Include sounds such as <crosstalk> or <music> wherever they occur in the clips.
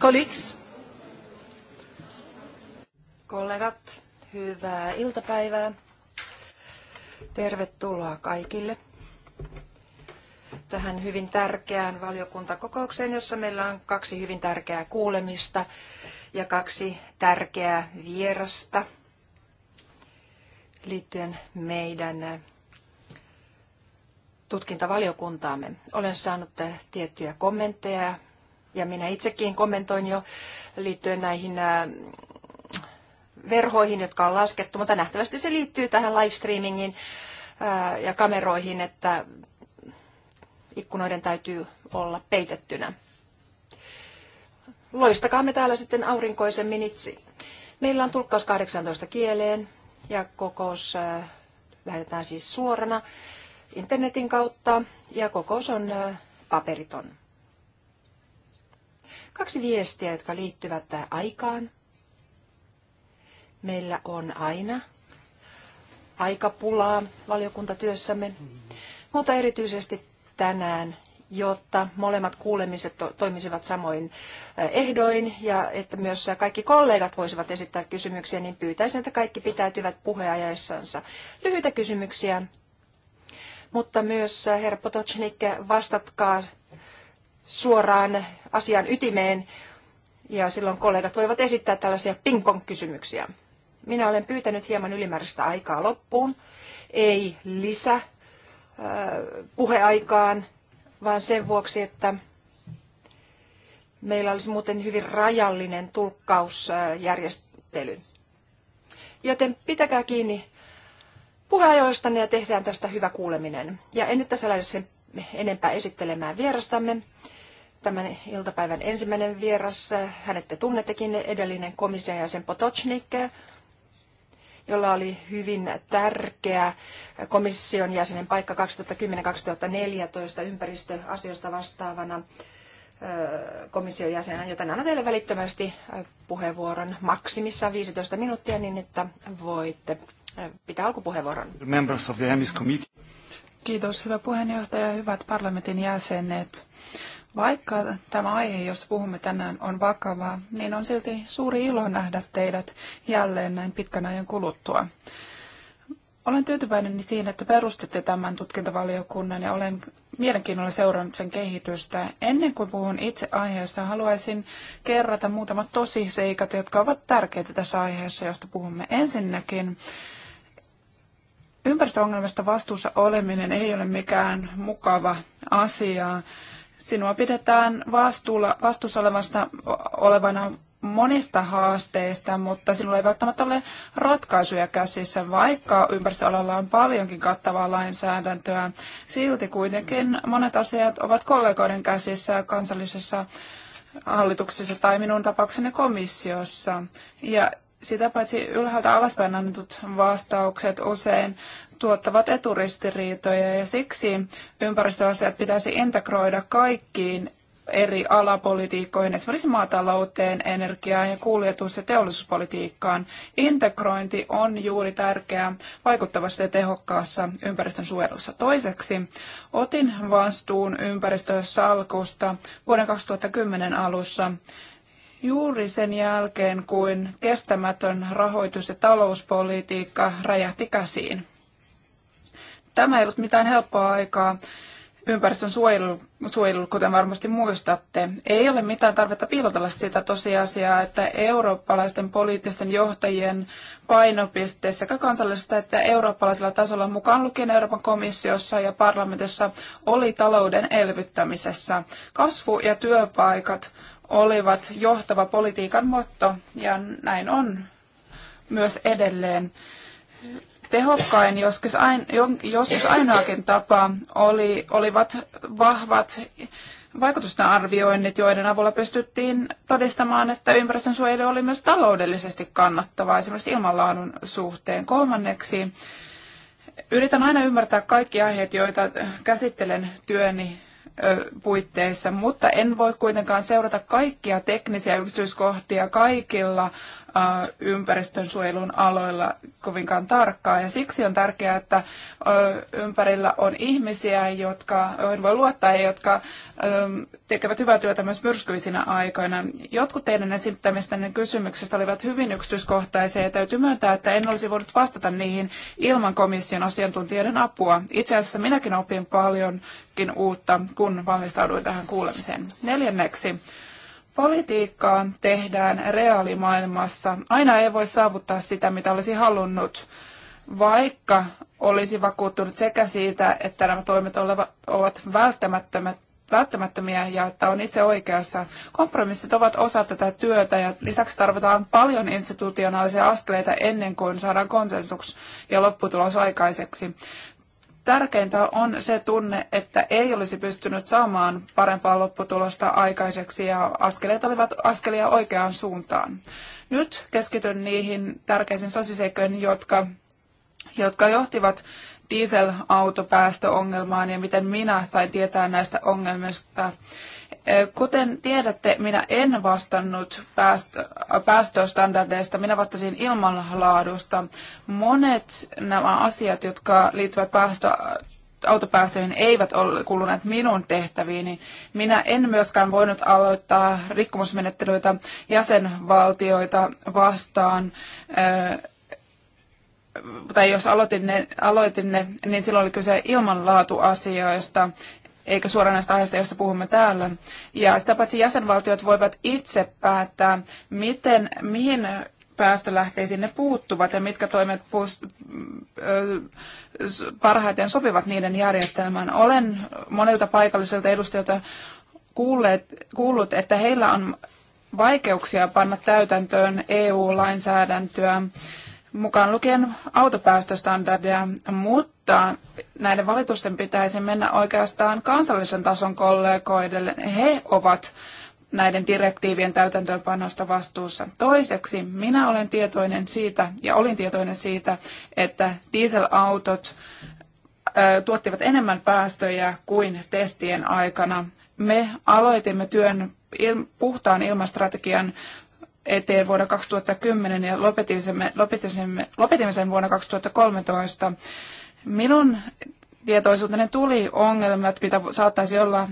Colleagues. Kollegat, hyvää iltapäivää. Tervetuloa kaikille tähän hyvin tärkeään valiokuntakokoukseen, jossa meillä on kaksi hyvin tärkeää kuulemista ja kaksi tärkeää vierasta liittyen meidän tutkintavaliokuntaamme. Olen saanut tiettyjä kommentteja ja minä itsekin kommentoin jo liittyen näihin verhoihin, jotka on laskettu, mutta nähtävästi se liittyy tähän livestreamingin ja kameroihin, että ikkunoiden täytyy olla peitettynä. me täällä sitten aurinkoisemmin itse. Meillä on tulkkaus 18 kieleen ja kokous lähetetään siis suorana internetin kautta ja kokous on paperiton. Kaksi viestiä, jotka liittyvät aikaan. Meillä on aina aikapulaa valiokuntatyössämme, mutta erityisesti tänään, jotta molemmat kuulemiset toimisivat samoin äh, ehdoin ja että myös kaikki kollegat voisivat esittää kysymyksiä, niin pyytäisin, että kaikki pitäytyvät puheajaissansa. Lyhyitä kysymyksiä, mutta myös äh, herra Potocnik, vastatkaa suoraan asian ytimeen ja silloin kollegat voivat esittää tällaisia ping-pong-kysymyksiä. Minä olen pyytänyt hieman ylimääräistä aikaa loppuun, ei lisä äh, puheaikaan, vaan sen vuoksi, että meillä olisi muuten hyvin rajallinen tulkkausjärjestely. Joten pitäkää kiinni puheajoistanne ja tehdään tästä hyvä kuuleminen. Ja en nyt tässä lähde sen enempää esittelemään vierastamme tämän iltapäivän ensimmäinen vieras. Hänet te tunnettekin, edellinen komission jäsen Potocnik, jolla oli hyvin tärkeä komission jäsenen paikka 2010-2014 ympäristöasioista vastaavana komission jäsenä, joten annan teille välittömästi puheenvuoron maksimissaan 15 minuuttia niin, että voitte pitää alkupuheenvuoron. Kiitos, hyvä puheenjohtaja, hyvät parlamentin jäsenet. Vaikka tämä aihe, jos puhumme tänään, on vakavaa, niin on silti suuri ilo nähdä teidät jälleen näin pitkän ajan kuluttua. Olen tyytyväinen siihen, että perustitte tämän tutkintavaliokunnan ja olen mielenkiinnolla seurannut sen kehitystä. Ennen kuin puhun itse aiheesta, haluaisin kerrata muutamat tosiseikat, jotka ovat tärkeitä tässä aiheessa, josta puhumme. Ensinnäkin ympäristöongelmasta vastuussa oleminen ei ole mikään mukava asia. Sinua pidetään vastuulla, vastuussa olevasta, olevana monista haasteista, mutta sinulla ei välttämättä ole ratkaisuja käsissä, vaikka ympäristöalalla on paljonkin kattavaa lainsäädäntöä. Silti kuitenkin monet asiat ovat kollegoiden käsissä kansallisessa hallituksessa tai minun tapaukseni komissiossa. Ja sitä paitsi ylhäältä alaspäin annetut vastaukset usein tuottavat eturistiriitoja ja siksi ympäristöasiat pitäisi integroida kaikkiin eri alapolitiikkoihin, esimerkiksi maatalouteen, energiaan ja kuljetus- ja teollisuuspolitiikkaan. Integrointi on juuri tärkeää vaikuttavassa ja tehokkaassa ympäristön suojelussa. Toiseksi otin vastuun ympäristösalkusta vuoden 2010 alussa juuri sen jälkeen, kuin kestämätön rahoitus- ja talouspolitiikka räjähti käsiin. Tämä ei ollut mitään helppoa aikaa. Ympäristön suojelu, suojelu, kuten varmasti muistatte, ei ole mitään tarvetta piilotella sitä tosiasiaa, että eurooppalaisten poliittisten johtajien painopiste sekä kansallisesta että eurooppalaisella tasolla mukaan lukien Euroopan komissiossa ja parlamentissa oli talouden elvyttämisessä. Kasvu ja työpaikat olivat johtava politiikan motto, ja näin on myös edelleen. Tehokkain, joskus, ain, joskus ainoakin tapa, oli, olivat vahvat vaikutusten arvioinnit, joiden avulla pystyttiin todistamaan, että ympäristönsuojelu oli myös taloudellisesti kannattavaa, esimerkiksi ilmanlaadun suhteen. Kolmanneksi, yritän aina ymmärtää kaikki aiheet, joita käsittelen työni puitteissa, mutta en voi kuitenkaan seurata kaikkia teknisiä yksityiskohtia kaikilla ympäristönsuojelun aloilla kovinkaan tarkkaa. Ja siksi on tärkeää, että ympärillä on ihmisiä, jotka joihin voi luottaa ja jotka tekevät hyvää työtä myös myrskyisinä aikoina. Jotkut teidän esittämistänne kysymyksistä olivat hyvin yksityiskohtaisia ja täytyy myöntää, että en olisi voinut vastata niihin ilman komission asiantuntijoiden apua. Itse asiassa minäkin opin paljonkin uutta, kun valmistauduin tähän kuulemiseen. Neljänneksi Politiikkaa tehdään reaalimaailmassa. Aina ei voi saavuttaa sitä, mitä olisi halunnut, vaikka olisi vakuuttunut sekä siitä, että nämä toimet ovat välttämättömiä ja että on itse oikeassa. Kompromissit ovat osa tätä työtä ja lisäksi tarvitaan paljon institutionaalisia askeleita ennen kuin saadaan konsensus ja lopputulos aikaiseksi. Tärkeintä on se tunne, että ei olisi pystynyt saamaan parempaa lopputulosta aikaiseksi ja askeleet olivat askelia oikeaan suuntaan. Nyt keskityn niihin tärkeisiin sosiseikkoihin, jotka, jotka johtivat dieselautopäästöongelmaan ja miten minä sain tietää näistä ongelmista. Kuten tiedätte, minä en vastannut päästöstandardeista, minä vastasin ilmanlaadusta. Monet nämä asiat, jotka liittyvät päästö, autopäästöihin, eivät ole kuuluneet minun tehtäviini. Minä en myöskään voinut aloittaa rikkomusmenettelyitä jäsenvaltioita vastaan tai jos aloitin ne, aloitin ne, niin silloin oli kyse ilmanlaatuasioista eikä suoraan näistä aiheista, joista puhumme täällä. Ja sitä paitsi jäsenvaltiot voivat itse päättää, miten, mihin päästölähteisiin ne puuttuvat ja mitkä toimet parhaiten sopivat niiden järjestelmään. Olen monilta paikallisilta edustajilta kuulleet, kuullut, että heillä on vaikeuksia panna täytäntöön EU-lainsäädäntöä mukaan lukien autopäästöstandardeja, mutta näiden valitusten pitäisi mennä oikeastaan kansallisen tason kollegoidelle. He ovat näiden direktiivien täytäntöönpanosta vastuussa. Toiseksi minä olen tietoinen siitä ja olin tietoinen siitä, että dieselautot tuottivat enemmän päästöjä kuin testien aikana. Me aloitimme työn puhtaan ilmastrategian eteen vuonna 2010 ja lopetimme, lopetimme, lopetimme sen vuonna 2013. Minun tietoisuuteni tuli ongelmat, mitä saattaisi olla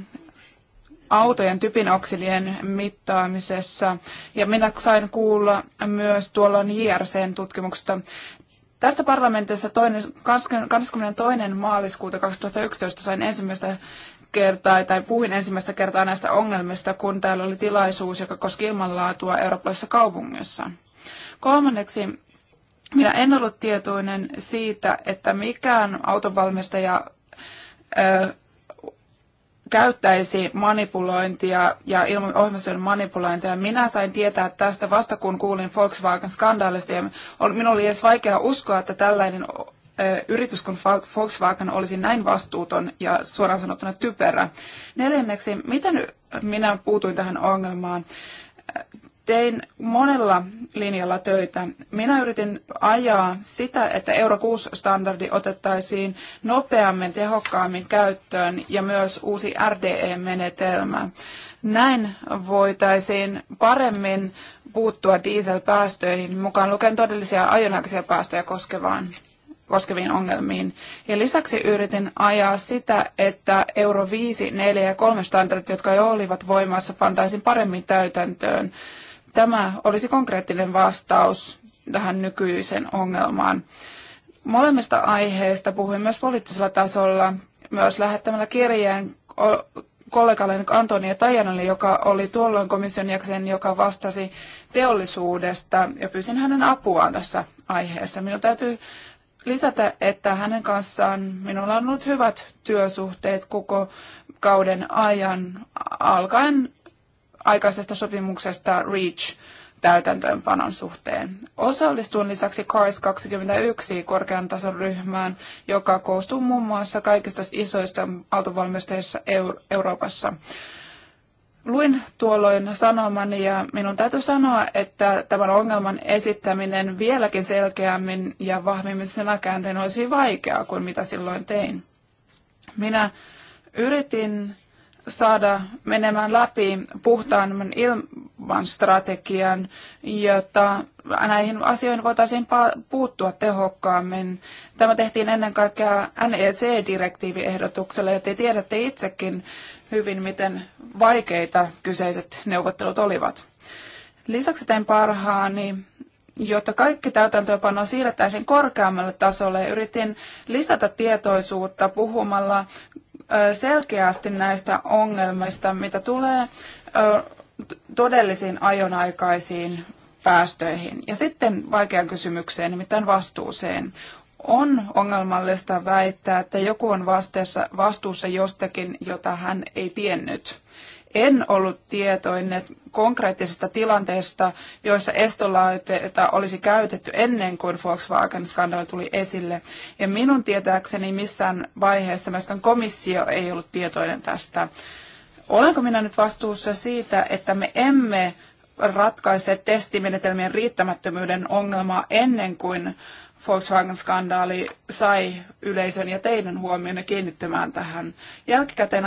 autojen typinoksilien mittaamisessa. Ja minä sain kuulla myös tuolloin JRCn tutkimuksesta. Tässä parlamentissa toinen, 22. maaliskuuta 2011 sain ensimmäistä kertaa tai puhuin ensimmäistä kertaa näistä ongelmista, kun täällä oli tilaisuus, joka koski ilmanlaatua eurooppalaisessa kaupungissa. Kolmanneksi, minä en ollut tietoinen siitä, että mikään autonvalmistaja ö, käyttäisi manipulointia ja ohjelmistojen manipulointia. Minä sain tietää tästä vasta, kun kuulin Volkswagen-skandaalista ja minulla oli edes vaikea uskoa, että tällainen yritys kuin Volkswagen olisi näin vastuuton ja suoraan sanottuna typerä. Neljänneksi, miten minä puutuin tähän ongelmaan? Tein monella linjalla töitä. Minä yritin ajaa sitä, että Euro 6-standardi otettaisiin nopeammin, tehokkaammin käyttöön ja myös uusi RDE-menetelmä. Näin voitaisiin paremmin puuttua dieselpäästöihin, mukaan lukien todellisia ajonaikaisia päästöjä koskevaan koskeviin ongelmiin. Ja lisäksi yritin ajaa sitä, että euro 5, 4 ja 3 standardit, jotka jo olivat voimassa, pantaisiin paremmin täytäntöön. Tämä olisi konkreettinen vastaus tähän nykyisen ongelmaan. Molemmista aiheista puhuin myös poliittisella tasolla, myös lähettämällä kirjeen kollegalle Antonia Tajanalle, joka oli tuolloin komission jäsen, joka vastasi teollisuudesta, ja pyysin hänen apuaan tässä aiheessa. Minun täytyy lisätä, että hänen kanssaan minulla on ollut hyvät työsuhteet koko kauden ajan alkaen aikaisesta sopimuksesta REACH täytäntöönpanon suhteen. Osallistuin lisäksi CARS 21 korkean tason ryhmään, joka koostuu muun muassa kaikista isoista autovalmistajista Euroopassa luin tuolloin sanomani ja minun täytyy sanoa, että tämän ongelman esittäminen vieläkin selkeämmin ja vahvimmin sanakäänteen olisi vaikeaa kuin mitä silloin tein. Minä yritin saada menemään läpi puhtaan ilman strategian, jotta näihin asioihin voitaisiin puuttua tehokkaammin. Tämä tehtiin ennen kaikkea NEC-direktiiviehdotuksella, ja te tiedätte itsekin, hyvin, miten vaikeita kyseiset neuvottelut olivat. Lisäksi tein parhaani, jotta kaikki täytäntöönpano siirrettäisiin korkeammalle tasolle. Yritin lisätä tietoisuutta puhumalla selkeästi näistä ongelmista, mitä tulee todellisiin ajonaikaisiin päästöihin. Ja sitten vaikean kysymykseen, nimittäin vastuuseen. On ongelmallista väittää, että joku on vastessa, vastuussa jostakin, jota hän ei tiennyt. En ollut tietoinen konkreettisista tilanteista, joissa estolaitteita olisi käytetty ennen kuin Volkswagen-skandaali tuli esille. Ja minun tietääkseni missään vaiheessa myöskään komissio ei ollut tietoinen tästä. Olenko minä nyt vastuussa siitä, että me emme ratkaise testimenetelmien riittämättömyyden ongelmaa ennen kuin Volkswagen-skandaali sai yleisön ja teidän huomionne kiinnittämään tähän. Jälkikäteen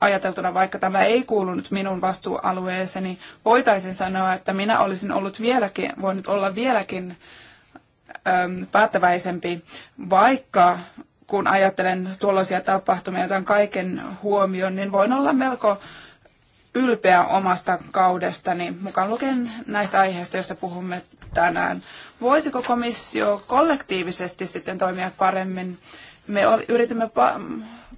ajateltuna, vaikka tämä ei kuulunut minun vastuualueeseeni, voitaisiin sanoa, että minä olisin ollut vieläkin, voinut olla vieläkin äm, päättäväisempi, vaikka kun ajattelen tuollaisia tapahtumia, tämän kaiken huomioon, niin voin olla melko ylpeä omasta kaudestani, mukaan lukien näistä aiheista, joista puhumme tänään. Voisiko komissio kollektiivisesti sitten toimia paremmin? Me yritimme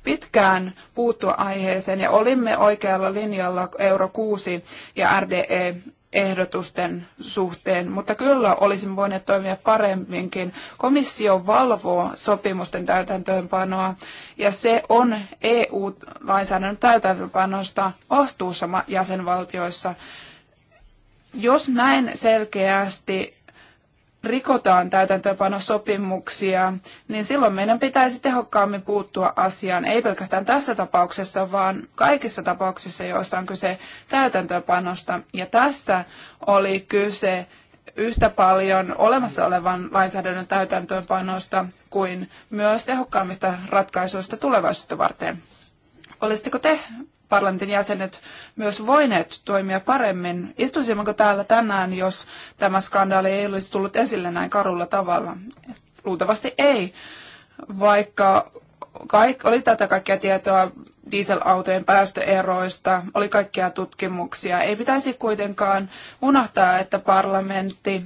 pitkään puuttua aiheeseen ja olimme oikealla linjalla euro 6 ja RDE ehdotusten suhteen, mutta kyllä olisimme voineet toimia paremminkin. Komissio valvoo sopimusten täytäntöönpanoa ja se on EU-lainsäädännön täytäntöönpanosta vastuussa jäsenvaltioissa. Jos näin selkeästi rikotaan täytäntöönpanosopimuksia, niin silloin meidän pitäisi tehokkaammin puuttua asiaan, ei pelkästään tässä tapauksessa, vaan kaikissa tapauksissa, joissa on kyse täytäntöönpanosta. Ja tässä oli kyse yhtä paljon olemassa olevan lainsäädännön täytäntöönpanosta kuin myös tehokkaammista ratkaisuista tulevaisuutta varten. Olisitteko te parlamentin jäsenet myös voineet toimia paremmin. Istuisimmeko täällä tänään, jos tämä skandaali ei olisi tullut esille näin karulla tavalla? Luultavasti ei, vaikka kaik, oli tätä kaikkea tietoa dieselautojen päästöeroista, oli kaikkia tutkimuksia. Ei pitäisi kuitenkaan unohtaa, että parlamentti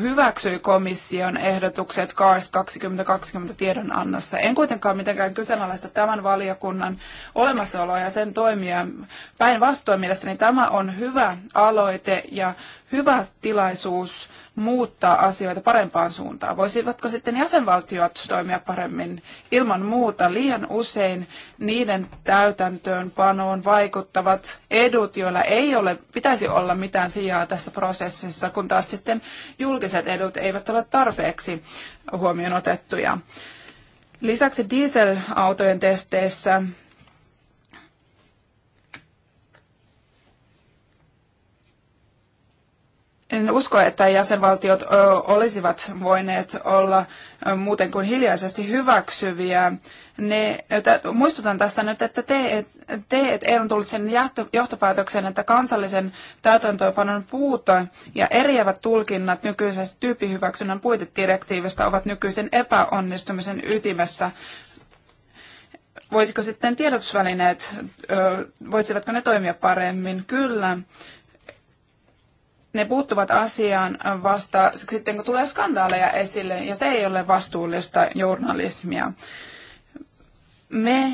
hyväksyi komission ehdotukset CARS 2020 tiedonannossa. En kuitenkaan mitenkään kyseenalaista tämän valiokunnan olemassaoloa ja sen toimia. Päinvastoin mielestäni tämä on hyvä aloite ja hyvä tilaisuus muuttaa asioita parempaan suuntaan? Voisivatko sitten jäsenvaltiot toimia paremmin? Ilman muuta liian usein niiden täytäntöönpanoon vaikuttavat edut, joilla ei ole, pitäisi olla mitään sijaa tässä prosessissa, kun taas sitten julkiset edut eivät ole tarpeeksi huomioon otettuja. Lisäksi dieselautojen testeissä en usko, että jäsenvaltiot olisivat voineet olla muuten kuin hiljaisesti hyväksyviä. Ne, muistutan tästä nyt, että te, te et on tullut sen johtopäätöksen, että kansallisen täytäntöönpanon puute ja eriävät tulkinnat nykyisestä tyyppihyväksynnän puitedirektiivistä ovat nykyisen epäonnistumisen ytimessä. Voisiko sitten tiedotusvälineet, voisivatko ne toimia paremmin? Kyllä ne puuttuvat asiaan vasta sitten, kun tulee skandaaleja esille, ja se ei ole vastuullista journalismia. Me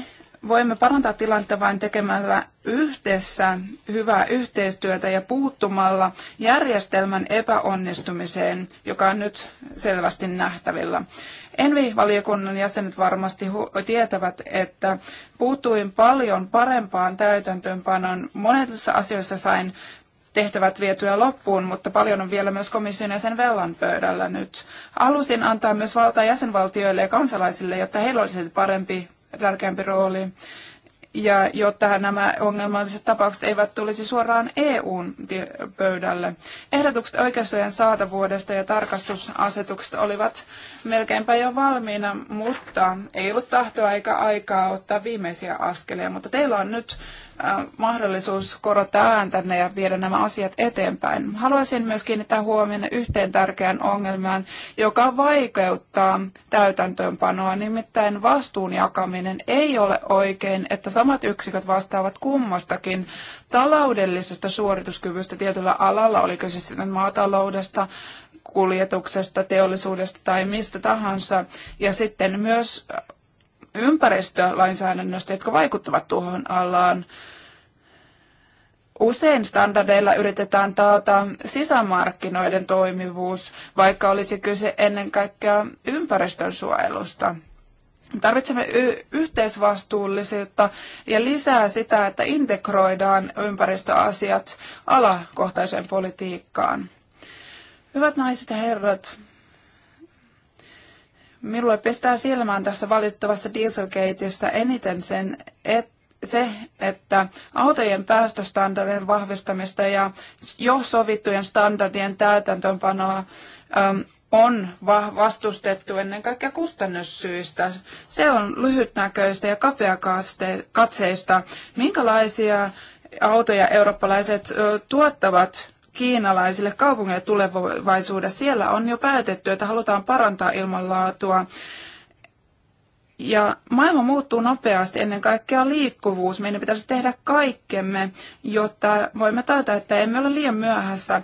voimme parantaa tilannetta vain tekemällä yhdessä hyvää yhteistyötä ja puuttumalla järjestelmän epäonnistumiseen, joka on nyt selvästi nähtävillä. Envi-valiokunnan jäsenet varmasti tietävät, että puuttuin paljon parempaan täytäntöönpanon. Monetissa asioissa sain tehtävät vietyä loppuun, mutta paljon on vielä myös komission jäsen Vellan pöydällä nyt. Halusin antaa myös valtaa jäsenvaltioille ja kansalaisille, jotta heillä olisi parempi, tärkeämpi rooli ja jotta nämä ongelmalliset tapaukset eivät tulisi suoraan EUn pöydälle. Ehdotukset oikeussuojan saatavuudesta ja tarkastusasetukset olivat melkeinpä jo valmiina, mutta ei ollut tahtoa eikä aikaa ottaa viimeisiä askelia. Mutta teillä on nyt Äh, mahdollisuus korottaa ääntänne ja viedä nämä asiat eteenpäin. Haluaisin myös kiinnittää huomioon yhteen tärkeään ongelmaan, joka vaikeuttaa täytäntöönpanoa, nimittäin vastuun jakaminen ei ole oikein, että samat yksiköt vastaavat kummastakin taloudellisesta suorituskyvystä tietyllä alalla, oli kyse sitten maataloudesta, kuljetuksesta, teollisuudesta tai mistä tahansa, ja sitten myös ympäristölainsäädännöstä, jotka vaikuttavat tuohon alaan. Usein standardeilla yritetään taata sisämarkkinoiden toimivuus, vaikka olisi kyse ennen kaikkea ympäristönsuojelusta. Tarvitsemme y- yhteisvastuullisuutta ja lisää sitä, että integroidaan ympäristöasiat alakohtaiseen politiikkaan. Hyvät naiset ja herrat, Minulle pistää silmään tässä valittavassa dieselgateista eniten sen, että se, että autojen päästöstandardien vahvistamista ja jo sovittujen standardien täytäntöönpanoa ähm, on vastustettu ennen kaikkea kustannussyistä. Se on lyhytnäköistä ja kapeakatseista. Minkälaisia autoja eurooppalaiset tuottavat kiinalaisille kaupungeille tulevaisuudessa. Siellä on jo päätetty, että halutaan parantaa ilmanlaatua. Ja maailma muuttuu nopeasti, ennen kaikkea liikkuvuus. Meidän pitäisi tehdä kaikkemme, jotta voimme taata, että emme ole liian myöhässä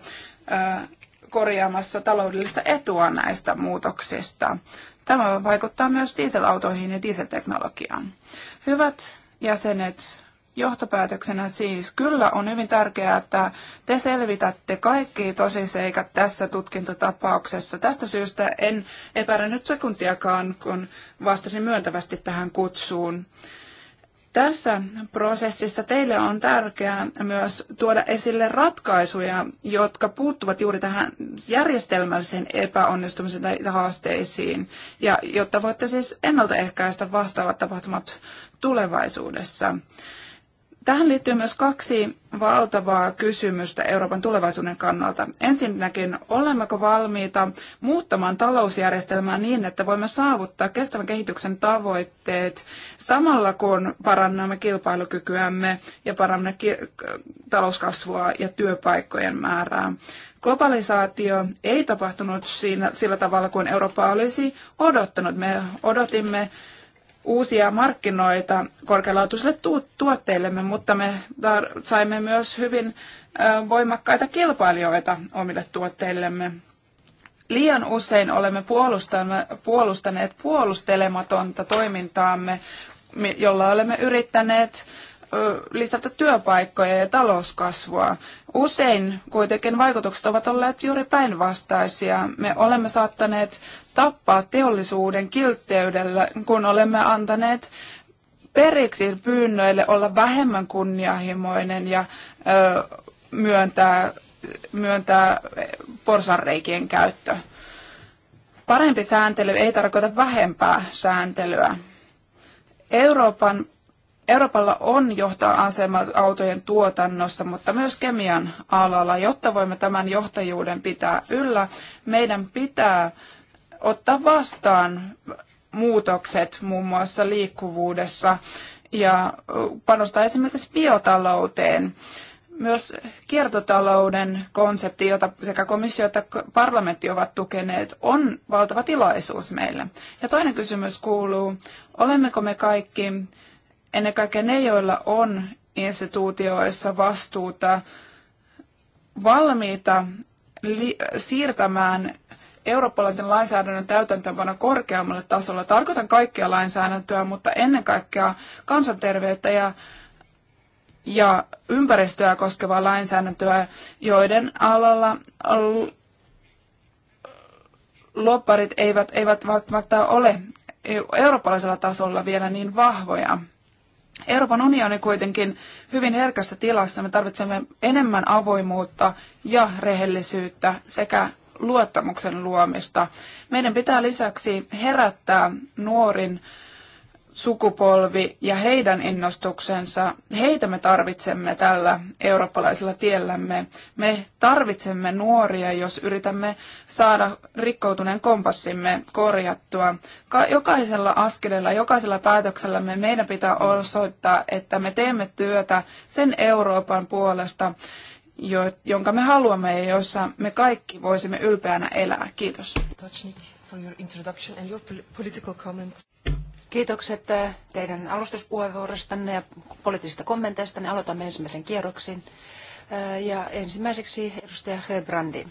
korjaamassa taloudellista etua näistä muutoksista. Tämä vaikuttaa myös dieselautoihin ja dieselteknologiaan. Hyvät jäsenet, johtopäätöksenä siis kyllä on hyvin tärkeää, että te selvitätte kaikki tosiseikat tässä tutkintatapauksessa. Tästä syystä en nyt sekuntiakaan, kun vastasin myöntävästi tähän kutsuun. Tässä prosessissa teille on tärkeää myös tuoda esille ratkaisuja, jotka puuttuvat juuri tähän järjestelmällisen epäonnistumisen tai haasteisiin, ja jotta voitte siis ennaltaehkäistä vastaavat tapahtumat tulevaisuudessa. Tähän liittyy myös kaksi valtavaa kysymystä Euroopan tulevaisuuden kannalta. Ensinnäkin, olemmeko valmiita muuttamaan talousjärjestelmää niin, että voimme saavuttaa kestävän kehityksen tavoitteet samalla kun parannamme kilpailukykyämme ja parannamme talouskasvua ja työpaikkojen määrää. Globalisaatio ei tapahtunut siinä, sillä tavalla kuin Eurooppa olisi odottanut. Me odotimme uusia markkinoita korkealaatuisille tuotteillemme, mutta me saimme myös hyvin voimakkaita kilpailijoita omille tuotteillemme. Liian usein olemme puolustaneet puolustelematonta toimintaamme, jolla olemme yrittäneet lisätä työpaikkoja ja talouskasvua. Usein kuitenkin vaikutukset ovat olleet juuri päinvastaisia. Me olemme saattaneet tappaa teollisuuden kiltteydellä, kun olemme antaneet periksi pyynnöille olla vähemmän kunnianhimoinen ja ö, myöntää, myöntää porsanreikien käyttö. Parempi sääntely ei tarkoita vähempää sääntelyä. Euroopan Euroopalla on johtaa asema autojen tuotannossa, mutta myös kemian alalla. Jotta voimme tämän johtajuuden pitää yllä, meidän pitää ottaa vastaan muutokset muun muassa liikkuvuudessa ja panostaa esimerkiksi biotalouteen. Myös kiertotalouden konsepti, jota sekä komissio että parlamentti ovat tukeneet, on valtava tilaisuus meille. Ja toinen kysymys kuuluu, olemmeko me kaikki ennen kaikkea ne, joilla on instituutioissa vastuuta, valmiita siirtämään eurooppalaisen lainsäädännön täytäntöönpano korkeammalle tasolle. Tarkoitan kaikkea lainsäädäntöä, mutta ennen kaikkea kansanterveyttä ja, ja ympäristöä koskevaa lainsäädäntöä, joiden alalla lopparit eivät, eivät välttämättä ole e-, eurooppalaisella tasolla vielä niin vahvoja. Euroopan unioni kuitenkin hyvin herkässä tilassa. Me tarvitsemme enemmän avoimuutta ja rehellisyyttä sekä luottamuksen luomista. Meidän pitää lisäksi herättää nuorin sukupolvi ja heidän innostuksensa, heitä me tarvitsemme tällä eurooppalaisella tiellämme. Me tarvitsemme nuoria, jos yritämme saada rikkoutuneen kompassimme korjattua. jokaisella askeleella, jokaisella päätöksellä me meidän pitää osoittaa, että me teemme työtä sen Euroopan puolesta, jonka me haluamme ja jossa me kaikki voisimme ylpeänä elää. Kiitos. for your introduction and your political comments. Kiitokset eh, teidän alustuspuheenvuorostanne ja poliittisista kommenteistanne. Aloitamme ensimmäisen kierroksin. Eh, ja ensimmäiseksi edustaja Hebrandi.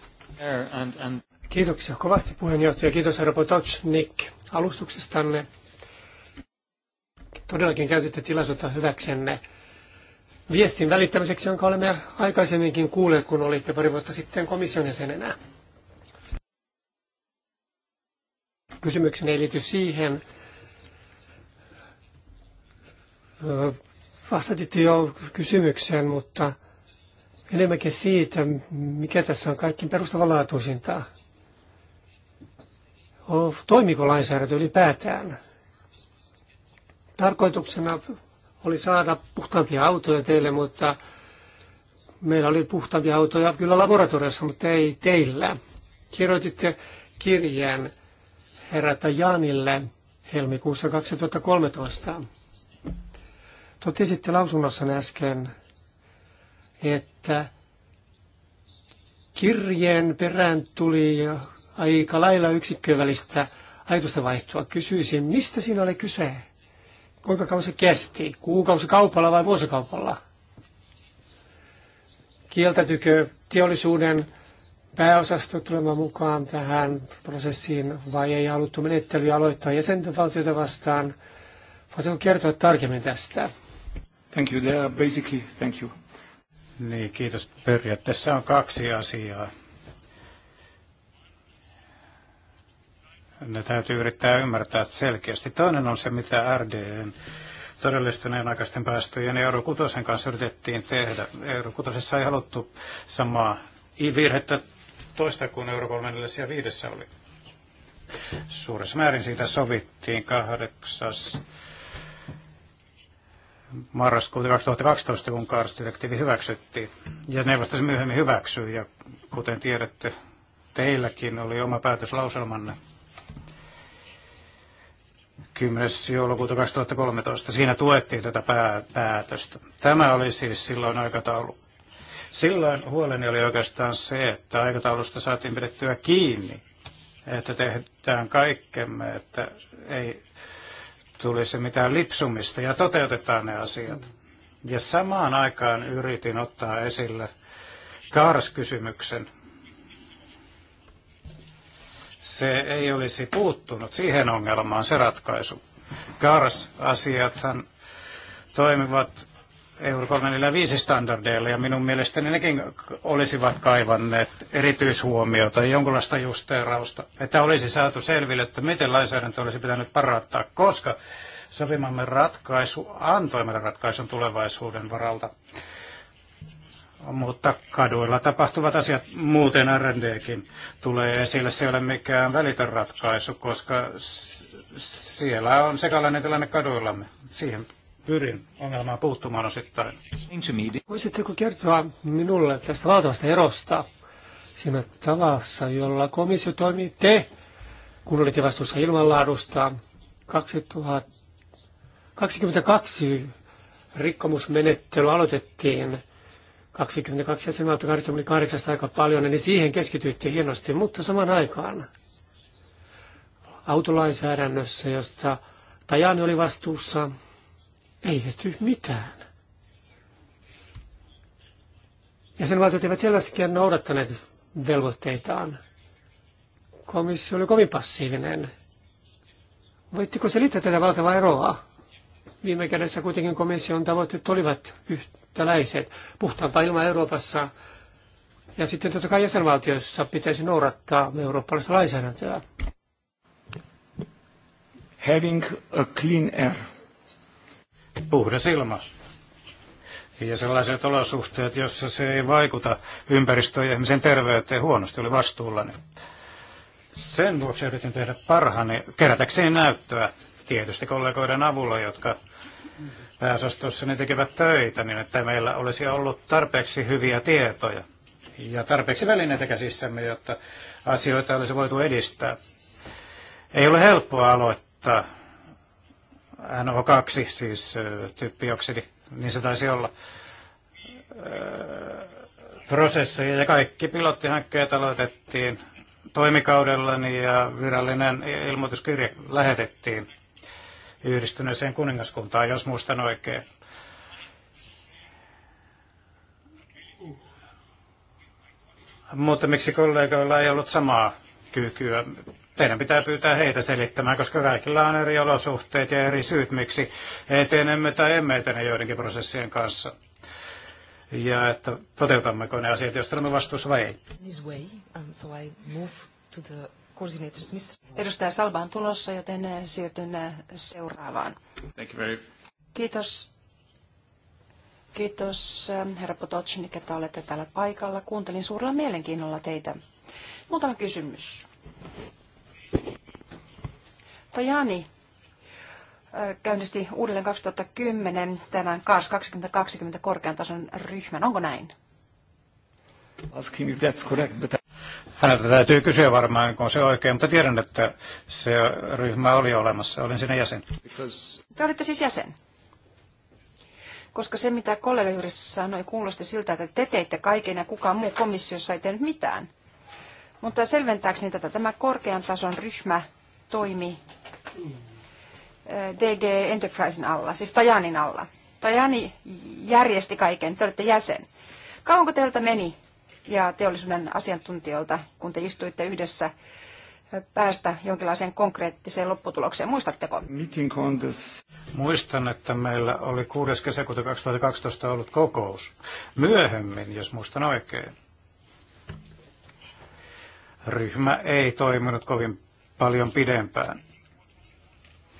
Kiitoksia kovasti puheenjohtaja. Kiitos herra Potocnik alustuksestanne. Todellakin käytitte tilaisuutta hyväksenne viestin välittämiseksi, jonka olemme aikaisemminkin kuulleet, kun olitte pari vuotta sitten komission jäsenenä. Kysymykseni ei liity siihen, Vastatit jo kysymykseen, mutta enemmänkin siitä, mikä tässä on kaikkein perustavanlaatuisinta. Toimiko lainsäädäntö ylipäätään? Tarkoituksena oli saada puhtaampia autoja teille, mutta meillä oli puhtaampia autoja kyllä laboratoriossa, mutta ei teillä. Kirjoititte kirjeen herätä Jaanille helmikuussa 2013. Totesitte lausunnossanne äsken, että kirjeen perään tuli aika lailla yksikköön välistä ajatusta vaihtoa. Kysyisin, mistä siinä oli kyse? Kuinka kauan se kesti? Kuukausi kaupalla vai vuosikaupalla? Kieltätykö teollisuuden pääosasto tulemaan mukaan tähän prosessiin vai ei haluttu menettelyä aloittaa jäsenvaltioita vastaan? Voitko kertoa tarkemmin tästä? Thank you. There basically, thank you. Niin, kiitos periaatteessa on kaksi asiaa. Ne täytyy yrittää ymmärtää selkeästi. Toinen on se, mitä RDN todellistuneen aikaisten päästöjen Euro kutosen kanssa yritettiin tehdä. Euro kutosessa ei haluttu samaa virhettä toista kuin Euro 3 ja oli. Suuressa määrin siitä sovittiin kahdeksas marraskuuta 2012, kun karsdirektiivi hyväksyttiin. Ja neuvosto myöhemmin hyväksyi, ja kuten tiedätte, teilläkin oli oma päätöslauselmanne 10. joulukuuta 2013. Siinä tuettiin tätä päätöstä. Tämä oli siis silloin aikataulu. Silloin huoleni oli oikeastaan se, että aikataulusta saatiin pidettyä kiinni, että tehdään kaikkemme, että ei tulisi mitään lipsumista ja toteutetaan ne asiat. Ja samaan aikaan yritin ottaa esille Kars-kysymyksen. Se ei olisi puuttunut siihen ongelmaan, se ratkaisu. Kars-asiathan toimivat Euro viisi standardeilla ja minun mielestäni nekin olisivat kaivanneet erityishuomiota ja jonkinlaista justeerausta, että olisi saatu selville, että miten lainsäädäntö olisi pitänyt parantaa, koska sopimamme ratkaisu antoi meidän ratkaisun tulevaisuuden varalta. Mutta kaduilla tapahtuvat asiat, muuten R&Dkin tulee esille, se ei ole mikään välitön ratkaisu, koska siellä on sekalainen tilanne kaduillamme. Siihen pyrin ongelmaan puuttumaan osittain. Voisitteko kertoa minulle tästä valtavasta erosta siinä tavassa, jolla komissio toimii te, kun olitte vastuussa ilmanlaadusta 2022 rikkomusmenettely aloitettiin 22 jäsenvaltio 28 aika paljon, niin siihen keskityttiin hienosti, mutta saman aikaan autolainsäädännössä, josta Tajani oli vastuussa, ei tehty mitään. Ja sen valtiot eivät selvästikään noudattaneet velvoitteitaan. Komissio oli kovin passiivinen. Voitteko selittää tätä valtavaa eroa? Viime kädessä kuitenkin komission tavoitteet olivat yhtäläiset. Puhtaampaa ilma Euroopassa ja sitten totta kai jäsenvaltioissa pitäisi noudattaa eurooppalaista lainsäädäntöä. Having a clean air puhdas ilma. Ja sellaiset olosuhteet, joissa se ei vaikuta ympäristöön ja ihmisen terveyteen huonosti, oli vastuullani. Sen vuoksi yritin tehdä parhaani kerätäkseni näyttöä, tietysti kollegoiden avulla, jotka pääosastossa ne tekevät töitä, niin että meillä olisi ollut tarpeeksi hyviä tietoja ja tarpeeksi välineitä käsissämme, jotta asioita olisi voitu edistää. Ei ole helppoa aloittaa NO2, siis typpioksidi, niin se taisi olla prosesseja ja kaikki pilottihankkeet aloitettiin toimikaudellani ja virallinen ilmoituskirje lähetettiin yhdistyneeseen kuningaskuntaan, jos muistan oikein. Mutta miksi kollegoilla ei ollut samaa kykyä? teidän pitää pyytää heitä selittämään, koska kaikilla on eri olosuhteet ja eri syyt, miksi etenemme tai emme etene joidenkin prosessien kanssa. Ja että toteutammeko ne asiat, joista olemme vastuussa vai ei. Um, Edustaja Salba on tulossa, joten eh, siirtyn eh, seuraavaan. Thank you very... Kiitos. Kiitos, eh, herra Potocnik, että olette täällä paikalla. Kuuntelin suurella mielenkiinnolla teitä. Muutama kysymys. Tajani käynnisti uudelleen 2010 tämän CARS 2020 korkean tason ryhmän. Onko näin? Häneltä täytyy kysyä varmaan, kun se oikein, mutta tiedän, että se ryhmä oli olemassa. Olin siinä jäsen. Te olitte siis jäsen? Koska se, mitä kollega juuri sanoi, kuulosti siltä, että te teitte kaiken ja kukaan muu komissiossa ei tehnyt mitään. Mutta selventääkseni tätä, tämä korkean tason ryhmä toimi DG Enterprisen alla, siis Tajanin alla. Tajani järjesti kaiken, te olette jäsen. Kauanko teiltä meni ja teollisuuden asiantuntijoilta, kun te istuitte yhdessä päästä jonkinlaiseen konkreettiseen lopputulokseen. Muistatteko? Muistan, että meillä oli 6. kesäkuuta 2012 ollut kokous. Myöhemmin, jos muistan oikein. Ryhmä ei toiminut kovin paljon pidempään.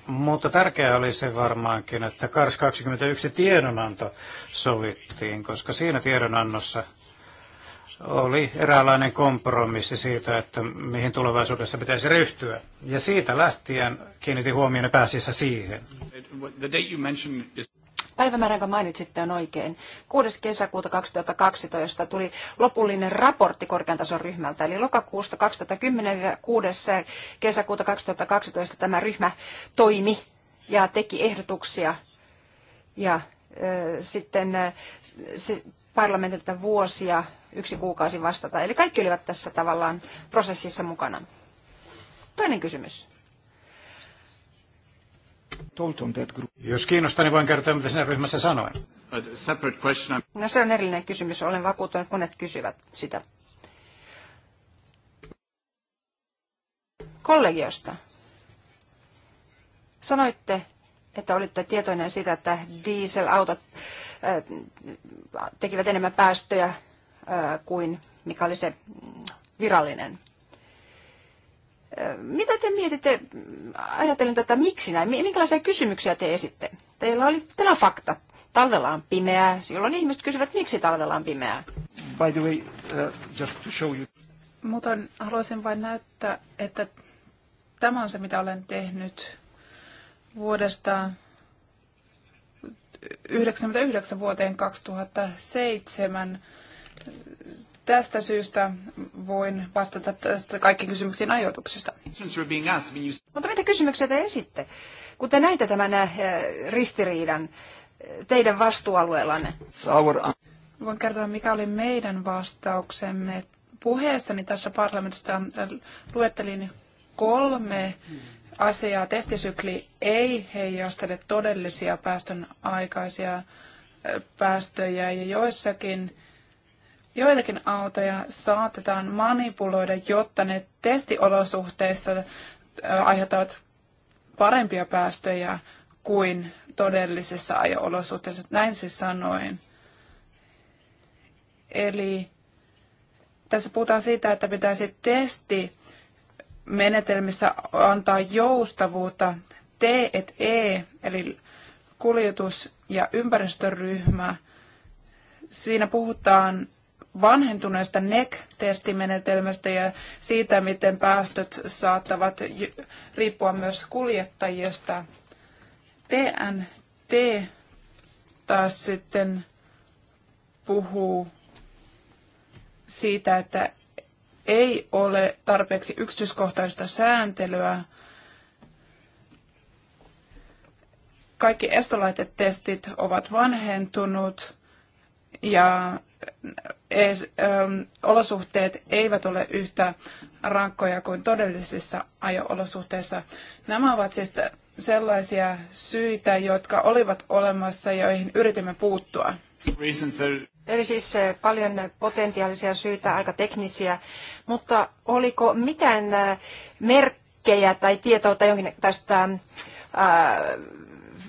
Mutta tärkeää oli se varmaankin, että KARS 21 tiedonanto sovittiin, koska siinä tiedonannossa oli eräänlainen kompromissi siitä, että mihin tulevaisuudessa pitäisi ryhtyä. Ja siitä lähtien kiinnitin huomioon pääsissä siihen. Päivämäärä, jonka mainitsitte, on oikein. 6. kesäkuuta 2012 tuli lopullinen raportti korkean tason ryhmältä, eli lokakuusta 2010 6. kesäkuuta 2012 tämä ryhmä toimi ja teki ehdotuksia ja sitten äh, se parlamentilta vuosia yksi kuukausi vastata. Eli kaikki olivat tässä tavallaan prosessissa mukana. Toinen kysymys. Jos kiinnostaa, niin voin kertoa, mitä sinä ryhmässä sanoin. No se on erillinen kysymys. Olen vakuuttunut, että monet kysyvät sitä. Kollegiosta. Sanoitte, että olitte tietoinen siitä, että dieselautot äh, tekivät enemmän päästöjä äh, kuin mikä oli se virallinen mitä te mietitte, ajatellen tätä, miksi näin, minkälaisia kysymyksiä te esitte? Teillä oli tämä fakta. Talvella on pimeää, silloin ihmiset kysyvät, miksi talvella on pimeää. By the way, uh, just to show you. Mutta haluaisin vain näyttää, että tämä on se, mitä olen tehnyt vuodesta 1999 vuoteen 2007 Tästä syystä voin vastata tästä kaikkiin kysymyksiin ajoituksesta. Mutta mitä kysymyksiä te esitte, kun te näitä tämän äh, ristiriidan äh, teidän vastuualueellanne? Voin kertoa, mikä oli meidän vastauksemme. Puheessani tässä parlamentissa äh, luettelin kolme asiaa. Testisykli ei heijastele todellisia päästön aikaisia päästöjä ja joissakin Joillakin autoja saatetaan manipuloida, jotta ne testiolosuhteissa aiheuttavat parempia päästöjä kuin todellisessa ajo olosuhteessa Näin siis sanoin. Eli tässä puhutaan siitä, että pitäisi testi menetelmissä antaa joustavuutta T et E, eli kuljetus- ja ympäristöryhmä. Siinä puhutaan vanhentuneesta NEC-testimenetelmästä ja siitä, miten päästöt saattavat riippua myös kuljettajista. TNT taas sitten puhuu siitä, että ei ole tarpeeksi yksityiskohtaista sääntelyä. Kaikki estolaitetestit ovat vanhentunut ja e, e, olosuhteet eivät ole yhtä rankkoja kuin todellisissa ajo-olosuhteissa. Nämä ovat siis sellaisia syitä, jotka olivat olemassa ja joihin yritimme puuttua. Eli siis e, paljon potentiaalisia syitä, aika teknisiä, mutta oliko mitään merkkejä tai tietoa tai jonkin tästä ää,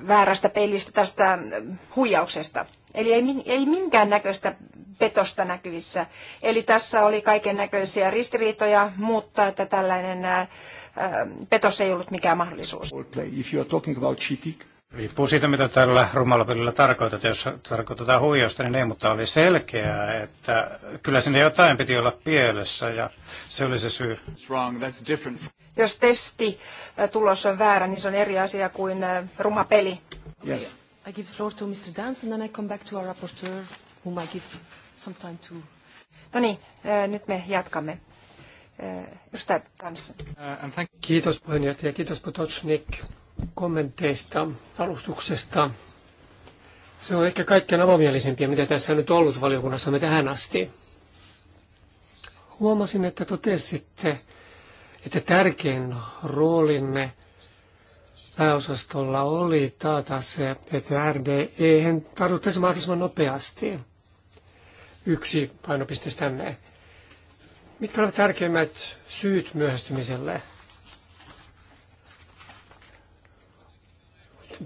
väärästä pelistä tästä huijauksesta. Eli ei, ei minkään näköistä petosta näkyvissä. Eli tässä oli kaiken näköisiä ristiriitoja, mutta että tällainen ää, petos ei ollut mikään mahdollisuus. Riippuu siitä, mitä tällä rumalapelillä tarkoitat. Jos tarkoitetaan huijausta, niin ei, mutta oli selkeää, että kyllä sinne jotain piti olla pielessä ja se oli se syy. Jos testi äh, tulos on väärä, niin se on eri asia kuin äh, ruma peli. Yes. I give floor to Mr. Dance and then I come back to our rapporteur, whom I give some time to. No niin, äh, nyt me jatkamme. Ystävät kanssa. Uh, kiitos puheenjohtaja, kiitos Potocnik kommenteista, alustuksesta. Se on ehkä kaikkein avomielisempiä, mitä tässä on nyt ollut valiokunnassamme tähän asti. Huomasin, että totesitte, että tärkein roolinne pääosastolla oli taata se, että RDE tarvittaisi mahdollisimman nopeasti. Yksi painopiste tänne. Mitkä ovat tärkeimmät syyt myöhästymiselle?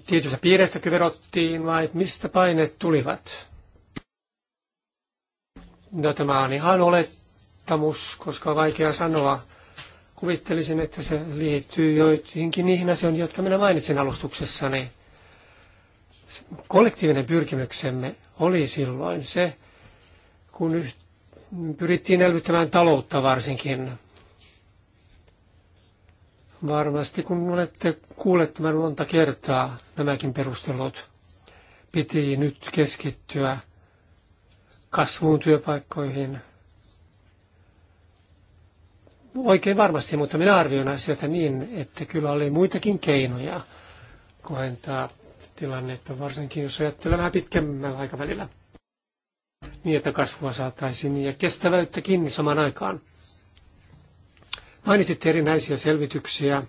Tietystä piireistäkö verottiin vai mistä paineet tulivat? No tämä on ihan olettamus, koska on vaikea sanoa. Kuvittelisin, että se liittyy joihinkin niihin asioihin, jotka minä mainitsin alustuksessani. Kollektiivinen pyrkimyksemme oli silloin se, kun pyrittiin elvyttämään taloutta varsinkin. Varmasti kun olette kuulleet tämän monta kertaa, nämäkin perustelut, piti nyt keskittyä kasvuun työpaikkoihin – Oikein varmasti, mutta minä arvioin asioita niin, että kyllä oli muitakin keinoja kohentaa tilannetta, varsinkin jos ajattelee vähän pitkemmällä aikavälillä. Niin, että kasvua saataisiin ja kestävyyttäkin samaan aikaan. Mainitsitte erinäisiä selvityksiä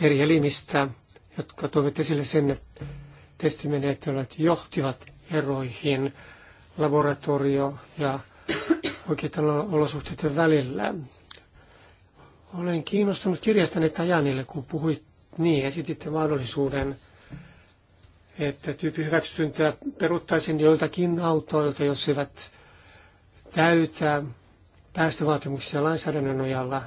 eri elimistä, jotka toivat esille sen, että testimenetelmät johtivat eroihin laboratorio- ja oikeiden olosuhteiden välillä. Olen kiinnostunut kirjastani Tajanille, kun puhuit niin, esititte mahdollisuuden, että tyyppihyväksyntää peruttaisiin joiltakin autoilta, jos eivät täytä päästövaatimuksia lainsäädännön nojalla.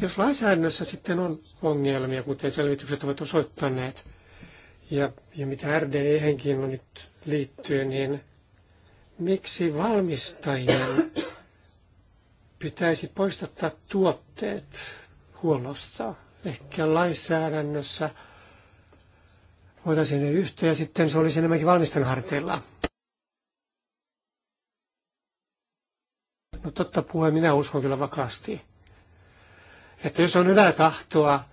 Jos lainsäädännössä sitten on ongelmia, kuten selvitykset ovat osoittaneet, ja, ja mitä RDE-henkin on nyt liittyy, niin miksi valmistajien pitäisi poistattaa tuotteet huollosta. Ehkä lainsäädännössä voitaisiin ne yhteen ja sitten se olisi enemmänkin valmisten harteilla. No totta puhe minä uskon kyllä vakaasti. Että jos on hyvää tahtoa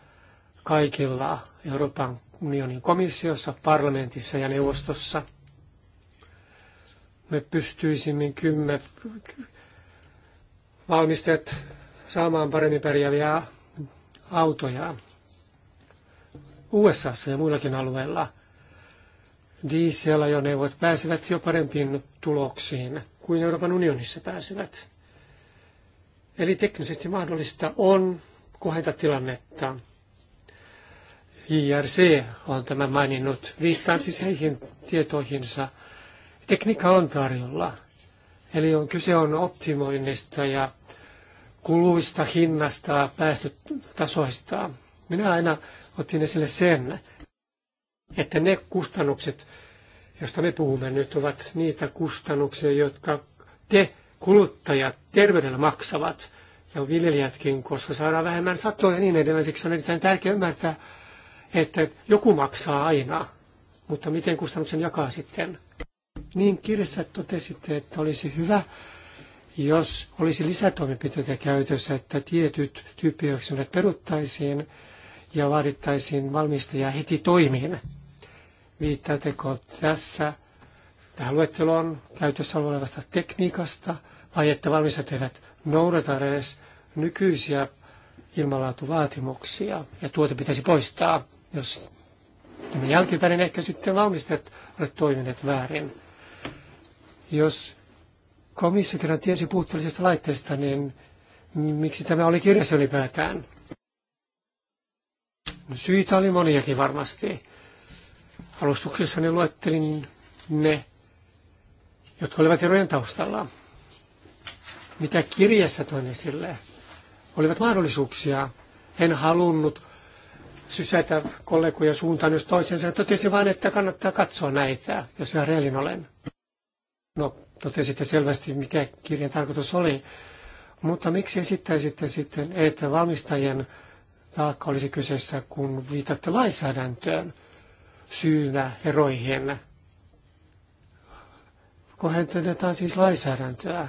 kaikilla Euroopan unionin komissiossa, parlamentissa ja neuvostossa, me pystyisimme valmistajat saamaan paremmin pärjääviä autoja. USAssa ja muillakin alueilla dieselajoneuvot pääsevät jo parempiin tuloksiin kuin Euroopan unionissa pääsevät. Eli teknisesti mahdollista on kohentaa tilannetta. IRC on tämän maininnut. Viittaan siis heihin tietoihinsa. Tekniikka on tarjolla. Eli on kyse on optimoinnista ja kuluista, hinnasta, päästötasoista. Minä aina otin esille sen, että ne kustannukset, josta me puhumme nyt, ovat niitä kustannuksia, jotka te kuluttajat terveydellä maksavat ja viljelijätkin, koska saadaan vähemmän satoja ja niin edelleen. Siksi on erittäin tärkeää ymmärtää, että joku maksaa aina, mutta miten kustannuksen jakaa sitten. Niin kirjassa totesitte, että olisi hyvä, jos olisi lisätoimenpiteitä käytössä, että tietyt tyyppihyväksynnät peruttaisiin ja vaadittaisiin valmistajia heti toimiin. Viittaatteko tässä tähän luetteloon käytössä olevasta tekniikasta, vai että valmistajat eivät noudata edes nykyisiä ilmanlaatuvaatimuksia, ja tuote pitäisi poistaa, jos tämä jälkipäinen niin ehkä sitten valmistajat ovat toimineet väärin. Jos komissio kerran tiesi puutteellisesta laitteesta, niin miksi tämä oli kirjassa ylipäätään? No, syitä oli moniakin varmasti. Alustuksessani luettelin ne, jotka olivat erojen taustalla. Mitä kirjassa toin esille, olivat mahdollisuuksia. En halunnut sysätä kollegoja suuntaan jos toisensa. Totesin vain, että kannattaa katsoa näitä, jos ihan reellin olen. No, totesitte selvästi, mikä kirjan tarkoitus oli, mutta miksi esittäisitte sitten, että valmistajien taakka olisi kyseessä, kun viitatte lainsäädäntöön syynä eroihin? Kohentetaan siis lainsäädäntöä.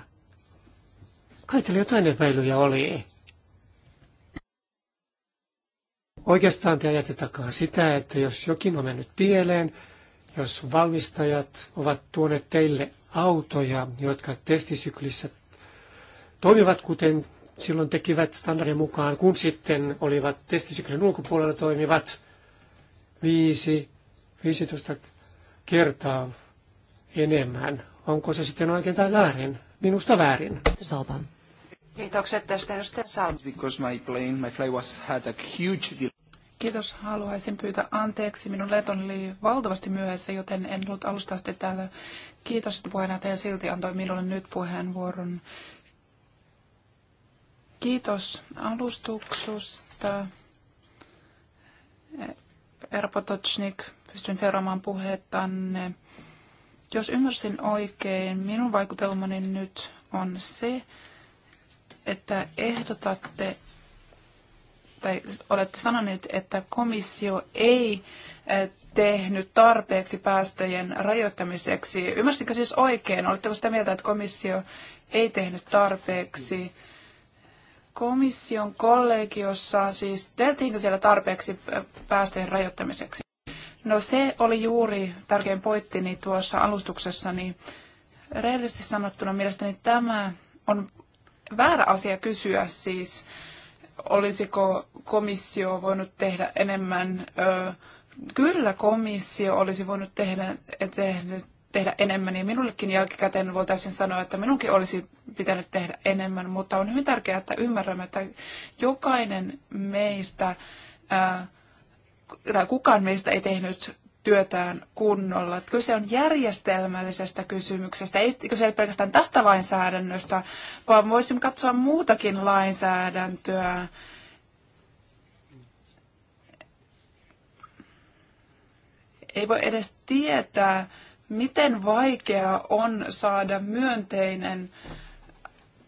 Kai teillä jotain epäilyjä oli. Oikeastaan te ajatte sitä, että jos jokin on mennyt pieleen, jos valmistajat ovat tuoneet teille autoja, jotka testisyklissä toimivat kuten silloin tekivät standardin mukaan, kun sitten olivat testisyklin ulkopuolella toimivat 5, 15 kertaa enemmän. Onko se sitten oikein tai väärin? Minusta väärin. Salpa. Kiitokset tästä edustaja Salpa. Because my plane, my was had a huge Kiitos. Haluaisin pyytää anteeksi. Minun leton oli valtavasti myöhässä, joten en ollut alusta asti täällä. Kiitos, että puheenjohtaja silti antoi minulle nyt puheenvuoron. Kiitos alustuksusta. Erpo pystyn seuraamaan puhettanne. Jos ymmärsin oikein, minun vaikutelmani nyt on se, että ehdotatte, tai olette sanoneet, että komissio ei tehnyt tarpeeksi päästöjen rajoittamiseksi. Ymmärsinkö siis oikein? Oletteko sitä mieltä, että komissio ei tehnyt tarpeeksi? Komission kollegiossa siis tehtiinkö siellä tarpeeksi päästöjen rajoittamiseksi? No se oli juuri tärkein pointtini tuossa alustuksessani. Rehellisesti sanottuna mielestäni tämä on väärä asia kysyä siis olisiko komissio voinut tehdä enemmän? Kyllä komissio olisi voinut tehdä, tehnyt, tehdä enemmän ja minullekin jälkikäteen voitaisiin sanoa, että minunkin olisi pitänyt tehdä enemmän, mutta on hyvin tärkeää, että ymmärrämme, että jokainen meistä, tai kukaan meistä ei tehnyt työtään kunnolla. Että kyse on järjestelmällisestä kysymyksestä, ei kyse ei pelkästään tästä lainsäädännöstä, vaan voisimme katsoa muutakin lainsäädäntöä. Ei voi edes tietää, miten vaikeaa on saada myönteinen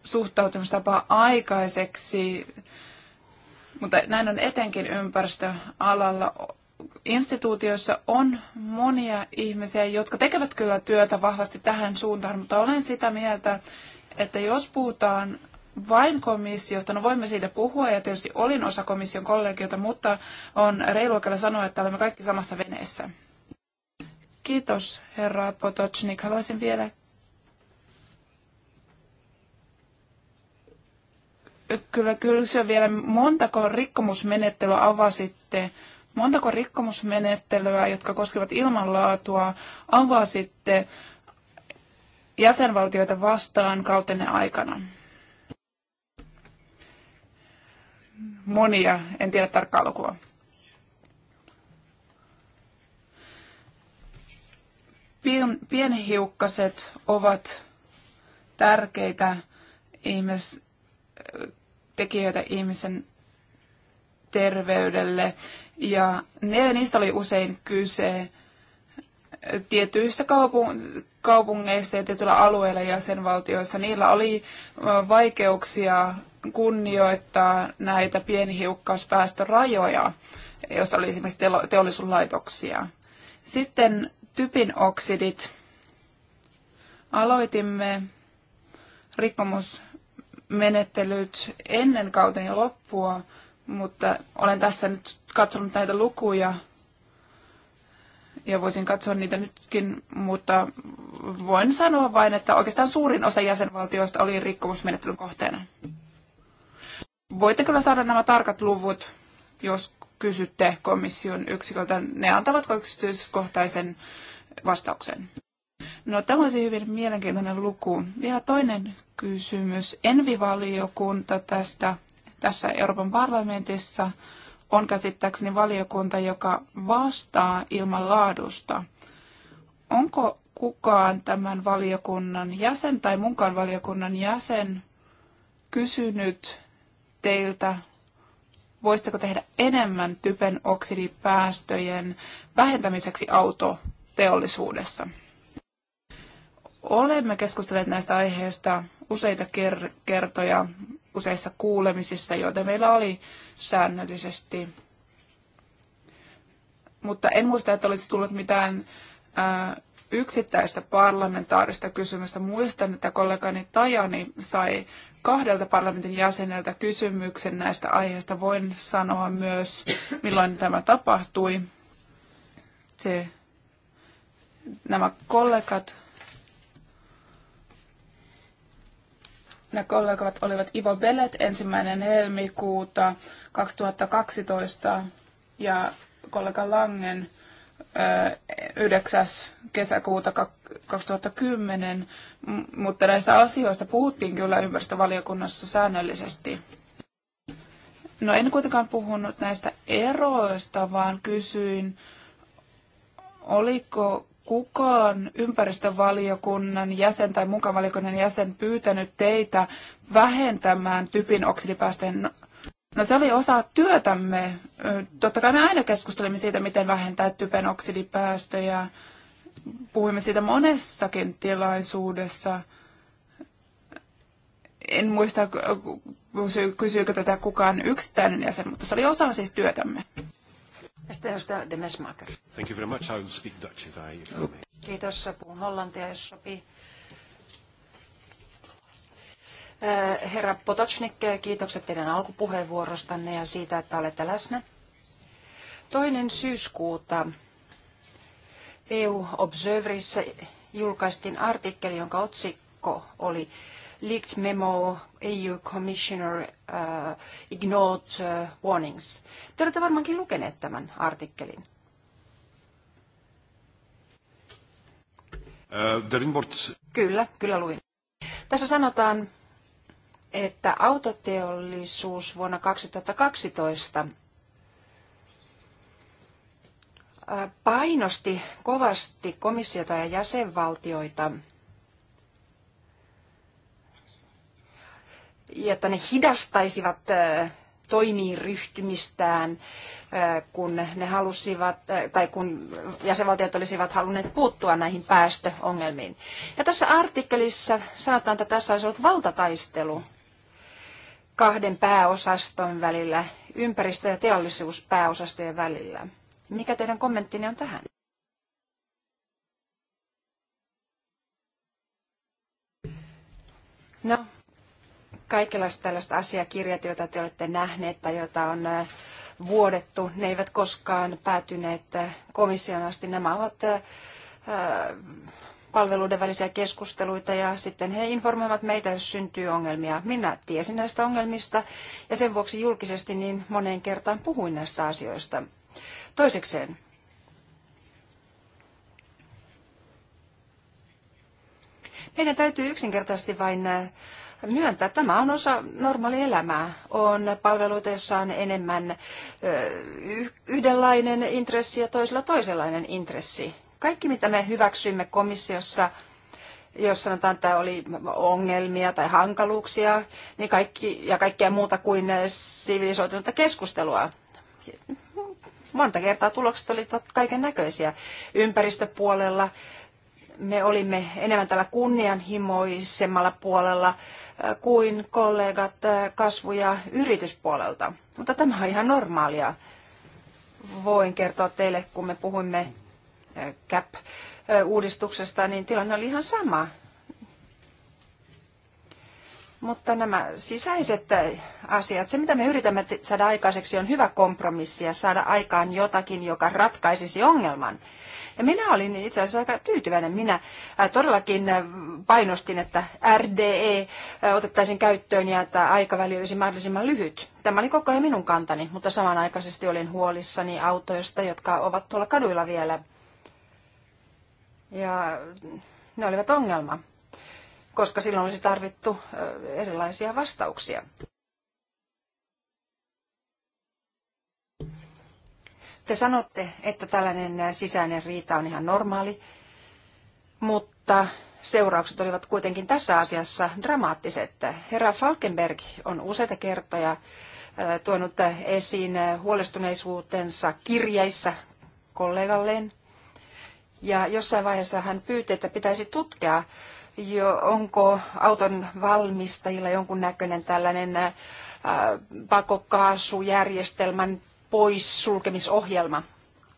suhtautumistapa aikaiseksi, mutta näin on etenkin ympäristöalalla instituutioissa on monia ihmisiä, jotka tekevät kyllä työtä vahvasti tähän suuntaan, mutta olen sitä mieltä, että jos puhutaan vain komissiosta, no voimme siitä puhua ja tietysti olin osa komission kollegiota, mutta on reilua kyllä sanoa, että olemme kaikki samassa veneessä. Kiitos herra Potocnik. Haluaisin vielä Kyllä, kyllä se vielä montako rikkomusmenettelyä avasitte montako rikkomusmenettelyä, jotka koskevat ilmanlaatua, avasitte jäsenvaltioita vastaan kautenne aikana? Monia, en tiedä tarkkaa lukua. Pien, pienhiukkaset ovat tärkeitä ihmis, tekijöitä ihmisen terveydelle ja ne, niistä oli usein kyse tietyissä kaupung- kaupungeissa ja tietyillä alueilla jäsenvaltioissa. Niillä oli vaikeuksia kunnioittaa näitä pienhiukkaspäästörajoja, jos oli esimerkiksi teollisuuslaitoksia. Sitten typin oksidit. Aloitimme rikkomusmenettelyt ennen kauteni loppua mutta olen tässä nyt katsonut näitä lukuja ja voisin katsoa niitä nytkin, mutta voin sanoa vain, että oikeastaan suurin osa jäsenvaltioista oli rikkomusmenettelyn kohteena. Voitte kyllä saada nämä tarkat luvut, jos kysytte komission yksiköltä. Ne antavat yksityiskohtaisen vastauksen. No tämä olisi hyvin mielenkiintoinen luku. Vielä toinen kysymys. Envivaliokunta tästä tässä Euroopan parlamentissa on käsittääkseni valiokunta, joka vastaa ilmanlaadusta. Onko kukaan tämän valiokunnan jäsen tai munkaan valiokunnan jäsen kysynyt teiltä, voisitteko tehdä enemmän typen oksidipäästöjen vähentämiseksi autoteollisuudessa? Olemme keskustelleet näistä aiheista useita kertoja useissa kuulemisissa, joita meillä oli säännöllisesti. Mutta en muista, että olisi tullut mitään ää, äh, yksittäistä parlamentaarista kysymystä. Muistan, että kollegani Tajani sai kahdelta parlamentin jäseneltä kysymyksen näistä aiheista. Voin sanoa myös, milloin tämä tapahtui. Se, nämä kollegat Ne kollegat olivat Ivo Bellet ensimmäinen helmikuuta 2012 ja kollega Langen 9. kesäkuuta 2010, mutta näistä asioista puhuttiin kyllä ympäristövaliokunnassa säännöllisesti. No en kuitenkaan puhunut näistä eroista, vaan kysyin, oliko kukaan ympäristövaliokunnan jäsen tai mukavaliokunnan jäsen pyytänyt teitä vähentämään typin oksidipäästöjen. No, no se oli osa työtämme. Totta kai me aina keskustelimme siitä, miten vähentää typen oksidipäästöjä. Puhuimme siitä monessakin tilaisuudessa. En muista, kysyykö tätä kukaan yksittäinen jäsen, mutta se oli osa siis työtämme. Sitten edustaja de Mesmaker. Thank you very much. I will speak Dutch if I, if I may. Kiitos. Puhun hollantia, jos sopii. Herra Potocnik, kiitokset teidän alkupuheenvuorostanne ja siitä, että olette läsnä. Toinen syyskuuta EU Observerissa julkaistiin artikkeli, jonka otsikko oli leaked memo, EU commissioner uh, ignored uh, warnings. Te olette varmaankin lukeneet tämän artikkelin. Uh, kyllä, kyllä luin. Tässä sanotaan, että autoteollisuus vuonna 2012 uh, painosti kovasti komissiota ja jäsenvaltioita – jotta ne hidastaisivat toimiin ryhtymistään, kun ne halusivat, tai kun jäsenvaltiot olisivat halunneet puuttua näihin päästöongelmiin. Ja tässä artikkelissa sanotaan, että tässä olisi ollut valtataistelu kahden pääosaston välillä, ympäristö- ja teollisuuspääosastojen välillä. Mikä teidän kommenttinne on tähän? No, kaikenlaista tällaista asiakirjat, joita te olette nähneet tai joita on vuodettu, ne eivät koskaan päätyneet komission asti. Nämä ovat palveluiden välisiä keskusteluita ja sitten he informoivat meitä, jos syntyy ongelmia. Minä tiesin näistä ongelmista ja sen vuoksi julkisesti niin moneen kertaan puhuin näistä asioista. Toisekseen, meidän täytyy yksinkertaisesti vain myöntää. Tämä on osa normaalia elämää. On palveluita, joissa on enemmän yhdenlainen intressi ja toisella toisenlainen intressi. Kaikki, mitä me hyväksymme komissiossa, jos sanotaan, että oli ongelmia tai hankaluuksia niin kaikki, ja kaikkea muuta kuin sivilisoitunutta keskustelua. Monta kertaa tulokset olivat kaiken näköisiä. Ympäristöpuolella me olimme enemmän tällä kunnianhimoisemmalla puolella äh, kuin kollegat äh, kasvu- ja yrityspuolelta. Mutta tämä on ihan normaalia. Voin kertoa teille, kun me puhuimme äh, CAP-uudistuksesta, niin tilanne oli ihan sama. Mutta nämä sisäiset asiat, se mitä me yritämme saada aikaiseksi, on hyvä kompromissi ja saada aikaan jotakin, joka ratkaisisi ongelman. Ja minä olin itse asiassa aika tyytyväinen. Minä äh, todellakin äh, painostin, että RDE äh, otettaisiin käyttöön ja että aikaväli olisi mahdollisimman lyhyt. Tämä oli koko ajan minun kantani, mutta samanaikaisesti olin huolissani autoista, jotka ovat tuolla kaduilla vielä. Ja ne olivat ongelma, koska silloin olisi tarvittu erilaisia vastauksia. Te sanotte, että tällainen sisäinen riita on ihan normaali, mutta seuraukset olivat kuitenkin tässä asiassa dramaattiset. Herra Falkenberg on useita kertoja tuonut esiin huolestuneisuutensa kirjeissä kollegalleen. Ja jossain vaiheessa hän pyyti, että pitäisi tutkia, jo, onko auton valmistajilla jonkunnäköinen tällainen pakokaasujärjestelmän poissulkemisohjelma.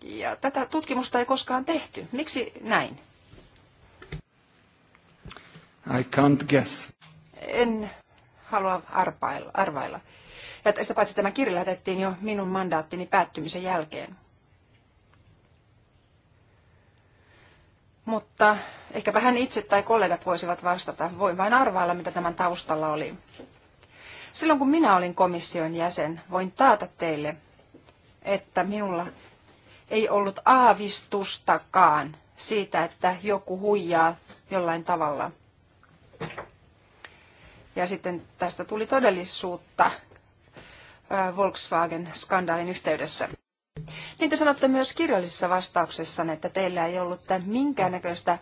Ja tätä tutkimusta ei koskaan tehty. Miksi näin? I can't guess. En halua arpailla, arvailla. Ja tästä paitsi tämä kirja lähetettiin jo minun mandaattini päättymisen jälkeen. Mutta ehkäpä hän itse tai kollegat voisivat vastata. Voin vain arvailla, mitä tämän taustalla oli. Silloin kun minä olin komission jäsen, voin taata teille, että minulla ei ollut aavistustakaan siitä, että joku huijaa jollain tavalla. Ja sitten tästä tuli todellisuutta Volkswagen-skandaalin yhteydessä. Niin te sanotte myös kirjallisessa vastauksessa, että teillä ei ollut minkäännäköistä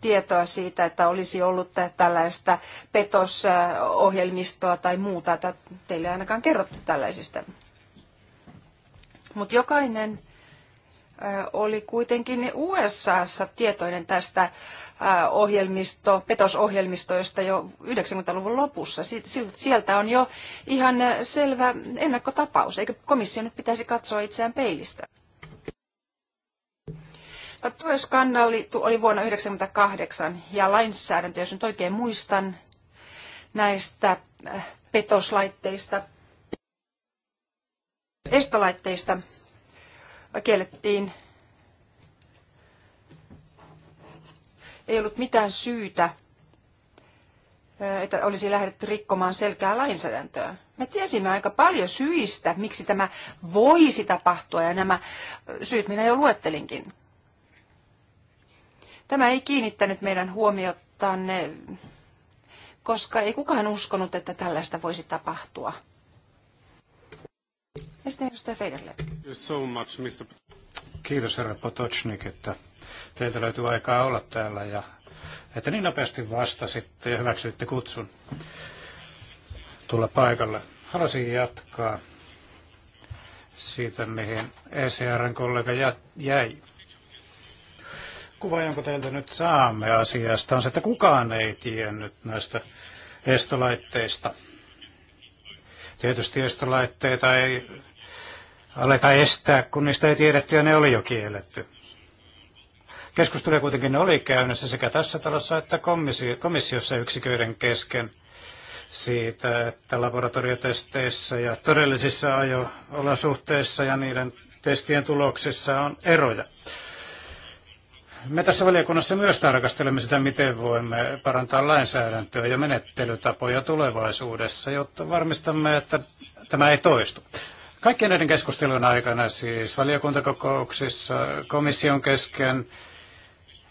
tietoa siitä, että olisi ollut tällaista petosohjelmistoa tai muuta, että teille ei ainakaan kerrottu tällaisista. Mutta jokainen oli kuitenkin USAssa tietoinen tästä ohjelmisto, petosohjelmistoista jo 90-luvun lopussa. Sieltä on jo ihan selvä ennakkotapaus. Eikö komissio nyt pitäisi katsoa itseään peilistä? No, tuo skandaali oli vuonna 1998 ja lainsäädäntö, jos nyt oikein muistan, näistä petoslaitteista – estolaitteista kiellettiin. Ei ollut mitään syytä, että olisi lähdetty rikkomaan selkää lainsäädäntöä. Me tiesimme aika paljon syistä, miksi tämä voisi tapahtua, ja nämä syyt minä jo luettelinkin. Tämä ei kiinnittänyt meidän huomiotanne, koska ei kukaan uskonut, että tällaista voisi tapahtua. Ja sitten edustaja Federle. So much, Mr. Kiitos herra Potocnik, että teiltä löytyy aikaa olla täällä ja että niin nopeasti vastasitte ja hyväksyitte kutsun tulla paikalle. Haluaisin jatkaa siitä, mihin ECRn kollega jäi. Kuva, jonka teiltä nyt saamme asiasta, on se, että kukaan ei tiennyt näistä estolaitteista. Tietysti estolaitteita ei aleta estää, kun niistä ei tiedetty ja ne oli jo kielletty. Keskusteluja kuitenkin oli käynnissä sekä tässä talossa että komissiossa yksiköiden kesken siitä, että laboratoriotesteissä ja todellisissa ajo-olosuhteissa ja niiden testien tuloksissa on eroja. Me tässä valiokunnassa myös tarkastelemme sitä, miten voimme parantaa lainsäädäntöä ja menettelytapoja tulevaisuudessa, jotta varmistamme, että tämä ei toistu. Kaikkien näiden keskustelujen aikana siis valiokuntakokouksissa komission kesken,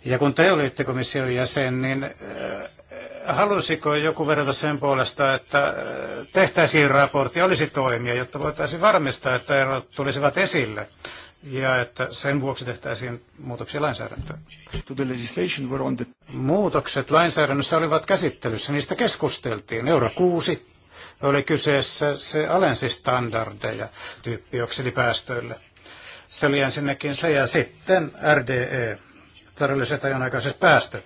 ja kun te olitte komission jäsen, niin äh, halusiko joku verrata sen puolesta, että äh, tehtäisiin raportti, olisi toimia, jotta voitaisiin varmistaa, että erot tulisivat esille ja että sen vuoksi tehtäisiin muutoksia lainsäädäntöön. Muutokset lainsäädännössä olivat käsittelyssä, niistä keskusteltiin. Euro 6 oli kyseessä, se alensi standardeja tyyppioksidipäästöille. Se oli ensinnäkin se ja sitten RDE, todelliset ajanaikaiset päästöt.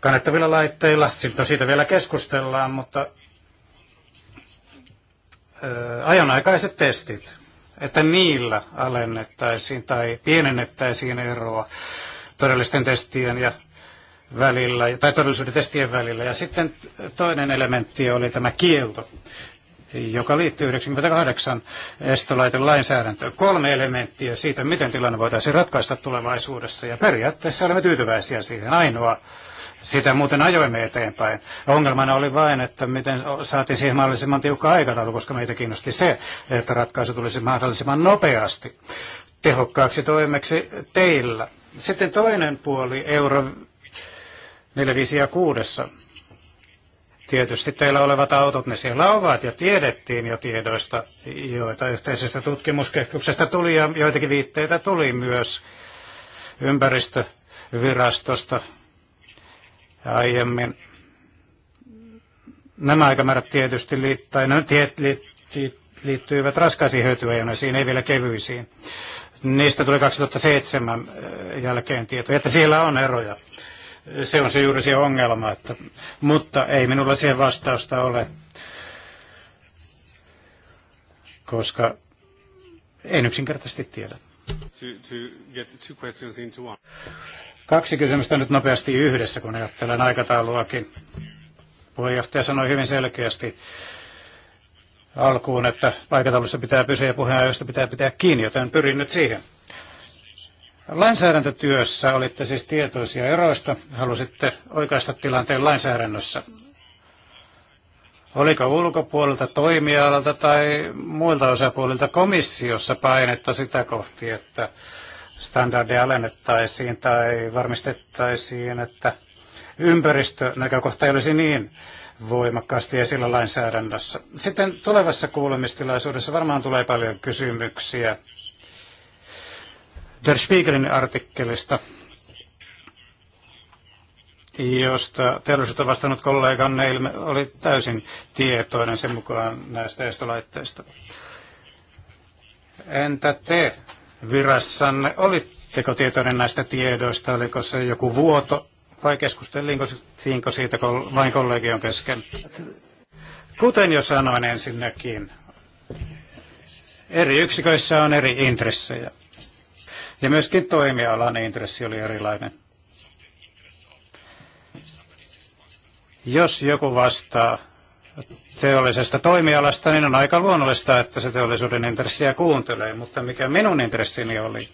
Kannettavilla laitteilla, Sitten no siitä vielä keskustellaan, mutta ajonaikaiset testit, että niillä alennettaisiin tai pienennettäisiin eroa todellisten testien ja välillä, tai todellisuuden testien välillä. Ja sitten toinen elementti oli tämä kielto, joka liittyy 98 estolaiten lainsäädäntöön. Kolme elementtiä siitä, miten tilanne voitaisiin ratkaista tulevaisuudessa. Ja periaatteessa olemme tyytyväisiä siihen. Ainoa sitä muuten ajoimme eteenpäin. Ongelmana oli vain, että miten saatiin siihen mahdollisimman tiukka aikataulu, koska meitä kiinnosti se, että ratkaisu tulisi mahdollisimman nopeasti tehokkaaksi toimeksi teillä. Sitten toinen puoli euro 4, 5 ja 6. Tietysti teillä olevat autot, ne siellä ovat ja tiedettiin jo tiedoista, joita yhteisestä tutkimuskeskuksesta tuli ja joitakin viitteitä tuli myös ympäristövirastosta aiemmin. Nämä aikamäärät tietysti liittyvät no, tiet, liit, liittyivät raskaisiin hyötyajoneisiin, ei vielä kevyisiin. Niistä tuli 2007 äh, jälkeen tietoja, että siellä on eroja se on se juuri se ongelma, että, mutta ei minulla siihen vastausta ole, koska en yksinkertaisesti tiedä. Kaksi kysymystä nyt nopeasti yhdessä, kun ajattelen aikatauluakin. Puheenjohtaja sanoi hyvin selkeästi alkuun, että aikataulussa pitää pysyä ja puheenjohtajasta pitää pitää kiinni, joten pyrin nyt siihen. Lainsäädäntötyössä olitte siis tietoisia eroista, halusitte oikaista tilanteen lainsäädännössä. Oliko ulkopuolelta, toimialalta tai muilta osapuolilta komissiossa painetta sitä kohti, että standardeja alennettaisiin tai varmistettaisiin, että ympäristönäkökohta ei olisi niin voimakkaasti esillä lainsäädännössä. Sitten tulevassa kuulemistilaisuudessa varmaan tulee paljon kysymyksiä Der Spiegelin artikkelista, josta teollisuutta vastannut kolleganne oli täysin tietoinen sen mukaan näistä estolaitteista. Entä te virassanne, olitteko tietoinen näistä tiedoista, oliko se joku vuoto vai keskusteltiinko siitä vain kollegion kesken? Kuten jo sanoin ensinnäkin, eri yksiköissä on eri intressejä. Ja myöskin toimialan intressi oli erilainen. Jos joku vastaa teollisesta toimialasta, niin on aika luonnollista, että se teollisuuden intressiä kuuntelee. Mutta mikä minun intressini oli,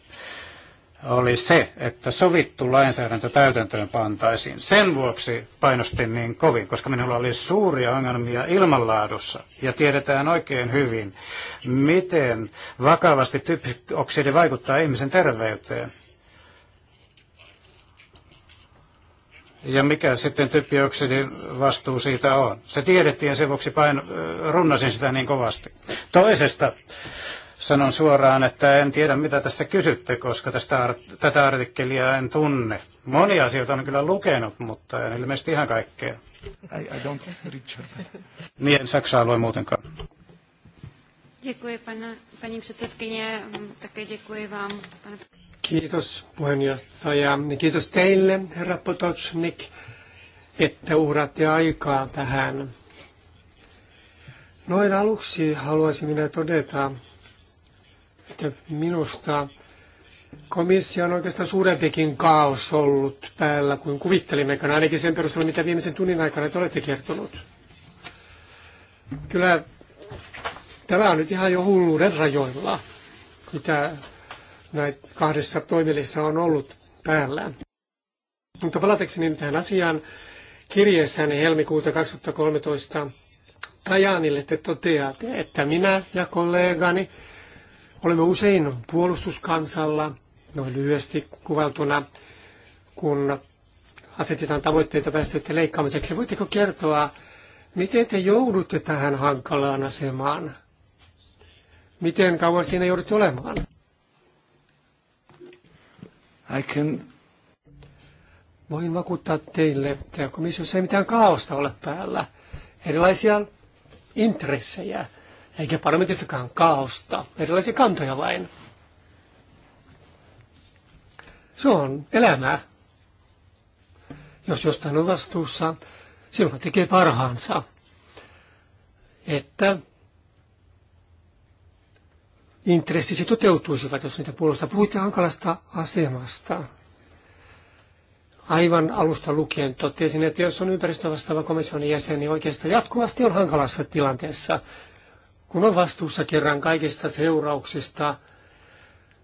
oli se, että sovittu lainsäädäntö täytäntöön pantaisiin. Sen vuoksi painostin niin kovin, koska minulla oli suuria ongelmia ilmanlaadussa. Ja tiedetään oikein hyvin, miten vakavasti typpioksidi vaikuttaa ihmisen terveyteen. Ja mikä sitten typpioksidin vastuu siitä on. Se tiedettiin ja sen vuoksi pain, äh, runnasin sitä niin kovasti. Toisesta sanon suoraan, että en tiedä mitä tässä kysytte, koska tästä, tätä artikkelia en tunne. Monia asioita on kyllä lukenut, mutta en ilmeisesti ihan kaikkea. I, I don't read Niin en Saksaa lue muutenkaan. Mm, Kiitos puheenjohtaja. Kiitos teille, herra Potocnik, että uhraatte aikaa tähän. Noin aluksi haluaisin minä todeta, että minusta komissio on oikeastaan suurempikin kaos ollut päällä kuin kuvittelimmekaan, ainakin sen perusteella, mitä viimeisen tunnin aikana te olette kertonut. Kyllä tämä on nyt ihan jo hulluuden rajoilla, mitä näitä kahdessa toimilissa on ollut päällä. Mutta palatakseni nyt tähän asiaan Kirjeessäni helmikuuta 2013 Rajanille te toteatte, että minä ja kollegani – Olemme usein puolustuskansalla, noin lyhyesti kuvailtuna, kun asetetaan tavoitteita päästöiden leikkaamiseksi. Voitteko kertoa, miten te joudutte tähän hankalaan asemaan? Miten kauan siinä joudut olemaan? I can... Voin vakuuttaa teille, että komissiossa ei mitään kaaosta ole päällä. Erilaisia intressejä eikä parlamentissakaan kaaosta, erilaisia kantoja vain. Se on elämää. Jos jostain on vastuussa, silloin tekee parhaansa, että intressisi toteutuisivat, jos niitä puolustaa. Puhuitte hankalasta asemasta. Aivan alusta lukien totesin, että jos on ympäristövastaava komission jäsen, niin oikeastaan jatkuvasti on hankalassa tilanteessa kun on vastuussa kerran kaikista seurauksista,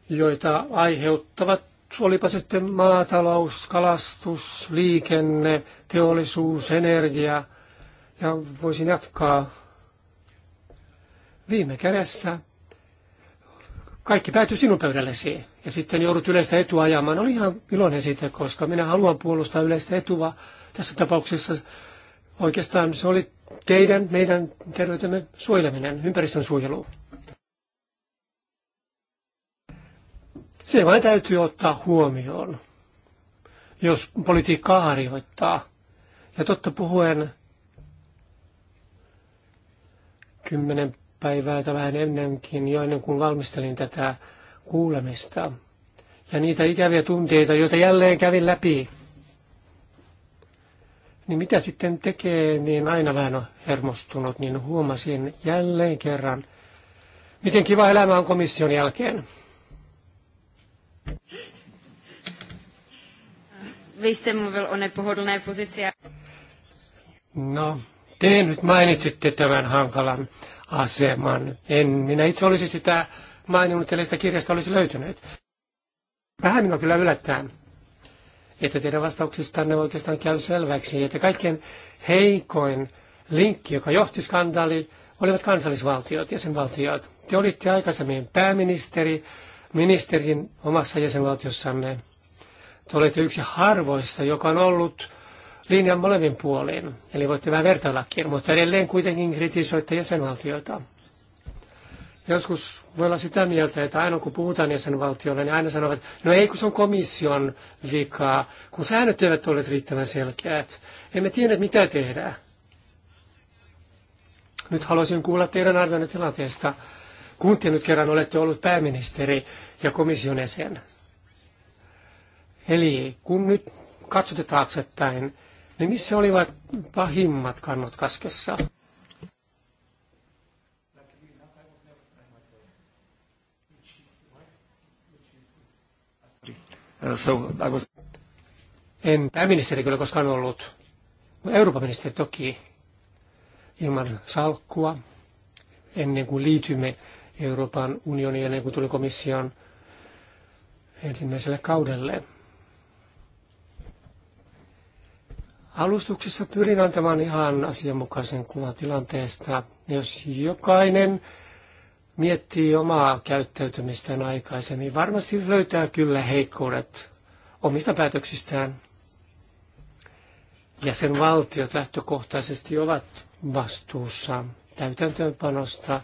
joita aiheuttavat, olipa sitten maatalous, kalastus, liikenne, teollisuus, energia, ja voisin jatkaa viime kädessä. Kaikki päätyi sinun pöydällesi ja sitten joudut yleistä etua ajamaan. Oli ihan iloinen siitä, koska minä haluan puolustaa yleistä etua. Tässä tapauksessa oikeastaan se oli teidän, meidän terveytemme suojeleminen, ympäristön suojelu. Se vain täytyy ottaa huomioon, jos politiikkaa harjoittaa. Ja totta puhuen, kymmenen päivää tai vähän ennenkin, jo ennen kuin valmistelin tätä kuulemista. Ja niitä ikäviä tunteita, joita jälleen kävin läpi, niin mitä sitten tekee, niin aina vähän on hermostunut, niin huomasin jälleen kerran, miten kiva elämä on komission jälkeen. Vy jste mluvil o No, te nyt mainitsitte tämän hankalan aseman. En minä itse olisi sitä maininnut, eli sitä kirjasta olisi löytynyt. Vähän minua kyllä yllättää että teidän vastauksistanne oikeastaan käy selväksi, että kaikkein heikoin linkki, joka johti skandaaliin, olivat kansallisvaltiot, jäsenvaltiot. Te olitte aikaisemmin pääministeri, ministerin omassa jäsenvaltiossanne. Te olette yksi harvoista, joka on ollut linjan molemmin puolin, eli voitte vähän vertaillakin, mutta edelleen kuitenkin kritisoitte jäsenvaltioita. Joskus voi olla sitä mieltä, että aina kun puhutaan jäsenvaltiolle, niin aina sanovat, että no ei kun se on komission vikaa, kun säännöt eivät ole riittävän selkeät. Emme tiedä, mitä tehdään. Nyt haluaisin kuulla teidän arvioinnin tilanteesta, kun te nyt kerran olette ollut pääministeri ja komission jäsen. Eli kun nyt katsotte taaksepäin, niin missä olivat pahimmat kannot kaskessa? Äh, so I was... En pääministeri kyllä koskaan ollut. Euroopan ministeri toki ilman salkkua ennen kuin liitymme Euroopan unioniin ennen kuin tuli komission ensimmäiselle kaudelle. Alustuksessa pyrin antamaan ihan asianmukaisen kuvan tilanteesta. Jos jokainen miettii omaa käyttäytymistään aikaisemmin, varmasti löytää kyllä heikkoudet omista päätöksistään. Ja sen valtiot lähtökohtaisesti ovat vastuussa täytäntöönpanosta.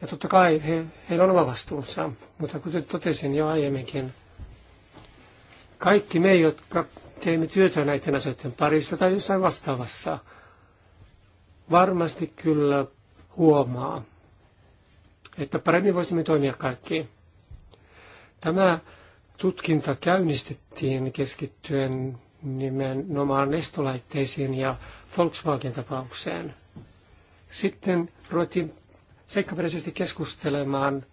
Ja totta kai he, heillä on oma vastuunsa, mutta kuten totesin jo aiemminkin, kaikki me, jotka teemme työtä näiden asioiden parissa tai jossain vastaavassa, varmasti kyllä huomaa, että paremmin voisimme toimia kaikki. Tämä tutkinta käynnistettiin keskittyen nimenomaan nestolaitteisiin ja Volkswagen-tapaukseen. Sitten ruvettiin seikkaperäisesti keskustelemaan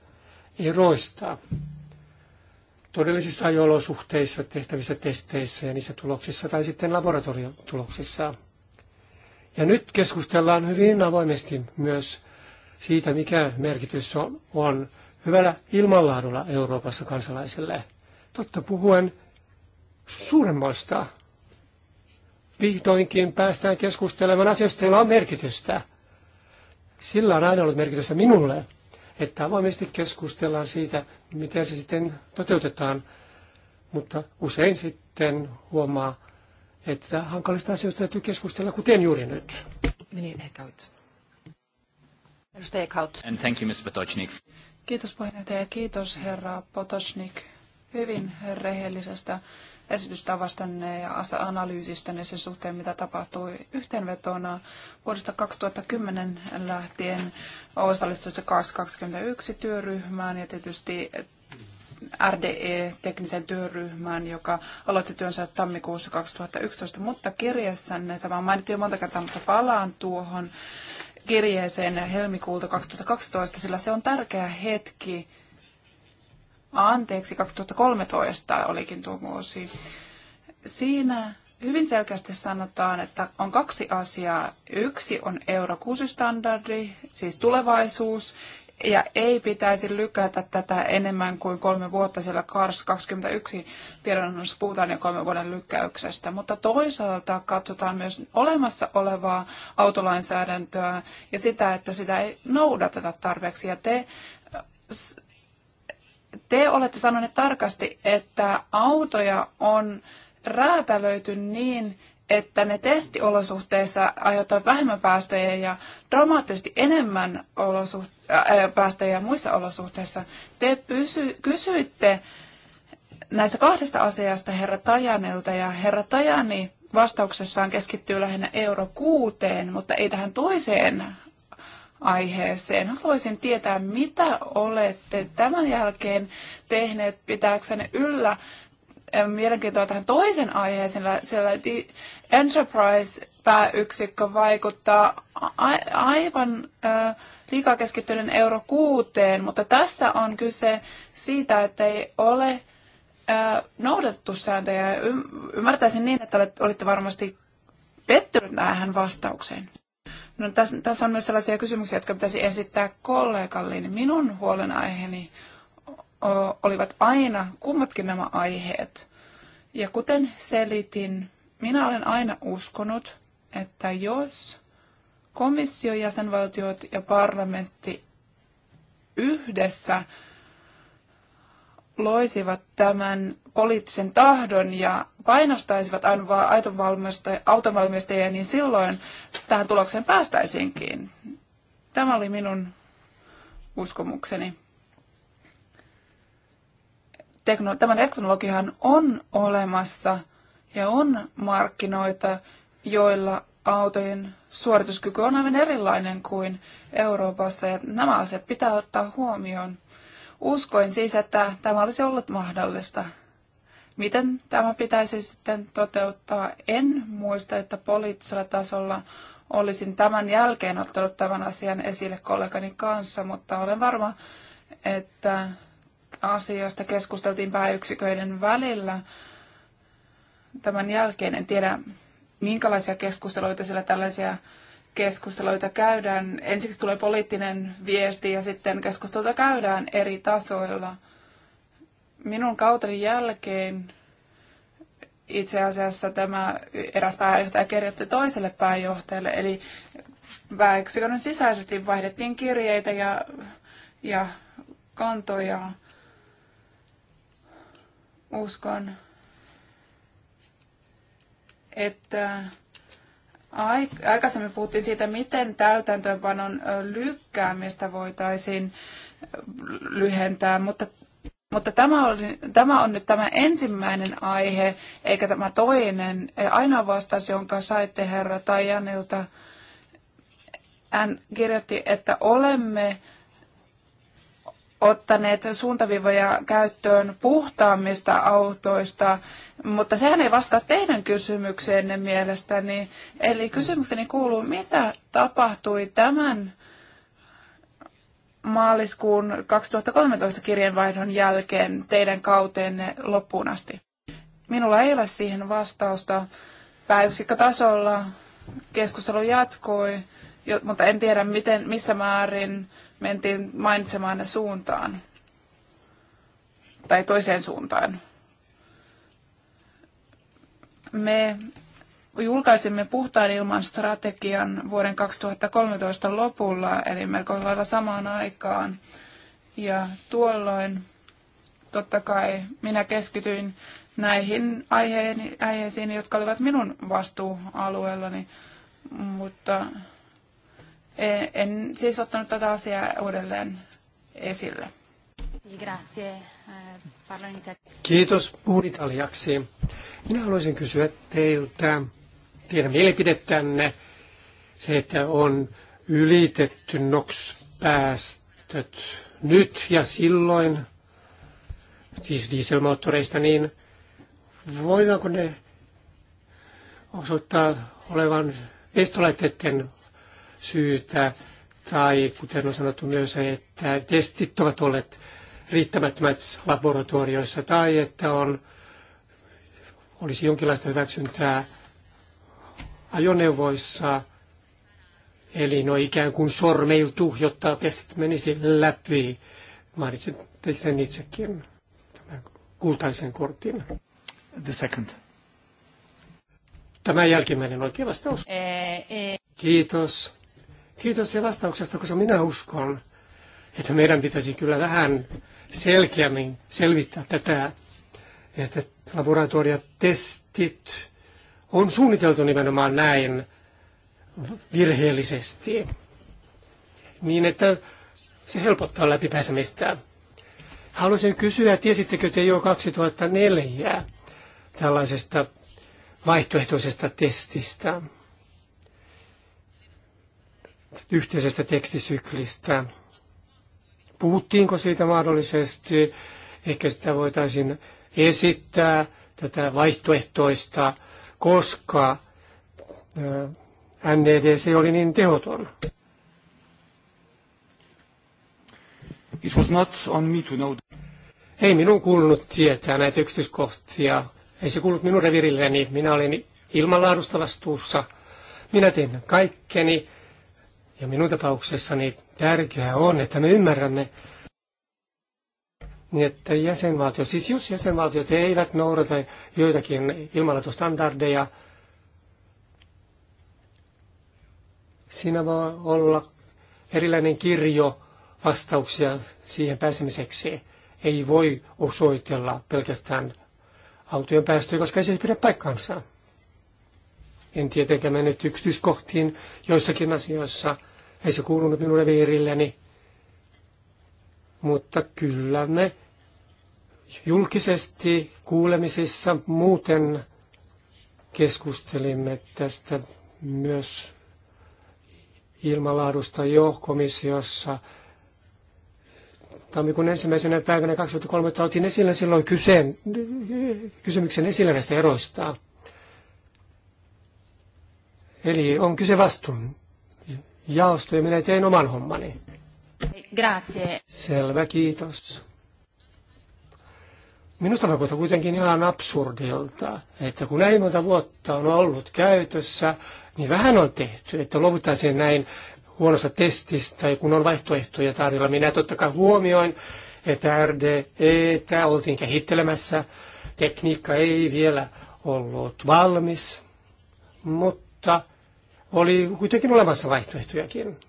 eroista todellisissa ajolosuhteissa tehtävissä testeissä ja niissä tuloksissa tai sitten laboratoriotuloksissa – ja nyt keskustellaan hyvin avoimesti myös siitä, mikä merkitys on, on hyvällä ilmanlaadulla Euroopassa kansalaisille. Totta puhuen suuremmoista. Vihdoinkin päästään keskustelemaan asioista, joilla on merkitystä. Sillä on aina ollut merkitystä minulle, että avoimesti keskustellaan siitä, miten se sitten toteutetaan. Mutta usein sitten huomaa, että hankalista asioista täytyy keskustella, kuten juuri nyt. And thank you, Mr. Potocnik. Kiitos puheenjohtaja ja kiitos herra Potocnik hyvin rehellisestä esitystavastanne ja analyysistanne sen suhteen, mitä tapahtui yhteenvetona vuodesta 2010 lähtien osallistuitte 21 työryhmään ja tietysti RDE-teknisen työryhmään, joka aloitti työnsä tammikuussa 2011, mutta kirjassanne, tämä on mainittu jo monta kertaa, mutta palaan tuohon kirjeeseen helmikuulta 2012, sillä se on tärkeä hetki. Anteeksi, 2013 olikin tuo vuosi. Siinä hyvin selkeästi sanotaan, että on kaksi asiaa. Yksi on Euro 6-standardi, siis tulevaisuus, ja ei pitäisi lykätä tätä enemmän kuin kolme vuotta, sillä KARS 21 tiedonannossa puhutaan jo kolmen vuoden lykkäyksestä. Mutta toisaalta katsotaan myös olemassa olevaa autolainsäädäntöä ja sitä, että sitä ei noudateta tarpeeksi. Ja te, te olette sanoneet tarkasti, että autoja on räätälöity niin, että ne testiolosuhteissa aiheuttavat vähemmän päästöjä ja dramaattisesti enemmän olosuht- äh, äh, päästöjä muissa olosuhteissa. Te pysy- kysyitte näistä kahdesta asiasta herra Tajanilta ja herra Tajani vastauksessaan keskittyy lähinnä euro kuuteen, mutta ei tähän toiseen aiheeseen. Haluaisin tietää, mitä olette tämän jälkeen tehneet pitääksenne yllä mielenkiintoa tähän toisen aiheeseen, sillä Enterprise-pääyksikkö vaikuttaa aivan liikaa keskittyneen euro kuuteen, mutta tässä on kyse siitä, että ei ole noudatettu sääntöjä. Ymmärtäisin niin, että olitte varmasti pettynyt tähän vastaukseen. No, tässä, tässä on myös sellaisia kysymyksiä, jotka pitäisi esittää kollegalleni. Minun huolenaiheeni olivat aina kummatkin nämä aiheet. Ja kuten selitin, minä olen aina uskonut, että jos komissio, jäsenvaltiot ja parlamentti yhdessä loisivat tämän poliittisen tahdon ja painostaisivat autonvalmistajia, niin silloin tähän tulokseen päästäisiinkin. Tämä oli minun uskomukseni teknolo- tämä teknologiahan on olemassa ja on markkinoita, joilla autojen suorituskyky on aivan erilainen kuin Euroopassa ja nämä asiat pitää ottaa huomioon. Uskoin siis, että tämä olisi ollut mahdollista. Miten tämä pitäisi sitten toteuttaa? En muista, että poliittisella tasolla olisin tämän jälkeen ottanut tämän asian esille kollegani kanssa, mutta olen varma, että asiasta keskusteltiin pääyksiköiden välillä. Tämän jälkeen en tiedä, minkälaisia keskusteluita siellä tällaisia keskusteluita käydään. Ensiksi tulee poliittinen viesti ja sitten keskusteluita käydään eri tasoilla. Minun kauteni jälkeen itse asiassa tämä eräs pääjohtaja kirjoitti toiselle pääjohtajalle, eli pääyksikön sisäisesti vaihdettiin kirjeitä ja, ja kantoja uskon, että aikaisemmin puhuttiin siitä, miten täytäntöönpanon lykkäämistä voitaisiin lyhentää, mutta, mutta tämä, oli, tämä on nyt tämä ensimmäinen aihe, eikä tämä toinen. E, ainoa vastaus, jonka saitte herra Tajanilta, hän kirjoitti, että olemme ottaneet suuntavivoja käyttöön puhtaammista autoista, mutta sehän ei vastaa teidän kysymykseenne mielestäni. Eli kysymykseni kuuluu, mitä tapahtui tämän maaliskuun 2013 kirjeenvaihdon jälkeen teidän kauteenne loppuun asti? Minulla ei ole siihen vastausta. Pääyksikkötasolla keskustelu jatkoi, mutta en tiedä miten, missä määrin mentiin mainitsemaan ne suuntaan tai toiseen suuntaan. Me julkaisimme puhtaan ilman strategian vuoden 2013 lopulla, eli melko lailla samaan aikaan. Ja tuolloin totta kai minä keskityin näihin aiheisiin, jotka olivat minun vastuualueellani, mutta Eh, en siis ottanut tätä asiaa uudelleen esille. Eh, Kiitos. Puhun italiaksi. Minä haluaisin kysyä teiltä teidän mielipidettänne se, että on ylitetty NOx-päästöt nyt ja silloin, siis dieselmoottoreista, niin voidaanko ne osoittaa olevan estolaitteiden syytä. Tai kuten on sanottu myös, että testit ovat olleet riittämättömät laboratorioissa tai että on, olisi jonkinlaista hyväksyntää ajoneuvoissa, eli no ikään kuin sormeiltu, jotta testit menisi läpi. Mainitsen sen itsekin, tämän kultaisen kortin. The second. Tämä jälkimmäinen oikea vastaus. Eh, eh. Kiitos. Kiitos ja vastauksesta, koska minä uskon, että meidän pitäisi kyllä vähän selkeämmin selvittää tätä, että laboratoriotestit on suunniteltu nimenomaan näin virheellisesti, niin että se helpottaa läpipääsemistä. Haluaisin kysyä, tiesittekö te jo 2004 tällaisesta vaihtoehtoisesta testistä? yhteisestä tekstisyklistä. Puhuttiinko siitä mahdollisesti? Ehkä sitä voitaisiin esittää, tätä vaihtoehtoista, koska NEDC oli niin tehoton. It was not on me to know. Ei minun kuulunut tietää näitä yksityiskohtia. Ei se kuulunut minun revirilleni. Minä olin ilmanlaadusta vastuussa. Minä tein kaikkeni ja minun tapauksessani tärkeää on, että me ymmärrämme, niin että jäsenvaltiot, siis jos jäsenvaltiot eivät noudata joitakin ilmanlaatustandardeja, siinä voi olla erilainen kirjo vastauksia siihen pääsemiseksi. Ei voi osoitella pelkästään autojen päästöjä, koska ei se pidä paikkaansa. En tietenkään mennyt yksityiskohtiin joissakin asioissa – ei se kuulunut minulle viirilleni, mutta kyllä me julkisesti kuulemisissa muuten keskustelimme tästä myös ilmalaadusta jo komissiossa. Tammikuun ensimmäisenä päivänä 2003 otin esille silloin kyseen, kysymyksen esille näistä eroista. Eli on kyse vastuun jaosto ja minä tein oman hommani. Grazie. Selvä, kiitos. Minusta vaikuttaa kuitenkin ihan absurdilta, että kun näin monta vuotta on ollut käytössä, niin vähän on tehty, että luovuttaisiin näin huonosta testistä, kun on vaihtoehtoja tarjolla. Minä totta kai huomioin, että RDE, tämä oltiin kehittelemässä, tekniikka ei vielä ollut valmis, mutta oli kuitenkin olemassa vaihtoehtojakin.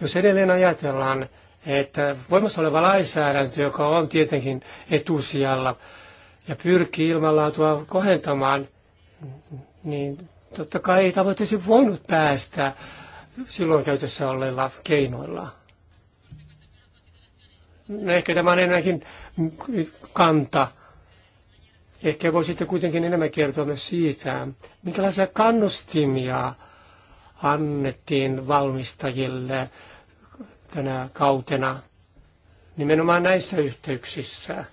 Jos edelleen ajatellaan, että voimassa oleva lainsäädäntö, joka on tietenkin etusijalla ja pyrkii ilmanlaatua kohentamaan, niin totta kai ei tavoitteisi voinut päästä silloin käytössä olleilla keinoilla. No ehkä tämä on enääkin kanta Ehkä voisitte kuitenkin enemmän kertoa myös siitä, minkälaisia kannustimia annettiin valmistajille tänä kautena nimenomaan näissä yhteyksissä.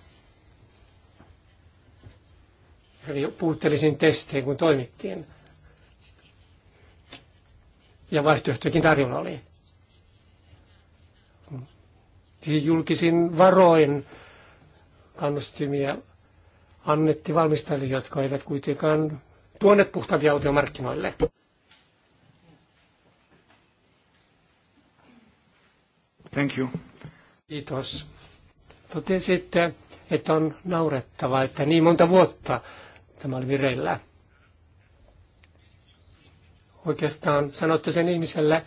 Eli puuttelisin testiin, kun toimittiin. Ja vaihtoehtoikin tarjolla oli. Julkisin varoin kannustimia annettiin valmistajille, jotka eivät kuitenkaan tuoneet puhtaampia autoja markkinoille. Thank you. Kiitos. Totesitte, että on naurettava, että niin monta vuotta tämä oli vireillä. Oikeastaan sanotte sen ihmiselle,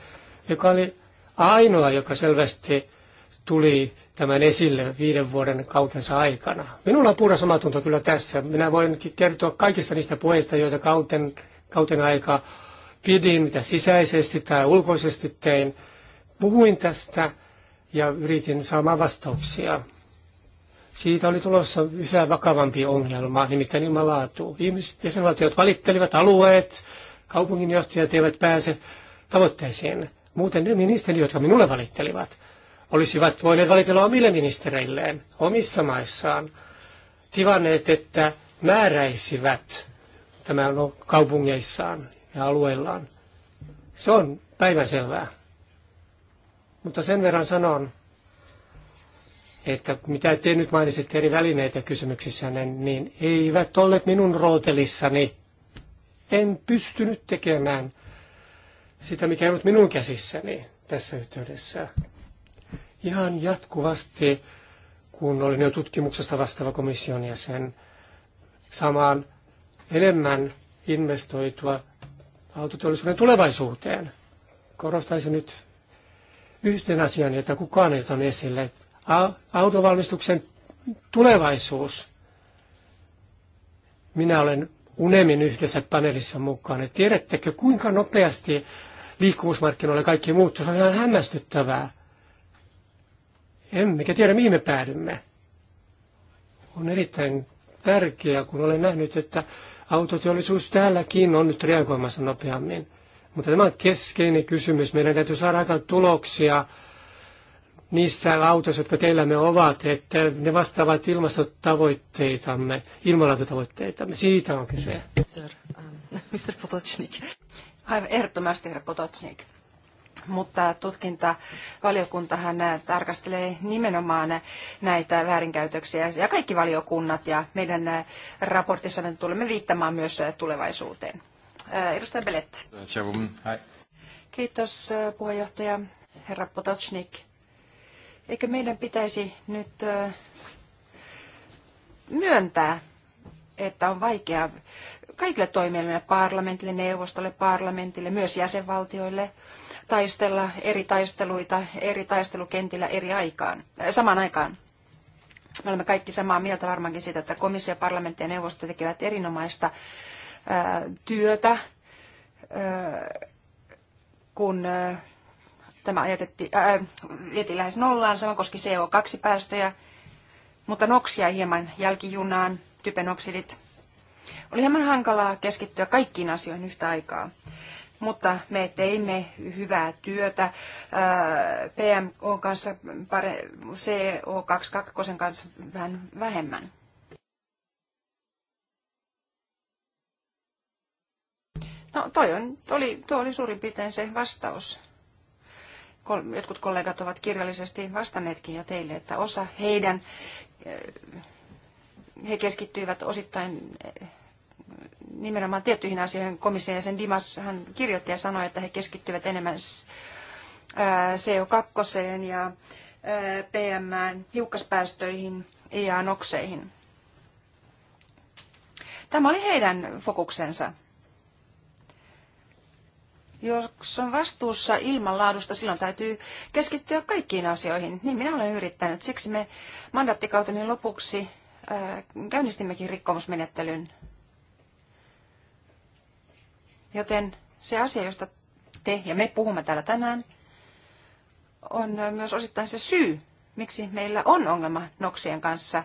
joka oli ainoa, joka selvästi tuli tämän esille viiden vuoden kautensa aikana. Minulla on puhdas omatunto kyllä tässä. Minä voin kertoa kaikista niistä puheista, joita kauten, kauten aika pidin, mitä sisäisesti tai ulkoisesti tein. Puhuin tästä ja yritin saamaan vastauksia. Siitä oli tulossa yhä vakavampi ongelma, nimittäin ilmanlaatu. Ihmiset, jäsenvaltiot valittelivat alueet, kaupunginjohtajat eivät pääse tavoitteisiin. Muuten ne ministerit, jotka minulle valittelivat, olisivat voineet valitella omille ministereilleen omissa maissaan, tivanneet, että määräisivät tämän kaupungeissaan ja alueillaan. Se on päivänselvää. Mutta sen verran sanon, että mitä te nyt mainitsitte eri välineitä kysymyksissänne, niin eivät olleet minun rootelissani. En pystynyt tekemään sitä, mikä ei ollut minun käsissäni tässä yhteydessä ihan jatkuvasti, kun olin jo tutkimuksesta vastaava komission jäsen, samaan enemmän investoitua autoteollisuuden tulevaisuuteen. Korostaisin nyt yhden asian, jota kukaan ei ole esille. Autovalmistuksen tulevaisuus. Minä olen Unemin yhdessä paneelissa mukaan. Et tiedättekö, kuinka nopeasti liikkuvuusmarkkinoilla kaikki muuttuu? Se on ihan hämmästyttävää. Emmekä tiedä, mihin me päädymme. On erittäin tärkeää, kun olen nähnyt, että autoteollisuus täälläkin on nyt reagoimassa nopeammin. Mutta tämä on keskeinen kysymys. Meidän täytyy saada aika tuloksia niissä autoissa, jotka teillämme ovat, että ne vastaavat ilmastotavoitteitamme, ilmanlaatutavoitteitamme. Siitä on kyse. Mr. Um, <laughs> Potocnik. Aivan ehdottomasti, herra Potocnik mutta tutkintavaliokuntahan tarkastelee nimenomaan näitä väärinkäytöksiä ja kaikki valiokunnat ja meidän raportissa me tulemme viittamaan myös tulevaisuuteen. Edustaja Belet. Kiitos puheenjohtaja herra Potocnik. Eikö meidän pitäisi nyt myöntää, että on vaikea kaikille toimielimille, parlamentille, neuvostolle, parlamentille, myös jäsenvaltioille, taistella eri taisteluita eri taistelukentillä eri aikaan, äh, samaan aikaan. Me olemme kaikki samaa mieltä varmaankin siitä, että komissio, parlamentti ja neuvosto tekevät erinomaista ää, äh, työtä, ää, äh, kun ää, tämä ajatettiin, vietiin lähes nollaan. Sama koski CO2-päästöjä, mutta noksia hieman jälkijunaan, typenoksidit. Oli hieman hankalaa keskittyä kaikkiin asioihin yhtä aikaa mutta me teimme hyvää työtä äh, PMO kanssa, CO22 kanssa vähän vähemmän. No toi on, oli, tuo oli suurin piirtein se vastaus. jotkut kollegat ovat kirjallisesti vastanneetkin jo teille, että osa heidän, äh, he keskittyivät osittain nimenomaan tiettyihin asioihin komission jäsen Dimas hän kirjoitti ja sanoi, että he keskittyvät enemmän CO2 ja PM hiukkaspäästöihin ja e nokseihin. Tämä oli heidän fokuksensa. Jos on vastuussa ilmanlaadusta, silloin täytyy keskittyä kaikkiin asioihin. Niin minä olen yrittänyt. Siksi me mandaattikauteni lopuksi käynnistimmekin rikkomusmenettelyn Joten se asia, josta te ja me puhumme täällä tänään, on myös osittain se syy, miksi meillä on ongelma noksien kanssa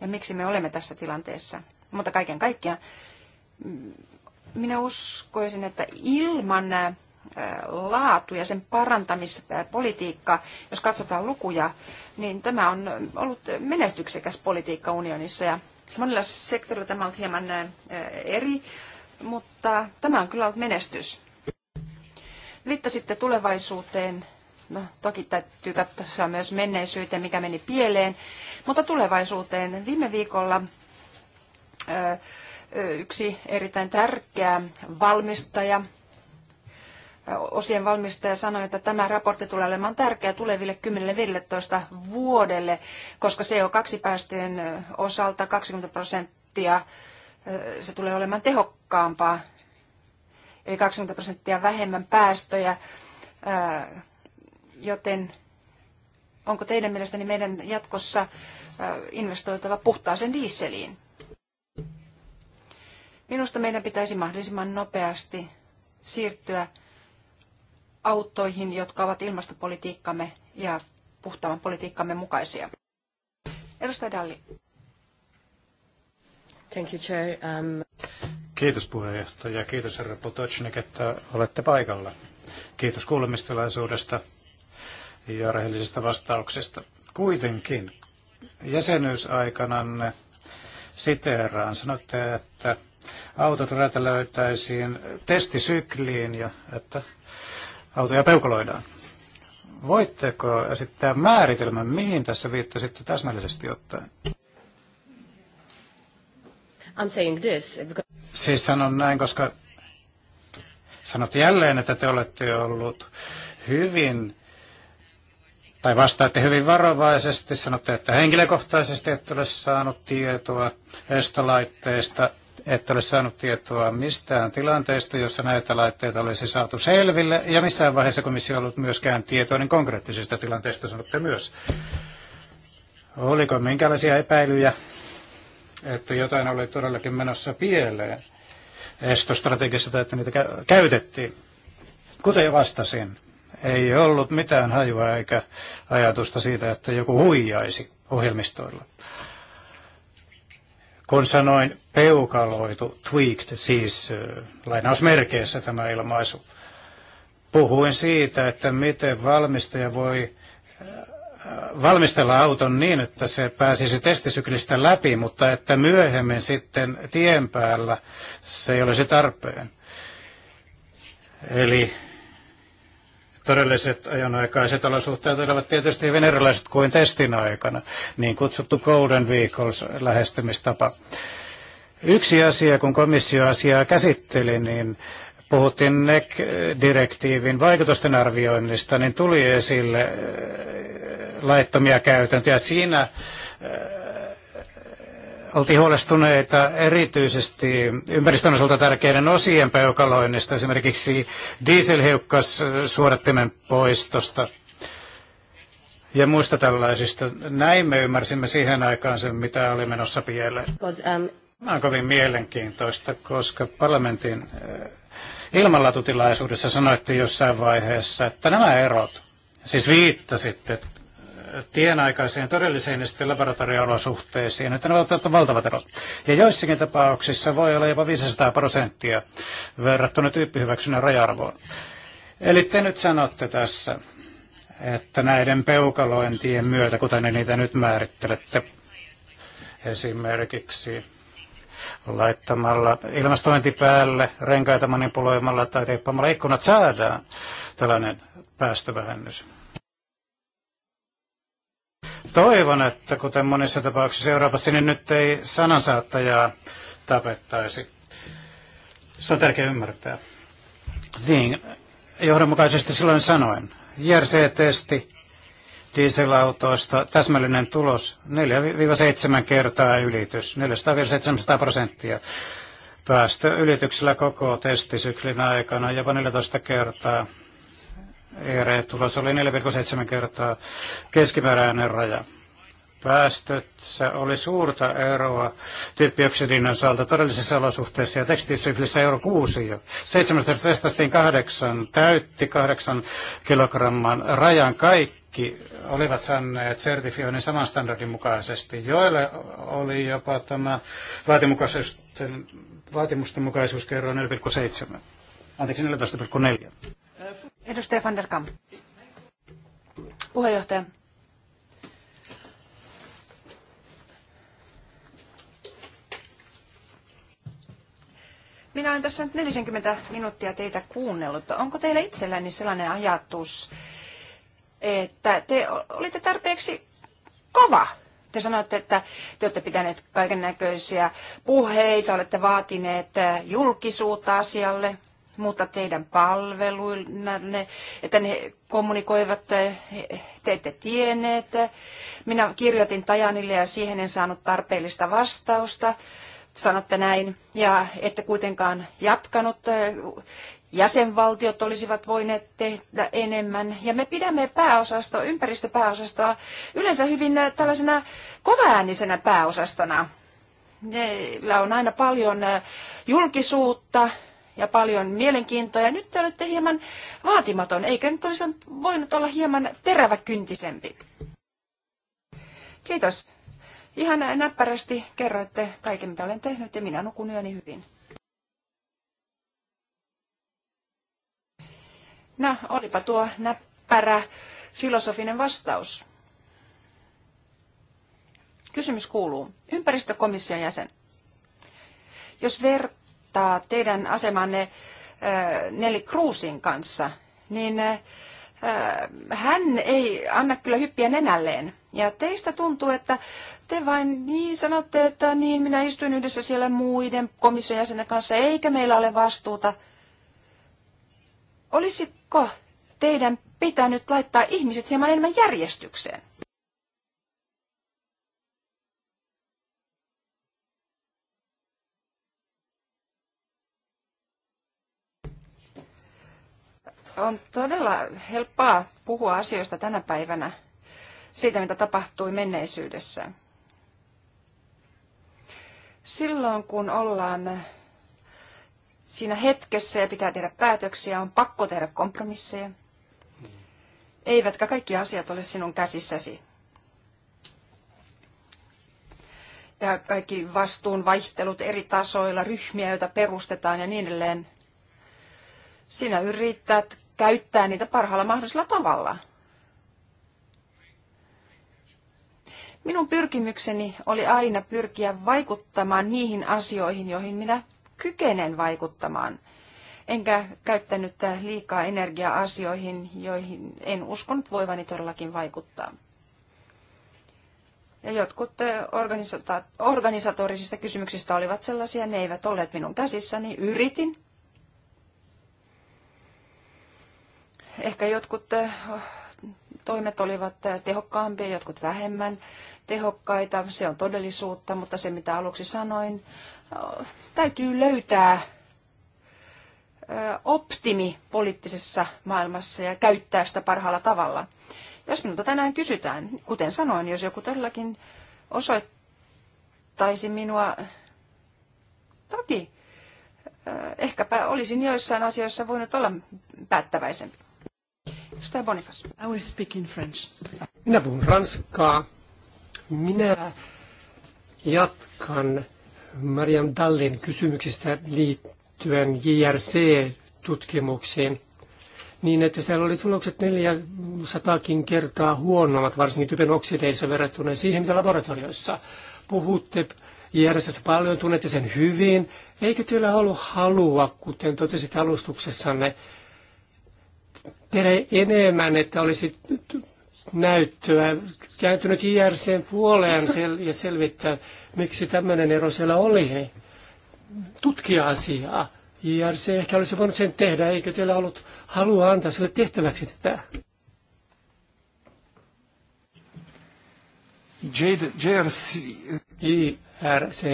ja miksi me olemme tässä tilanteessa. Mutta kaiken kaikkiaan mm, minä uskoisin, että ilman äh, laatu ja sen parantamispolitiikka, jos katsotaan lukuja, niin tämä on ollut menestyksekäs politiikka unionissa ja monilla sektorilla tämä on hieman äh, eri mutta tämä on kyllä ollut menestys. Viittasitte tulevaisuuteen. No, toki täytyy katsoa myös menneisyyteen, mikä meni pieleen, mutta tulevaisuuteen. Viime viikolla yksi erittäin tärkeä valmistaja, osien valmistaja sanoi, että tämä raportti tulee olemaan tärkeä tuleville 10-15 vuodelle, koska CO2-päästöjen osalta 20 prosenttia se tulee olemaan tehokkaampaa. Eli 20 prosenttia vähemmän päästöjä, joten onko teidän mielestäni meidän jatkossa investoitava puhtaaseen diisseliin? Minusta meidän pitäisi mahdollisimman nopeasti siirtyä autoihin, jotka ovat ilmastopolitiikkamme ja puhtaan politiikkamme mukaisia. Edustaja Dalli. Thank you, Chair. Um... Kiitos puheenjohtaja. Kiitos herra Potocnik, että olette paikalla. Kiitos kuulemistilaisuudesta ja rehellisistä vastauksista. Kuitenkin jäsenyysaikananne siteeraan. Sanotte, että autot räätälöitäisiin testisykliin ja että autoja peukaloidaan. Voitteko esittää määritelmän, mihin tässä viittasitte täsmällisesti ottaen? I'm saying this because... Siis sanon näin, koska sanot jälleen, että te olette ollut hyvin tai vastaatte hyvin varovaisesti, sanotte, että henkilökohtaisesti ette ole saanut tietoa estolaitteista, ette ole saanut tietoa mistään tilanteesta, jossa näitä laitteita olisi saatu selville, ja missään vaiheessa komissio on ollut myöskään tietoinen niin konkreettisista tilanteista, sanotte myös. Oliko minkälaisia epäilyjä että jotain oli todellakin menossa pieleen estostrategiassa, että niitä käytettiin. Kuten jo vastasin, ei ollut mitään hajua eikä ajatusta siitä, että joku huijaisi ohjelmistoilla. Kun sanoin peukaloitu, tweaked, siis lainausmerkeissä tämä ilmaisu, puhuin siitä, että miten valmistaja voi valmistella auton niin, että se pääsisi testisyklistä läpi, mutta että myöhemmin sitten tien päällä se ei olisi tarpeen. Eli todelliset ajonaikaiset olosuhteet olivat tietysti hyvin erilaiset kuin testin aikana, niin kutsuttu Golden Vehicles lähestymistapa. Yksi asia, kun komissio asiaa käsitteli, niin puhuttiin NEC-direktiivin vaikutusten arvioinnista, niin tuli esille äh, laittomia käytäntöjä. Siinä äh, oltiin huolestuneita erityisesti ympäristön osalta tärkeiden osien peukaloinnista, esimerkiksi dieselhiukkas suodattimen poistosta ja muista tällaisista. Näin me ymmärsimme siihen aikaan sen, mitä oli menossa pieleen. Um, Tämä on kovin mielenkiintoista, koska parlamentin äh, ilmanlaatutilaisuudessa sanoitte jossain vaiheessa, että nämä erot, siis viittasitte äh, tienaikaiseen todelliseen ja sitten laboratorio-olosuhteisiin, että ne ovat valtavat erot. Ja joissakin tapauksissa voi olla jopa 500 prosenttia verrattuna tyyppihyväksynnän raja-arvoon. Eli te nyt sanotte tässä, että näiden peukalointien myötä, kuten niitä nyt määrittelette, esimerkiksi laittamalla ilmastointi päälle, renkaita manipuloimalla tai teippaamalla ikkunat saadaan tällainen päästövähennys. Toivon, että kuten monissa tapauksissa Euroopassa, niin nyt ei sanansaattajaa tapettaisi. Se on tärkeää ymmärtää. Niin, johdonmukaisesti silloin sanoin. JRC-testi dieselautoista täsmällinen tulos 4-7 kertaa ylitys, 400-700 prosenttia. Päästöylityksellä koko testisyklin aikana jopa 14 kertaa. ERE-tulos oli 4,7 kertaa keskimääräinen raja. Päästössä oli suurta eroa tyyppioksidin osalta todellisissa olosuhteissa ja tekstisyklissä euro 6 jo. 17 testattiin 8, täytti 8 kilogramman rajan kaikki kaikki olivat saaneet sertifioinnin saman standardin mukaisesti. Joille oli jopa tämä vaatimusten, vaatimusten kerro 4,7. Anteeksi, 14,4. Edustaja van der Kamp. Puheenjohtaja. Minä olen tässä nyt 40 minuuttia teitä kuunnellut. Onko teillä itselläni sellainen ajatus, että te olitte tarpeeksi kova. Te sanoitte, että te olette pitäneet kaiken näköisiä puheita, olette vaatineet äh, julkisuutta asialle, mutta teidän palveluillanne, että ne kommunikoivat, äh, te ette tienneet. Minä kirjoitin Tajanille ja siihen en saanut tarpeellista vastausta sanotte näin, ja ette kuitenkaan jatkanut äh, jäsenvaltiot olisivat voineet tehdä enemmän. Ja me pidämme pääosastoa, ympäristöpääosastoa yleensä hyvin äh, tällaisena kovaäänisenä pääosastona. Meillä on aina paljon äh, julkisuutta ja paljon mielenkiintoa. Ja nyt te olette hieman vaatimaton, eikä nyt olisi voinut olla hieman teräväkyntisempi. Kiitos. Ihan näppärästi kerroitte kaiken, mitä olen tehnyt, ja minä nukun yöni hyvin. No, olipa tuo näppärä filosofinen vastaus. Kysymys kuuluu, ympäristökomission jäsen, jos vertaa teidän asemanne äh, Nelly Kruusin kanssa, niin äh, hän ei anna kyllä hyppiä nenälleen. Ja teistä tuntuu, että te vain niin sanotte, että niin minä istuin yhdessä siellä muiden komission jäsenen kanssa, eikä meillä ole vastuuta – Olisiko teidän pitänyt laittaa ihmiset hieman enemmän järjestykseen? on todella helppoa puhua asioista tänä päivänä, siitä mitä tapahtui menneisyydessä. Silloin kun ollaan siinä hetkessä ja pitää tehdä päätöksiä, on pakko tehdä kompromisseja. Eivätkä kaikki asiat ole sinun käsissäsi. Ja kaikki vastuun vaihtelut eri tasoilla, ryhmiä, joita perustetaan ja niin edelleen. Sinä yrität käyttää niitä parhaalla mahdollisella tavalla. Minun pyrkimykseni oli aina pyrkiä vaikuttamaan niihin asioihin, joihin minä kykenen vaikuttamaan. Enkä käyttänyt liikaa energiaa asioihin, joihin en uskonut voivani todellakin vaikuttaa. Ja jotkut eh, organisa- organisatorisista kysymyksistä olivat sellaisia, ne eivät olleet minun käsissäni. Yritin. Ehkä jotkut eh, toimet olivat eh, tehokkaampia, jotkut vähemmän tehokkaita. Se on todellisuutta, mutta se mitä aluksi sanoin täytyy löytää optimi poliittisessa maailmassa ja käyttää sitä parhaalla tavalla. Jos minulta tänään kysytään, kuten sanoin, jos joku todellakin osoittaisi minua, toki ehkäpä olisin joissain asioissa voinut olla päättäväisempi. Edustaja Bonifas. I will speak in French. Minä puhun ranskaa. Minä jatkan Marian Dallin kysymyksistä liittyen JRC-tutkimuksiin, niin että siellä oli tulokset 400 kertaa huonommat, varsinkin typen oksideissa verrattuna siihen, mitä laboratorioissa puhutte järjestöstä paljon, tunnette sen hyvin. Eikö teillä ollut halua, kuten totesit alustuksessanne, tehdä enemmän, että olisi näyttöä, kääntynyt IRC puoleen sel- ja selvittää, miksi tämmöinen ero siellä oli. Tutkia asiaa. IRC ehkä olisi voinut sen tehdä, eikö teillä ollut halua antaa sille tehtäväksi tätä? JRC. IRC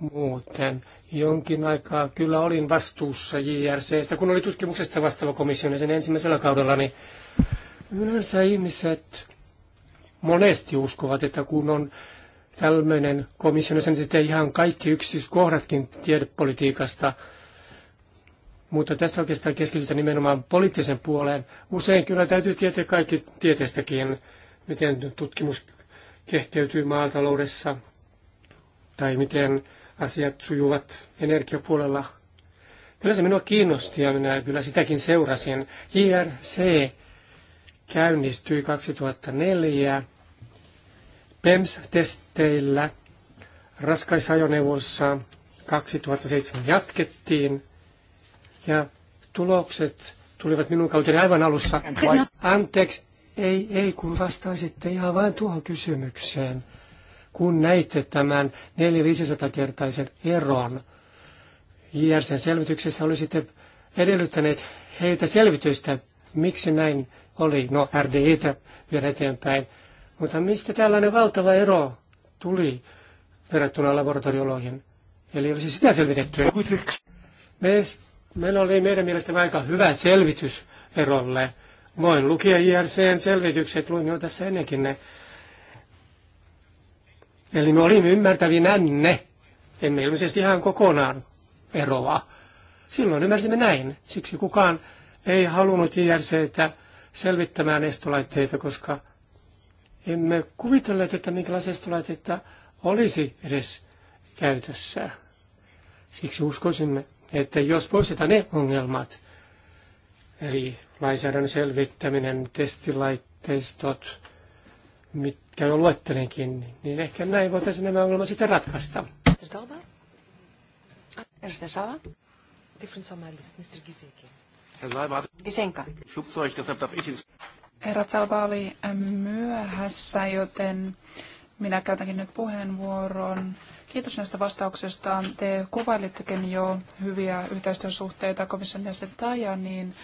muuten. Jonkin aikaa kyllä olin vastuussa JRCstä, kun oli tutkimuksesta vastaava komissio sen ensimmäisellä kaudella, niin Yleensä ihmiset monesti uskovat, että kun on tämmöinen komission sen että ihan kaikki yksityiskohdatkin tiedepolitiikasta, mutta tässä oikeastaan keskitytään nimenomaan poliittisen puoleen. Usein kyllä täytyy tietää kaikki tieteestäkin, miten tutkimus kehkeytyy maataloudessa tai miten asiat sujuvat energiapuolella. Kyllä se minua kiinnosti ja minä kyllä sitäkin seurasin. JRC käynnistyi 2004 PEMS-testeillä raskaissa ajoneuvoissa 2007 jatkettiin ja tulokset tulivat minun kauteni aivan alussa. Anteeksi, ei, ei kun vastaisitte ihan vain tuohon kysymykseen. Kun näitte tämän 400-500-kertaisen eron, JRCn selvityksessä olisitte edellyttäneet heitä selvitystä, miksi näin oli, no RDItä vielä eteenpäin. Mutta mistä tällainen valtava ero tuli verrattuna laboratoriologian, Eli olisi sitä selvitetty. Me, meillä oli meidän mielestä aika hyvä selvitys erolle. Voin lukea JRCn selvitykset, luin jo tässä ennenkin ne. Eli me olimme ne, Emme ilmeisesti ihan kokonaan eroa. Silloin ymmärsimme näin. Siksi kukaan ei halunnut JRCtä selvittämään estolaitteita, koska emme kuvitelleet, että minkälaisia estolaitteita olisi edes käytössä. Siksi uskoisimme, että jos poistetaan ne ongelmat, eli lainsäädännön selvittäminen, testilaitteistot, mitkä jo luettelenkin, niin ehkä näin voitaisiin nämä ongelmat sitten ratkaista. Mr. Salva? Mr. Salva? Different Somalis, Mr. Gizekin. Herr Salba hat Flugzeug, deshalb darf ich ins... Herra Zalba oli myöhässä, joten minä käytänkin nyt puheenvuoron. Kiitos näistä vastauksista. Te kuvailittekin jo hyviä yhteistyösuhteita komission jäsen niin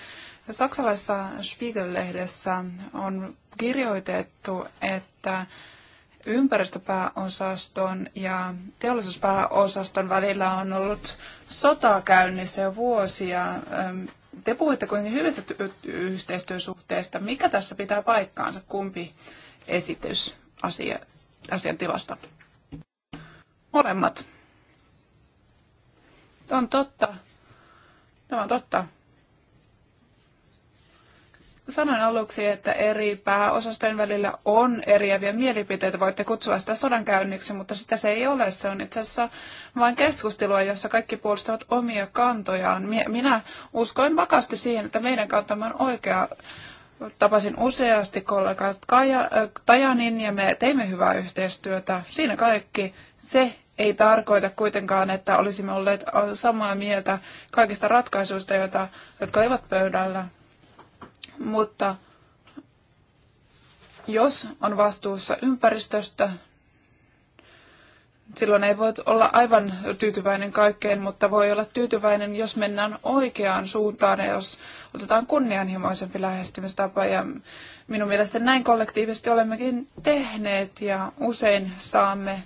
Saksalaisessa Spiegel-lehdessä on kirjoitettu, että ympäristöpääosaston ja teollisuuspääosaston välillä on ollut sota käynnissä jo vuosia te puhuitte kuitenkin hyvistä yhteistyösuhteista. Mikä tässä pitää paikkaansa? Kumpi esitys asia, asian tilasta? Molemmat. On totta. Tämä on totta. Sanoin aluksi, että eri pääosastojen välillä on eriäviä mielipiteitä. Voitte kutsua sitä sodankäynniksi, mutta sitä se ei ole. Se on itse asiassa vain keskustelua, jossa kaikki puolustavat omia kantojaan. Minä uskoin vakaasti siihen, että meidän kantamme on oikea. Tapasin useasti kollegat äh, Tajanin ja me teimme hyvää yhteistyötä. Siinä kaikki. Se ei tarkoita kuitenkaan, että olisimme olleet samaa mieltä kaikista ratkaisuista, jotka olivat pöydällä mutta jos on vastuussa ympäristöstä, silloin ei voi olla aivan tyytyväinen kaikkeen, mutta voi olla tyytyväinen, jos mennään oikeaan suuntaan ja jos otetaan kunnianhimoisempi lähestymistapa. Ja minun mielestäni näin kollektiivisesti olemmekin tehneet ja usein saamme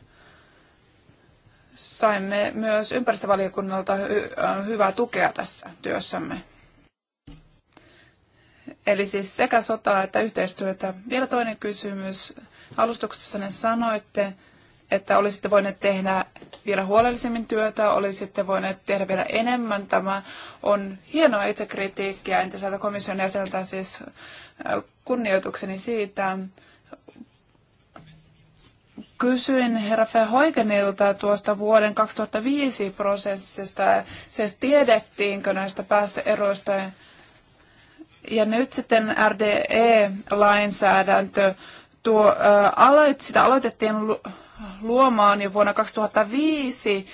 saimme myös ympäristövaliokunnalta hy- hyvää tukea tässä työssämme. Eli siis sekä sotaa että yhteistyötä. Vielä toinen kysymys. Alustuksessanne sanoitte, että olisitte voineet tehdä vielä huolellisemmin työtä, olisitte voineet tehdä vielä enemmän. Tämä on hienoa itsekritiikkiä entiseltä komission jäseneltä, siis äh, kunnioitukseni siitä. Kysyin herra Verhoigenilta tuosta vuoden 2005 prosessista, siis tiedettiinkö näistä päästöeroista ja nyt sitten RDE-lainsäädäntö, tuo, ää, aloit, sitä aloitettiin luomaan jo vuonna 2005,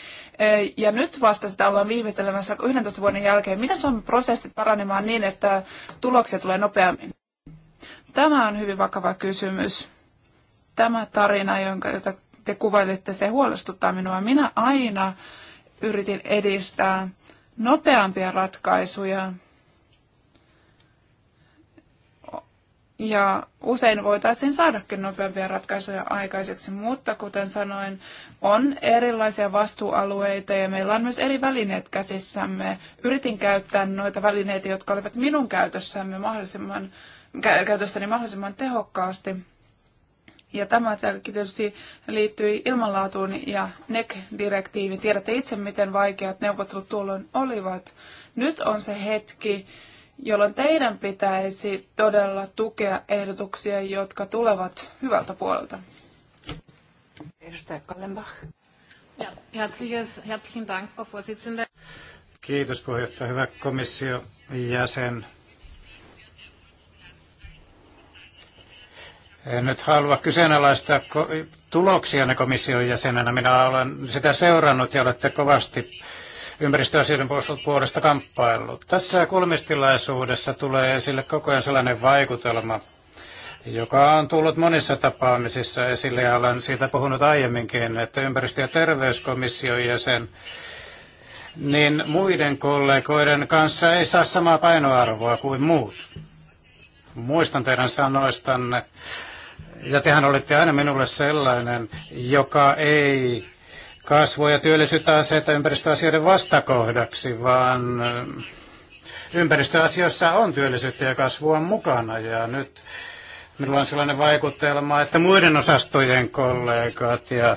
ja nyt vasta sitä ollaan viimeistelemässä 11 vuoden jälkeen. Miten on prosessit paranemaan niin, että tuloksia tulee nopeammin? Tämä on hyvin vakava kysymys. Tämä tarina, jonka, jota te kuvailitte, se huolestuttaa minua. Minä aina yritin edistää nopeampia ratkaisuja Ja usein voitaisiin saadakin nopeampia ratkaisuja aikaiseksi, mutta kuten sanoin, on erilaisia vastuualueita ja meillä on myös eri välineet käsissämme. Yritin käyttää noita välineitä, jotka olivat minun käytössämme mahdollisimman, käytössäni mahdollisimman tehokkaasti. Ja tämä tietysti liittyi ilmanlaatuun ja NEC-direktiiviin. Tiedätte itse, miten vaikeat neuvottelut tuolloin olivat. Nyt on se hetki, jolloin teidän pitäisi todella tukea ehdotuksia, jotka tulevat hyvältä puolelta. Edustaja Kallenbach. Ja, Kiitos puheenjohtaja, hyvä komission jäsen. En nyt halua kyseenalaistaa tuloksia komission jäsenenä. Minä olen sitä seurannut ja olette kovasti ympäristöasioiden puolesta kamppaillut. Tässä kolmistilaisuudessa tulee esille koko ajan sellainen vaikutelma, joka on tullut monissa tapaamisissa esille ja olen siitä puhunut aiemminkin, että ympäristö- ja terveyskomission jäsen niin muiden kollegoiden kanssa ei saa samaa painoarvoa kuin muut. Muistan teidän sanoistanne, ja tehän olitte aina minulle sellainen, joka ei kasvua ja työllisyyttä aseita ympäristöasioiden vastakohdaksi, vaan äh, ympäristöasioissa on työllisyyttä ja kasvua mukana. Ja nyt Minulla on sellainen vaikutelma, että muiden osastojen kollegat ja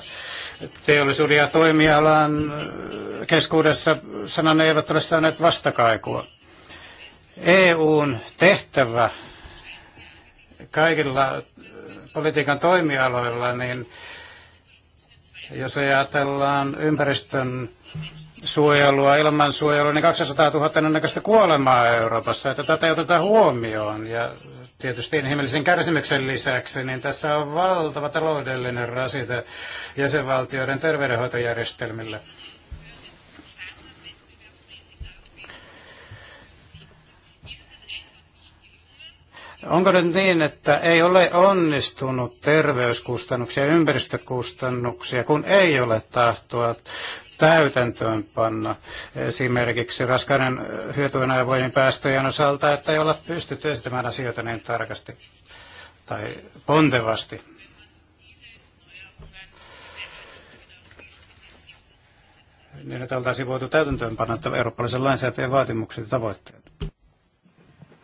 teollisuuden ja toimialan äh, keskuudessa sanan eivät ole saaneet vastakaikua. EUn tehtävä kaikilla äh, politiikan toimialoilla, niin jos ajatellaan ympäristön suojelua, ilman niin 200 000 ennennäköistä kuolemaa Euroopassa, että tätä ei oteta huomioon. Ja tietysti inhimillisen kärsimyksen lisäksi, niin tässä on valtava taloudellinen rasite jäsenvaltioiden terveydenhoitojärjestelmille. Onko nyt niin, että ei ole onnistunut terveyskustannuksia ja ympäristökustannuksia, kun ei ole tahtoa täytäntöön panna esimerkiksi raskainen hyötyen ajovoimin päästöjen osalta, että ei olla pystytty esittämään asioita niin tarkasti tai pontevasti. Niin, että oltaisiin voitu täytäntöönpanna eurooppalaisen lainsäätäjän vaatimukset ja tavoitteet.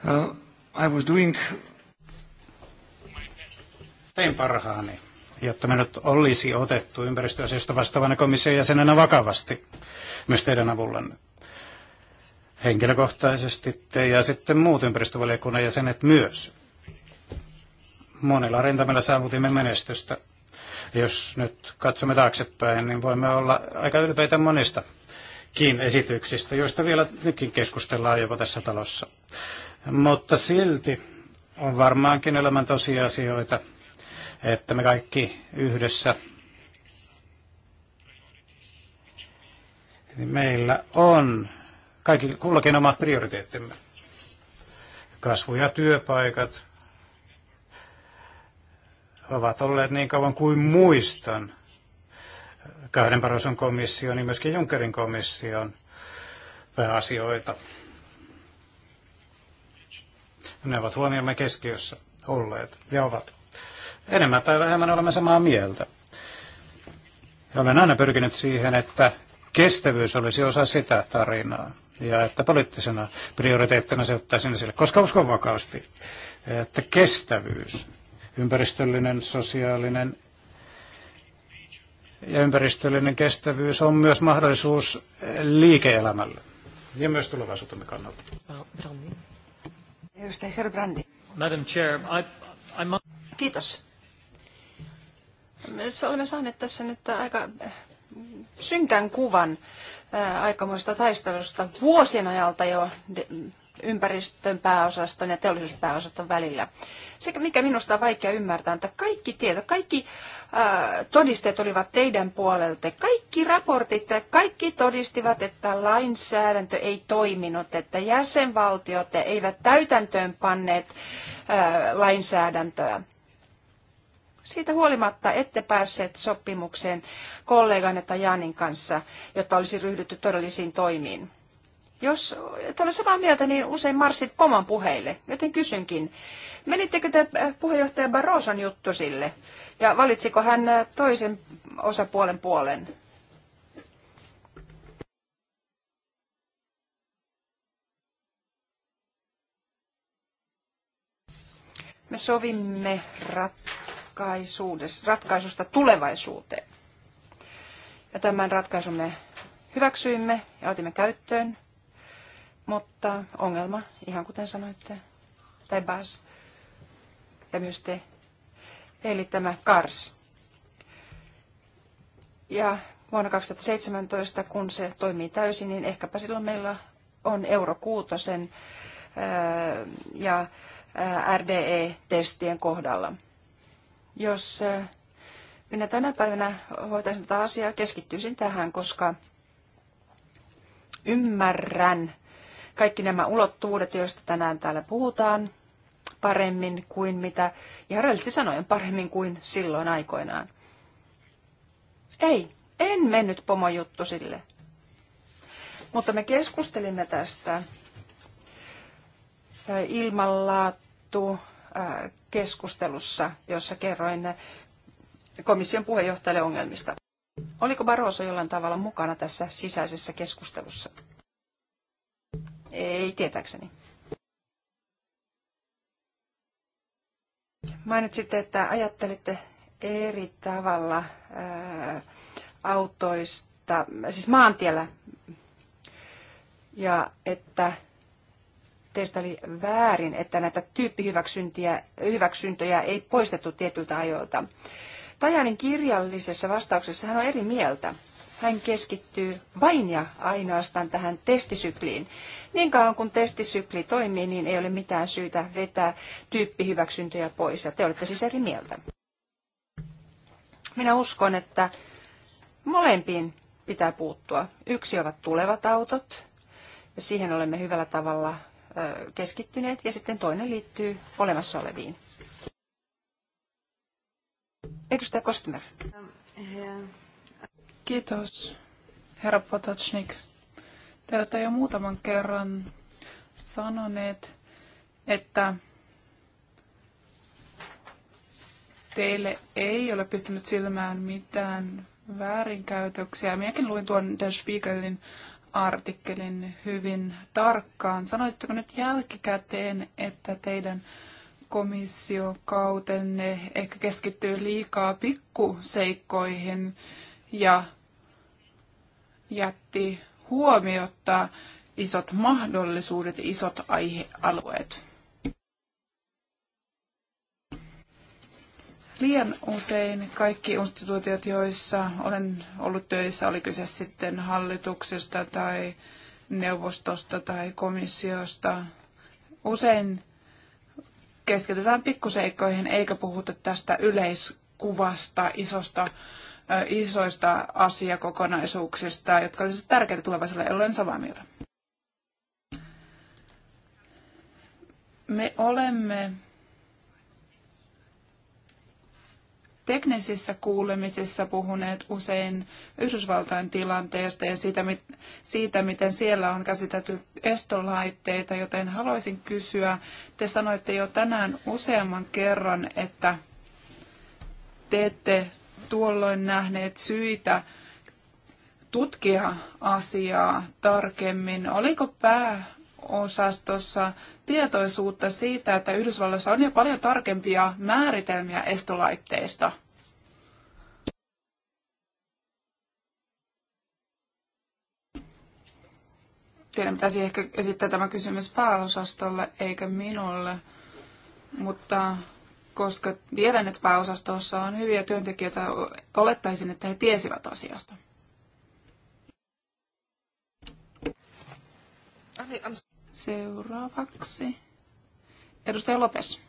No. I was doing... Tein parhaani, jotta minut olisi otettu ympäristöasioista vastaavana komission jäsenenä vakavasti, myös teidän avullanne. Henkilökohtaisesti te ja sitten muut ympäristövaliokunnan jäsenet myös. Monilla rintamilla saavutimme menestystä. Jos nyt katsomme taaksepäin, niin voimme olla aika ylpeitä monista kiin esityksistä, joista vielä nytkin keskustellaan jopa tässä talossa. Mutta silti on varmaankin elämän tosiasioita, että me kaikki yhdessä niin meillä on kaikki kullakin omat prioriteettimme. Kasvu ja työpaikat ovat olleet niin kauan kuin muistan kahden Paroson komission ja myöskin Junckerin komission pääasioita. Ne ovat huomiomme keskiössä olleet ja ovat. Enemmän tai vähemmän olemme samaa mieltä. Ja olen aina pyrkinyt siihen, että kestävyys olisi osa sitä tarinaa ja että poliittisena prioriteettina se ottaisiin esille, koska uskon vakaasti, että kestävyys, ympäristöllinen, sosiaalinen ja ympäristöllinen kestävyys on myös mahdollisuus liike-elämälle ja myös tulevaisuutemme kannalta. Edustaja Herbrandi. Madam Chair, I, I must... Kiitos. Me olemme saaneet tässä nyt aika eh, synkän kuvan eh, aikamoista taistelusta vuosien ajalta jo ympäristön pääosaston ja teollisuuspääosaston välillä. Se, mikä minusta on vaikea ymmärtää, että kaikki tieto, kaikki todisteet olivat teidän puolelta. Kaikki raportit, kaikki todistivat, että lainsäädäntö ei toiminut, että jäsenvaltiot eivät täytäntöön panneet lainsäädäntöä. Siitä huolimatta ette päässeet sopimukseen kolleganne Janin kanssa, jotta olisi ryhdytty todellisiin toimiin. Jos et ole samaa mieltä, niin usein marssit poman puheille. Joten kysynkin, menittekö te äh, puheenjohtaja Barroson juttu sille? Ja valitsiko hän äh, toisen osapuolen puolen? Me sovimme ratkaisusta tulevaisuuteen. Ja tämän ratkaisun me hyväksyimme ja otimme käyttöön. Mutta ongelma, ihan kuten sanoitte, tai Bas ja myös te, eli tämä KARS. Ja vuonna 2017, kun se toimii täysin, niin ehkäpä silloin meillä on euro kuutosen ja RDE-testien kohdalla. Jos minä tänä päivänä hoitaisin tätä asiaa, keskittyisin tähän, koska ymmärrän kaikki nämä ulottuvuudet, joista tänään täällä puhutaan, paremmin kuin mitä, ihan rehellisesti sanoen, paremmin kuin silloin aikoinaan. Ei, en mennyt pomojuttu sille. Mutta me keskustelimme tästä ilmanlaattu keskustelussa, jossa kerroin komission puheenjohtajalle ongelmista. Oliko Barroso jollain tavalla mukana tässä sisäisessä keskustelussa? Ei tietääkseni. Mainitsitte, että ajattelitte eri tavalla ää, autoista, siis maantiellä, ja että teistä oli väärin, että näitä tyyppihyväksyntöjä ei poistettu tietyltä ajoilta. Tajanin kirjallisessa vastauksessa hän on eri mieltä hän keskittyy vain ja ainoastaan tähän testisykliin. Niin kauan kun testisykli toimii, niin ei ole mitään syytä vetää tyyppihyväksyntöjä pois. Ja te olette siis eri mieltä. Minä uskon, että molempiin pitää puuttua. Yksi ovat tulevat autot, ja siihen olemme hyvällä tavalla keskittyneet, ja sitten toinen liittyy olemassa oleviin. Edustaja Kostmer. Kiitos, herra Potocnik. Te olette jo muutaman kerran sanoneet, että teille ei ole pistänyt silmään mitään väärinkäytöksiä. Minäkin luin tuon Der Spiegelin artikkelin hyvin tarkkaan. Sanoisitteko nyt jälkikäteen, että teidän komissiokautenne ehkä keskittyy liikaa pikkuseikkoihin, ja jätti huomiota isot mahdollisuudet, isot aihealueet. Liian usein kaikki instituutiot, joissa olen ollut töissä, oli kyse sitten hallituksesta tai neuvostosta tai komissiosta, usein keskitytään pikkuseikkoihin eikä puhuta tästä yleiskuvasta, isosta isoista asiakokonaisuuksista, jotka olisivat tärkeitä tulevaisuudelle, olen samaa mieltä. Me olemme teknisissä kuulemisissa puhuneet usein Yhdysvaltain tilanteesta ja siitä, siitä, miten siellä on käsitelty estolaitteita, joten haluaisin kysyä, te sanoitte jo tänään useamman kerran, että te ette tuolloin nähneet syitä tutkia asiaa tarkemmin. Oliko pääosastossa tietoisuutta siitä, että Yhdysvalloissa on jo paljon tarkempia määritelmiä estolaitteista? Teidän pitäisi ehkä esittää tämä kysymys pääosastolle eikä minulle, mutta koska tiedän, että pääosastossa on hyviä työntekijöitä, olettaisin, että he tiesivät asiasta. Seuraavaksi edustaja Lopes.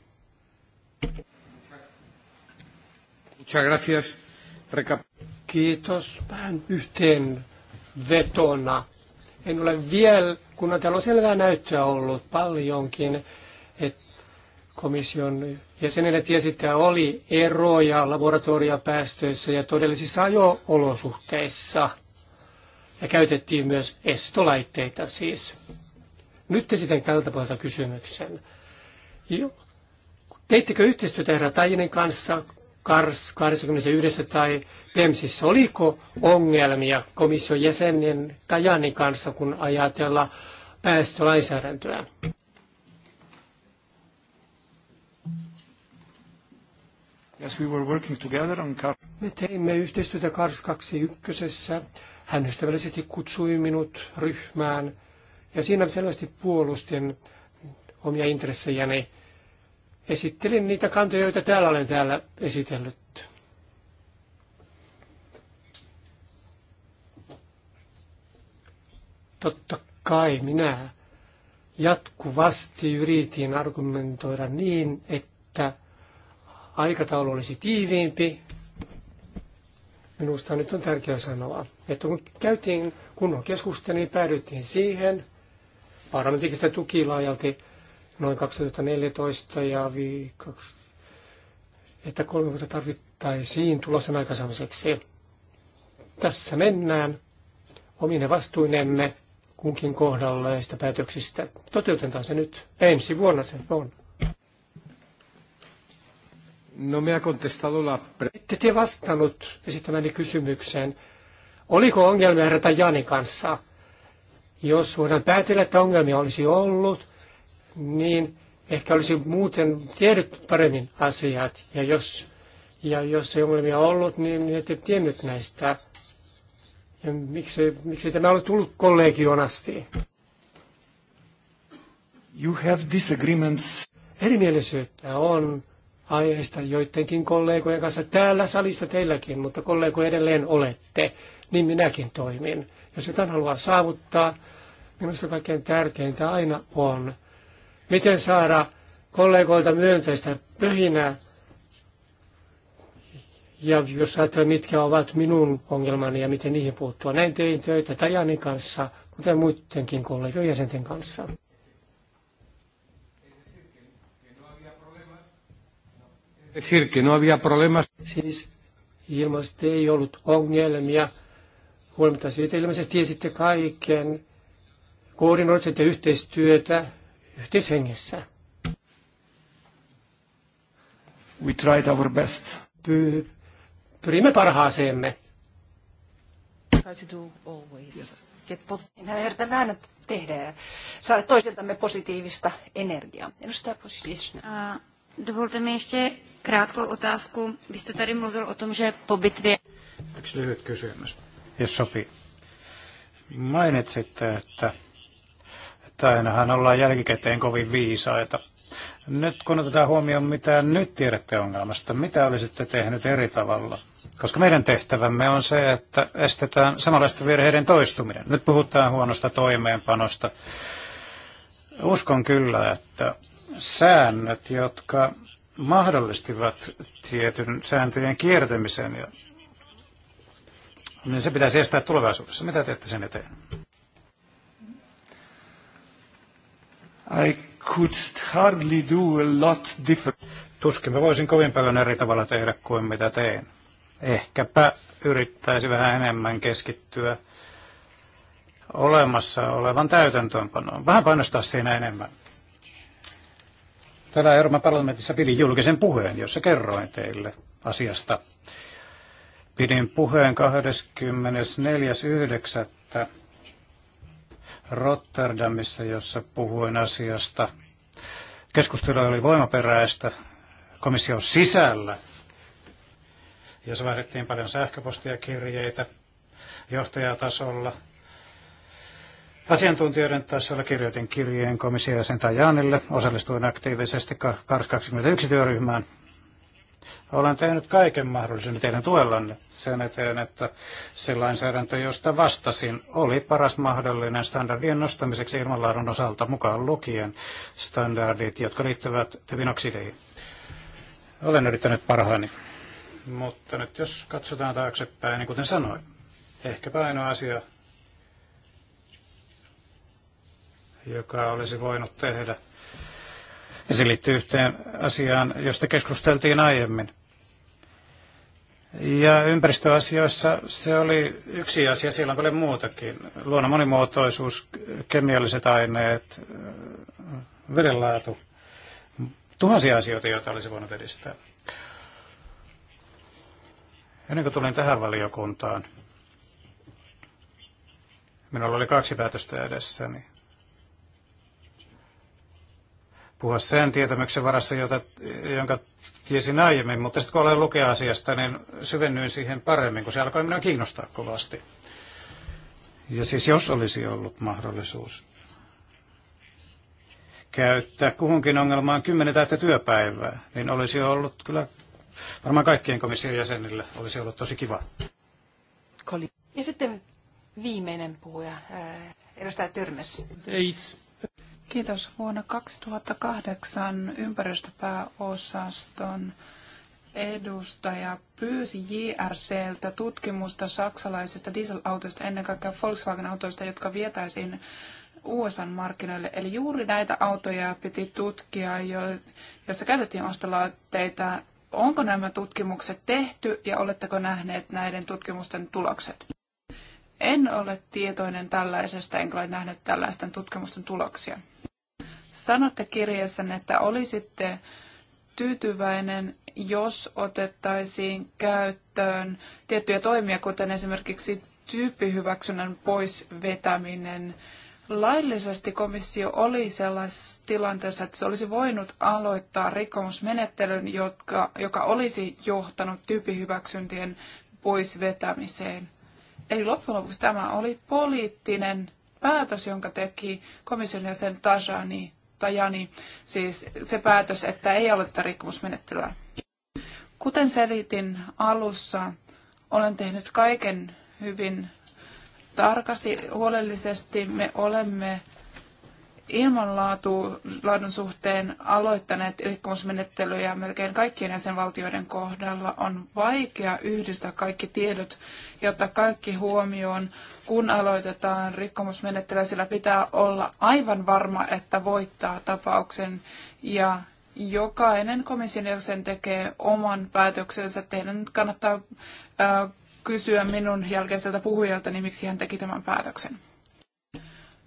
Kiitos. Vähän yhteen vetona. En ole vielä, kun on on selvää näyttöä ollut paljonkin, komission jäsenelle että oli eroja laboratoriopäästöissä ja todellisissa ajo-olosuhteissa. Ja käytettiin myös estolaitteita siis. Nyt esitän tältä puolelta kysymyksen. Teittekö yhteistyötä herra Tajinen kanssa KARS 21 tai PEMSissä? Oliko ongelmia komission jäsenen Tajanin kanssa, kun ajatellaan päästölainsäädäntöä? Yes, we were working together on Me teimme yhteistyötä Kars 21. Hän ystävällisesti kutsui minut ryhmään ja siinä selvästi puolustin omia intressejäni. Esittelin niitä kantoja, joita täällä olen täällä esitellyt. Totta kai minä jatkuvasti yritin argumentoida niin, että – aikataulu olisi tiiviimpi. Minusta nyt on tärkeää sanoa, että kun käytiin kunnon keskustelua, niin päädyttiin siihen. Parlamentikin sitä tuki laajalti noin 2014 ja viikoksi, että kolme vuotta tarvittaisiin tulosten aikaisamiseksi. Tässä mennään omine vastuinemme kunkin kohdalla näistä päätöksistä. Toteutetaan se nyt ensi vuonna se on. No me ha contestado la... Ette te vastannut esittämäni kysymykseen. Oliko ongelmia herra Janin kanssa? Jos voidaan päätellä, että ongelmia olisi ollut, niin ehkä olisi muuten tiedyt paremmin asiat. Ja jos, ja jos ei ongelmia ollut, niin, niin ette tiennyt näistä. Ja miksi, miksi tämä ole tullut kollegioon asti? You have disagreements. Erimielisyyttä on aiheesta joidenkin kollegojen kanssa täällä salissa teilläkin, mutta kollegoja edelleen olette, niin minäkin toimin. Jos jotain haluaa saavuttaa, minusta kaikkein tärkeintä aina on, miten saada kollegoilta myönteistä pöhinää. Ja jos ajattelee, mitkä ovat minun ongelmani ja miten niihin puuttua. Näin tein töitä Tajanin kanssa, kuten muidenkin kollegojen jäsenten kanssa. Decir que no había problemas. Siis ilmeisesti ei ollut ongelmia. Huolimatta siitä ilmeisesti tiesitte kaiken. Koordinoitte yhteistyötä yhteishengessä. We tried our best. Py- pyrimme parhaaseemme. Try to do always. Yes. Get Minä yritän aina tehdä ja saada toisiltamme positiivista energiaa. Edustaja Positiivista. Uh. Dovolte mi ještě krátkou otázku. Vy jste tady mluvil o tom, že po bitvě... Yksi lyhyt kysymys, jos sopii. Mainitsitte, että, että ainahan ollaan jälkikäteen kovin viisaita. Nyt kun otetaan huomioon, mitä nyt tiedätte ongelmasta, mitä olisitte tehnyt eri tavalla? Koska meidän tehtävämme on se, että estetään samanlaisten virheiden toistuminen. Nyt puhutaan huonosta toimeenpanosta. Uskon kyllä, että säännöt, jotka mahdollistivat tietyn sääntöjen kiertämisen, ja, niin se pitäisi estää tulevaisuudessa. Mitä teette sen eteen? I could hardly do a lot different. Tuskin mä voisin kovin paljon eri tavalla tehdä kuin mitä teen. Ehkäpä yrittäisi vähän enemmän keskittyä olemassa olevan täytäntöönpanoon. Vähän painostaa siinä enemmän. Täällä Euroopan parlamentissa pidin julkisen puheen, jossa kerroin teille asiasta. Pidin puheen 24.9. Rotterdamissa, jossa puhuin asiasta. Keskustelu oli voimaperäistä komission sisällä. Ja vaihdettiin paljon sähköpostia kirjeitä johtajatasolla – Asiantuntijoiden tasolla kirjoitin kirjeen komission jäsen Tajanille. Osallistuin aktiivisesti 21 työryhmään. Olen tehnyt kaiken mahdollisen teidän tuellanne sen eteen, että se lainsäädäntö, josta vastasin, oli paras mahdollinen standardien nostamiseksi ilmanlaadun osalta mukaan lukien standardit, jotka liittyvät tyvinoksideihin. Olen yrittänyt parhaani. Mutta nyt jos katsotaan taaksepäin, niin kuten sanoin, ehkäpä ainoa asia, joka olisi voinut tehdä. Ja se liittyy yhteen asiaan, josta keskusteltiin aiemmin. Ja ympäristöasioissa se oli yksi asia, siellä on paljon muutakin. Luonnon monimuotoisuus, kemialliset aineet, vedenlaatu, tuhansia asioita, joita olisi voinut edistää. Ennen kuin tulin tähän valiokuntaan, minulla oli kaksi päätöstä edessäni puhua sen tietämyksen varassa, jota, jonka tiesin aiemmin, mutta sitten kun olen lukea asiasta, niin syvennyin siihen paremmin, kun se alkoi minua kiinnostaa kovasti. Ja siis jos olisi ollut mahdollisuus käyttää kuhunkin ongelmaan kymmenen täyttä työpäivää, niin olisi ollut kyllä varmaan kaikkien komission jäsenille olisi ollut tosi kiva. Ja sitten viimeinen puhuja, edustaja Törmäs. Eight. Kiitos. Vuonna 2008 ympäristöpääosaston edustaja pyysi JRCltä tutkimusta saksalaisista dieselautoista, ennen kaikkea Volkswagen-autoista, jotka vietäisiin USA-markkinoille. Eli juuri näitä autoja piti tutkia, joissa käytettiin ostolaitteita. Onko nämä tutkimukset tehty ja oletteko nähneet näiden tutkimusten tulokset? En ole tietoinen tällaisesta, enkä ole nähnyt tällaisten tutkimusten tuloksia. Sanotte kirjeessänne, että olisitte tyytyväinen, jos otettaisiin käyttöön tiettyjä toimia, kuten esimerkiksi tyyppihyväksynnän pois vetäminen. Laillisesti komissio oli sellaisessa tilanteessa, että se olisi voinut aloittaa rikkomusmenettelyn, jotka, joka olisi johtanut tyyppihyväksyntien pois vetämiseen. Eli loppujen lopuksi tämä oli poliittinen päätös, jonka teki komission jäsen Tajani johtajani, siis se päätös, että ei aloiteta rikkomusmenettelyä. Kuten selitin alussa, olen tehnyt kaiken hyvin tarkasti, huolellisesti. Me olemme ilmanlaadun suhteen aloittaneet rikkomusmenettelyjä melkein kaikkien jäsenvaltioiden kohdalla. On vaikea yhdistää kaikki tiedot ja ottaa kaikki huomioon, kun aloitetaan rikkomusmenettelyä, sillä pitää olla aivan varma, että voittaa tapauksen ja jokainen komission jäsen tekee oman päätöksensä. Teidän kannattaa kysyä minun jälkeiseltä puhujalta, niin miksi hän teki tämän päätöksen.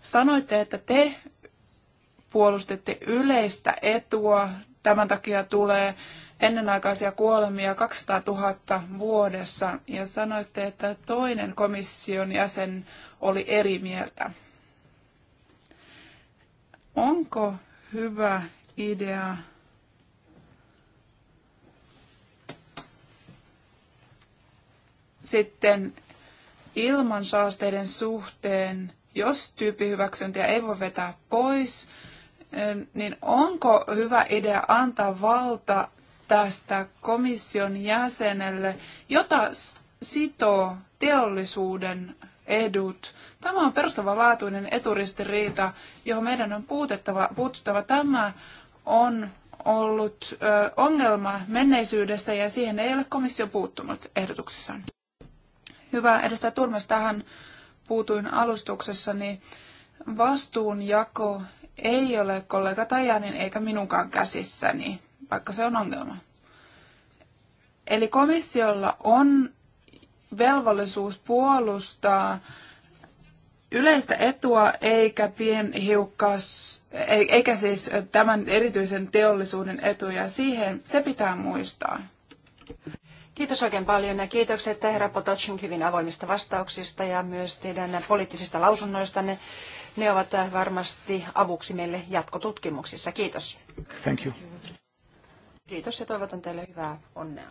Sanoitte, että te puolustitte yleistä etua. Tämän takia tulee ennenaikaisia kuolemia 200 000 vuodessa ja sanoitte, että toinen komission jäsen oli eri mieltä. Onko hyvä idea sitten ilman saasteiden suhteen, jos tyyppihyväksyntiä ei voi vetää pois, niin onko hyvä idea antaa valta tästä komission jäsenelle, jota sitoo teollisuuden edut. Tämä on perustavanlaatuinen eturistiriita, johon meidän on puutettava, puututtava. Tämä on ollut ö, ongelma menneisyydessä ja siihen ei ole komissio puuttunut ehdotuksessaan. Hyvä edustaja Turmas, tähän puutuin alustuksessani. Vastuunjako ei ole kollega Tajanin eikä minunkaan käsissäni vaikka se on ongelma. Eli komissiolla on velvollisuus puolustaa yleistä etua eikä pienhiukkas, e, eikä siis tämän erityisen teollisuuden etuja. Siihen se pitää muistaa. Kiitos oikein paljon ja kiitokset herra Potocin hyvin avoimista vastauksista ja myös teidän poliittisista lausunnoistanne. Ne ovat varmasti avuksi meille jatkotutkimuksissa. Kiitos. Thank you. Kiitos ja toivotan teille hyvää onnea.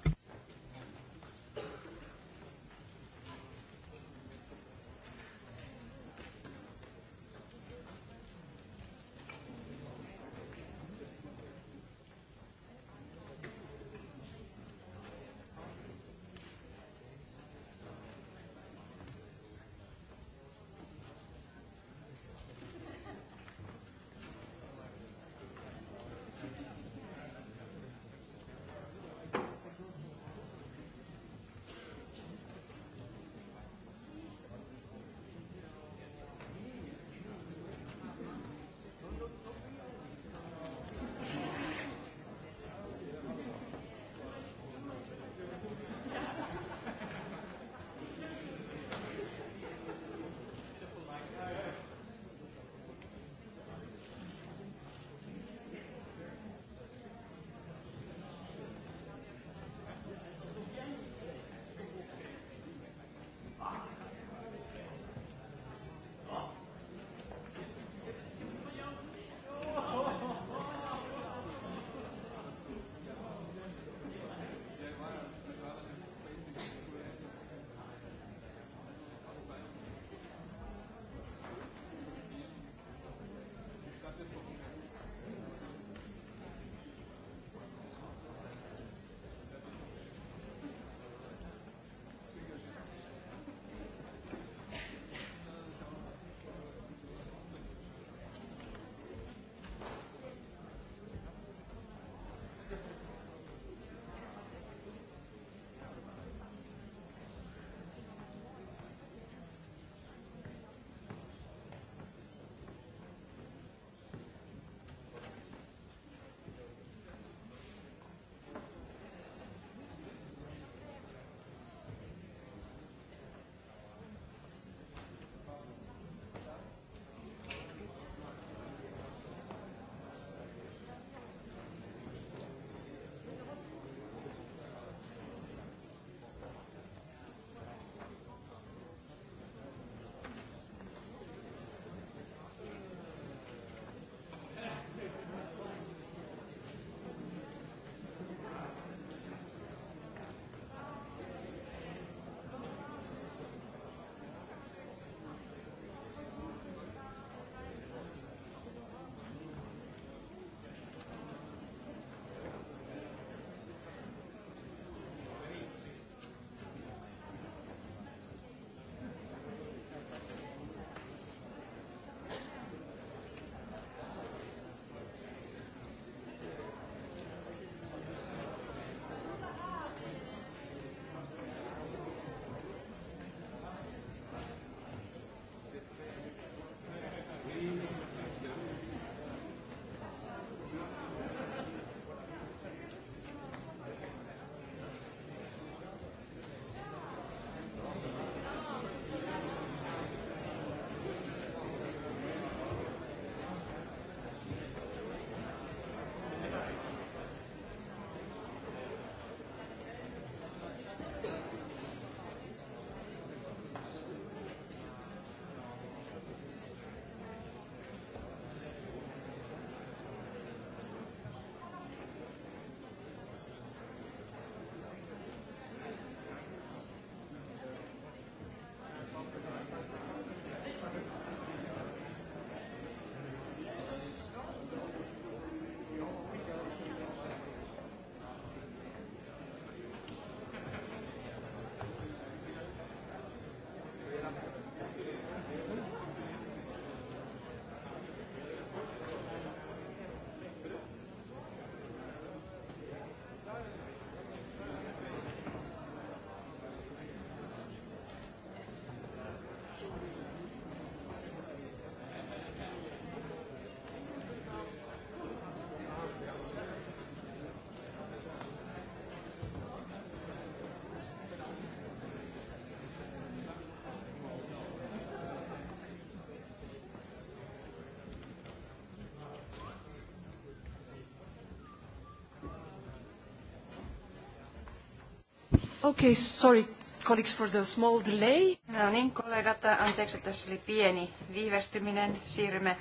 Okay, sorry colleagues for the small delay. No niin, kollegat, anteeksi, tässä oli pieni viivästyminen. Siirrymme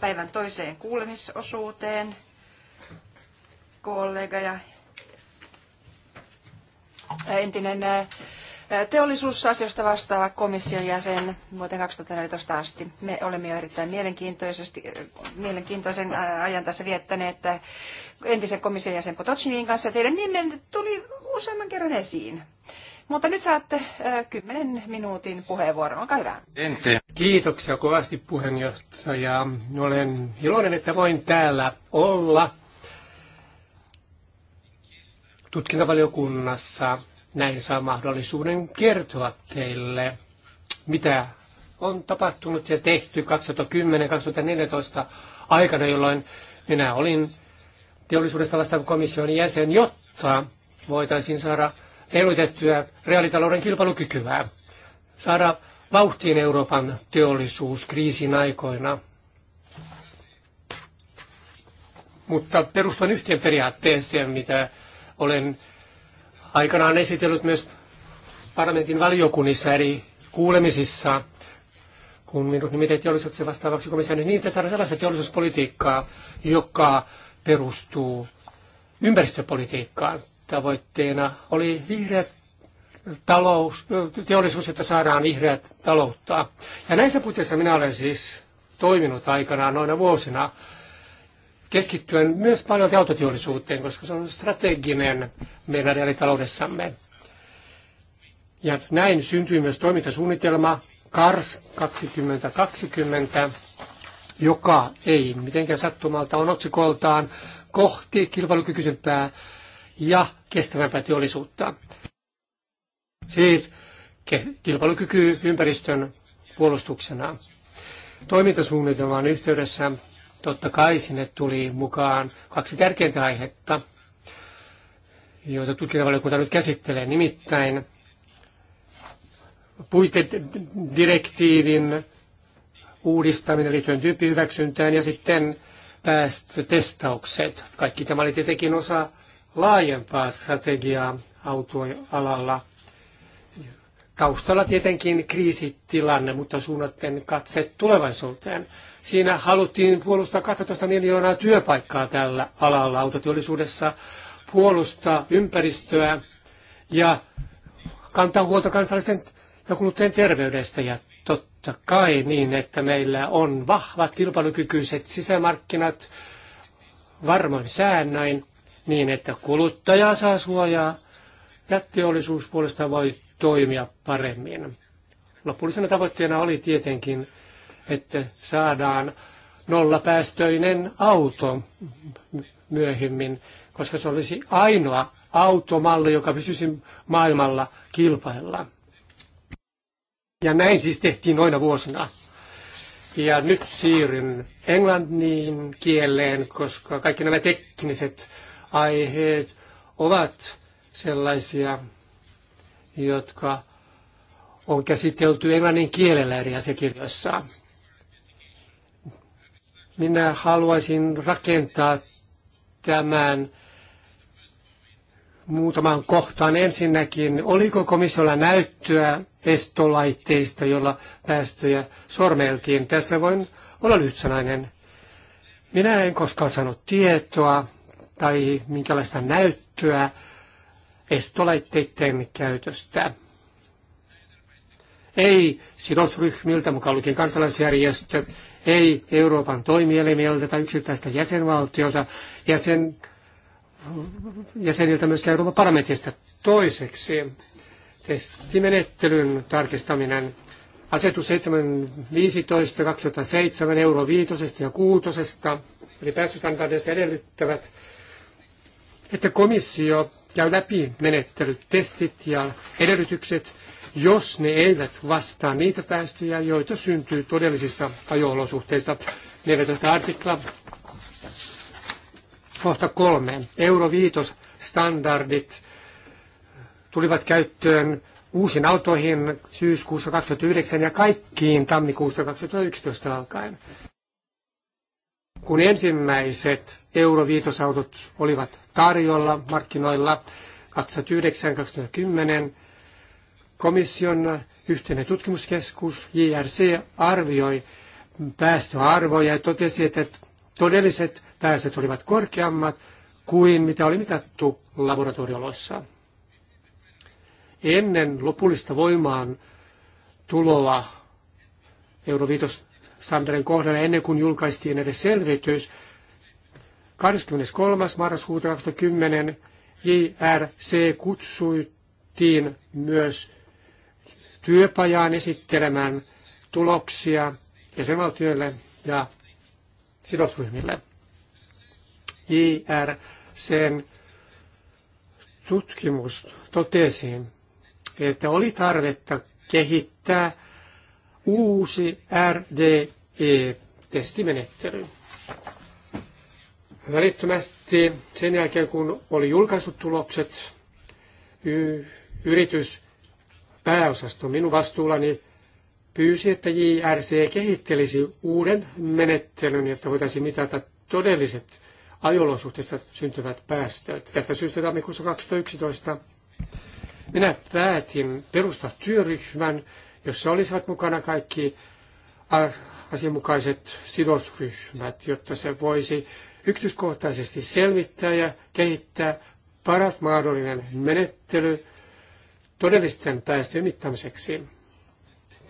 päivän toiseen kuulemisosuuteen. Kollega ja äh, entinen äh, teollisuusasioista vastaava komission jäsen vuoteen 2014 asti. Me olemme jo erittäin mielenkiintoisesti, äh, mielenkiintoisen ajan tässä viettäneet entisen komission jäsen Potocinin kanssa. Teidän nimen kerran esiin. Mutta nyt saatte äh, 10 minuutin puheenvuoron. Olkaa hyvä. Ente. Kiitoksia kovasti puheenjohtaja. Olen iloinen, että voin täällä olla tutkintavaliokunnassa. Näin saa mahdollisuuden kertoa teille, mitä on tapahtunut ja tehty 2010-2014 aikana, jolloin minä olin teollisuudesta vastaavan komission jäsen, jotta voitaisiin saada elvytettyä reaalitalouden kilpailukykyä, saada vauhtiin Euroopan teollisuus kriisin aikoina, mutta perustan yhteen periaatteeseen, mitä olen aikanaan esitellyt myös parlamentin valiokunnissa eri kuulemisissa, kun minut nimitettiin teollisuuksien vastaavaksi komissaari, niin että saada sellaista teollisuuspolitiikkaa, joka perustuu ympäristöpolitiikkaan tavoitteena oli vihreät talous, teollisuus, että saadaan vihreät taloutta. Ja näissä puitteissa minä olen siis toiminut aikanaan noina vuosina keskittyen myös paljon autoteollisuuteen, koska se on strateginen meidän reaalitaloudessamme. Ja näin syntyi myös toimintasuunnitelma KARS 2020, joka ei mitenkään sattumalta on otsikoltaan kohti kilpailukykyisempää ja kestävämpää teollisuutta. Siis kilpailukyky ympäristön puolustuksena. Toimintasuunnitelman yhteydessä totta kai sinne tuli mukaan kaksi tärkeintä aihetta, joita tutkintavaliokunta nyt käsittelee, nimittäin puitedirektiivin uudistaminen liittyen tyyppihyväksyntään ja sitten päästötestaukset. Kaikki tämä oli tietenkin osa laajempaa strategiaa autoalalla. Taustalla tietenkin kriisitilanne, mutta suunnatten katse tulevaisuuteen. Siinä haluttiin puolustaa 12 miljoonaa työpaikkaa tällä alalla autoteollisuudessa, puolustaa ympäristöä ja kantaa huolta kansalaisten ja kuluttajien terveydestä ja totta kai niin, että meillä on vahvat kilpailukykyiset sisämarkkinat varmoin säännöin niin, että kuluttaja saa suojaa ja teollisuus puolesta voi toimia paremmin. Lopullisena tavoitteena oli tietenkin, että saadaan nollapäästöinen auto myöhemmin, koska se olisi ainoa automalli, joka pysyisi maailmalla kilpailla. Ja näin siis tehtiin noina vuosina. Ja nyt siirryn englannin kieleen, koska kaikki nämä tekniset aiheet ovat sellaisia, jotka on käsitelty englannin kielellä eri asiakirjoissa. Minä haluaisin rakentaa tämän muutaman kohtaan. Ensinnäkin, oliko komissiolla näyttöä estolaitteista, jolla päästöjä sormeltiin? Tässä voin olla lyhytsanainen. Minä en koskaan saanut tietoa tai minkälaista näyttöä estolaitteiden käytöstä. Ei sidosryhmiltä, mukaan lukien kansalaisjärjestö, ei Euroopan toimielimiltä tai yksittäistä jäsenvaltiota, jäsen, jäseniltä myös Euroopan parlamentista toiseksi. Testimenettelyn tarkistaminen. Asetus 715 2007 euro viitosesta ja kuutosesta, eli päästöstandardista edellyttävät että komissio käy läpi menettelyt, testit ja edellytykset, jos ne eivät vastaa niitä päästöjä, joita syntyy todellisissa ajo-olosuhteissa. 14 artikla, kohta kolme. Euro standardit tulivat käyttöön uusiin autoihin syyskuussa 2009 ja kaikkiin tammikuusta 2011 alkaen. Kun ensimmäiset euroviitosautot olivat tarjolla markkinoilla 2009-2010. Komission yhteinen tutkimuskeskus JRC arvioi päästöarvoja ja totesi, että todelliset päästöt olivat korkeammat kuin mitä oli mitattu laboratorioloissa. Ennen lopullista voimaan tuloa Euroviitos standardin kohdalla, ennen kuin julkaistiin edes selvitys, 23. marraskuuta 2010 JRC kutsuttiin myös työpajaan esittelemään tuloksia jäsenvaltioille ja sidosryhmille. JRCn tutkimus totesi, että oli tarvetta kehittää uusi RDE-testimenettely. Välittömästi sen jälkeen, kun oli julkaissut tulokset, yritys pääosasto minun vastuullani pyysi, että JRC kehittelisi uuden menettelyn, jotta voitaisiin mitata todelliset ajolosuhteista syntyvät päästöt. Tästä syystä tammikuussa 2011 minä päätin perustaa työryhmän, jossa olisivat mukana kaikki asianmukaiset sidosryhmät, jotta se voisi yksityiskohtaisesti selvittää ja kehittää paras mahdollinen menettely todellisten päästöjen mittaamiseksi.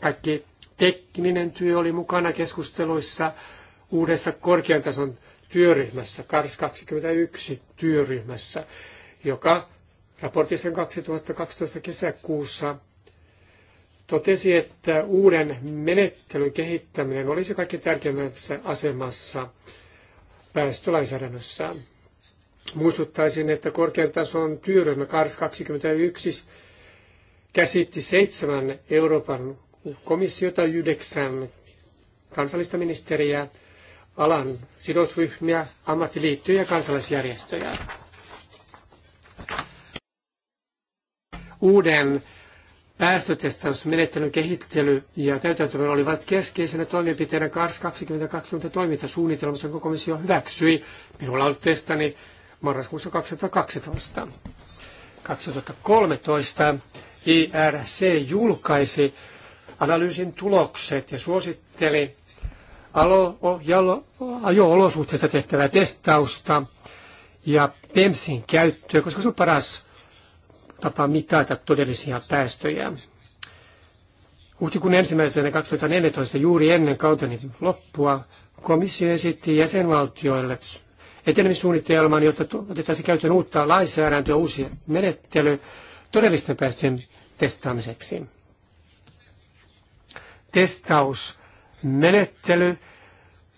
Kaikki tekninen työ oli mukana keskusteluissa uudessa korkean tason työryhmässä, KARS 21 työryhmässä, joka raportissa 2012 kesäkuussa totesi, että uuden menettelyn kehittäminen olisi kaikki tärkeimmässä asemassa – päästölainsäädännössään. Muistuttaisin, että korkean tason työryhmä KARS 21 käsitti seitsemän Euroopan komissiota, yhdeksän kansallista ministeriä, alan sidosryhmiä, ammattiliittoja ja kansalaisjärjestöjä. Uuden Päästötestausmenettelyn kehittely ja täytäntöön olivat keskeisenä toimenpiteenä KARS 2020 toimintasuunnitelmassa, jonka komissio hyväksyi. Minulla on testani marraskuussa 2012. 2013 IRC julkaisi analyysin tulokset ja suositteli ajo-olosuhteista tehtävää testausta ja PEMSin käyttöä, koska se on paras tapa mitata todellisia päästöjä. Huhtikuun ensimmäisenä 2014 juuri ennen kauteni loppua komissio esitti jäsenvaltioille etenemissuunnitelman, jotta otettaisiin käyttöön uutta lainsäädäntöä, uusia menettely todellisten päästöjen testaamiseksi. Testausmenettely,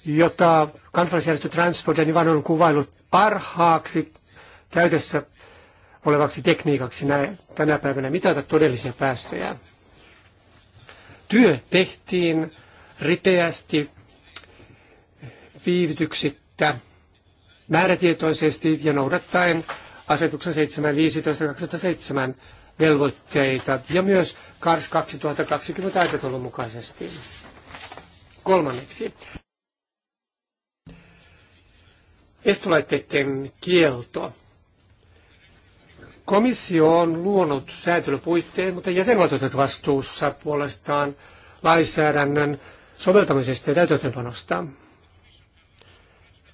jota kansalaisjärjestö Transport ja Nivan on kuvailut parhaaksi käytössä olevaksi tekniikaksi näin, tänä päivänä mitata todellisia päästöjä. Työ tehtiin ripeästi, viivytyksittä, määrätietoisesti ja noudattaen asetuksen 7.15.2007 velvoitteita ja myös KARS 2020 aikataulun mukaisesti. Kolmanneksi. Estolaitteiden kielto. Komissio on luonut sääntelypuitteen, mutta jäsenvaltiot vastuussa puolestaan lainsäädännön soveltamisesta ja täytäntöönpanosta.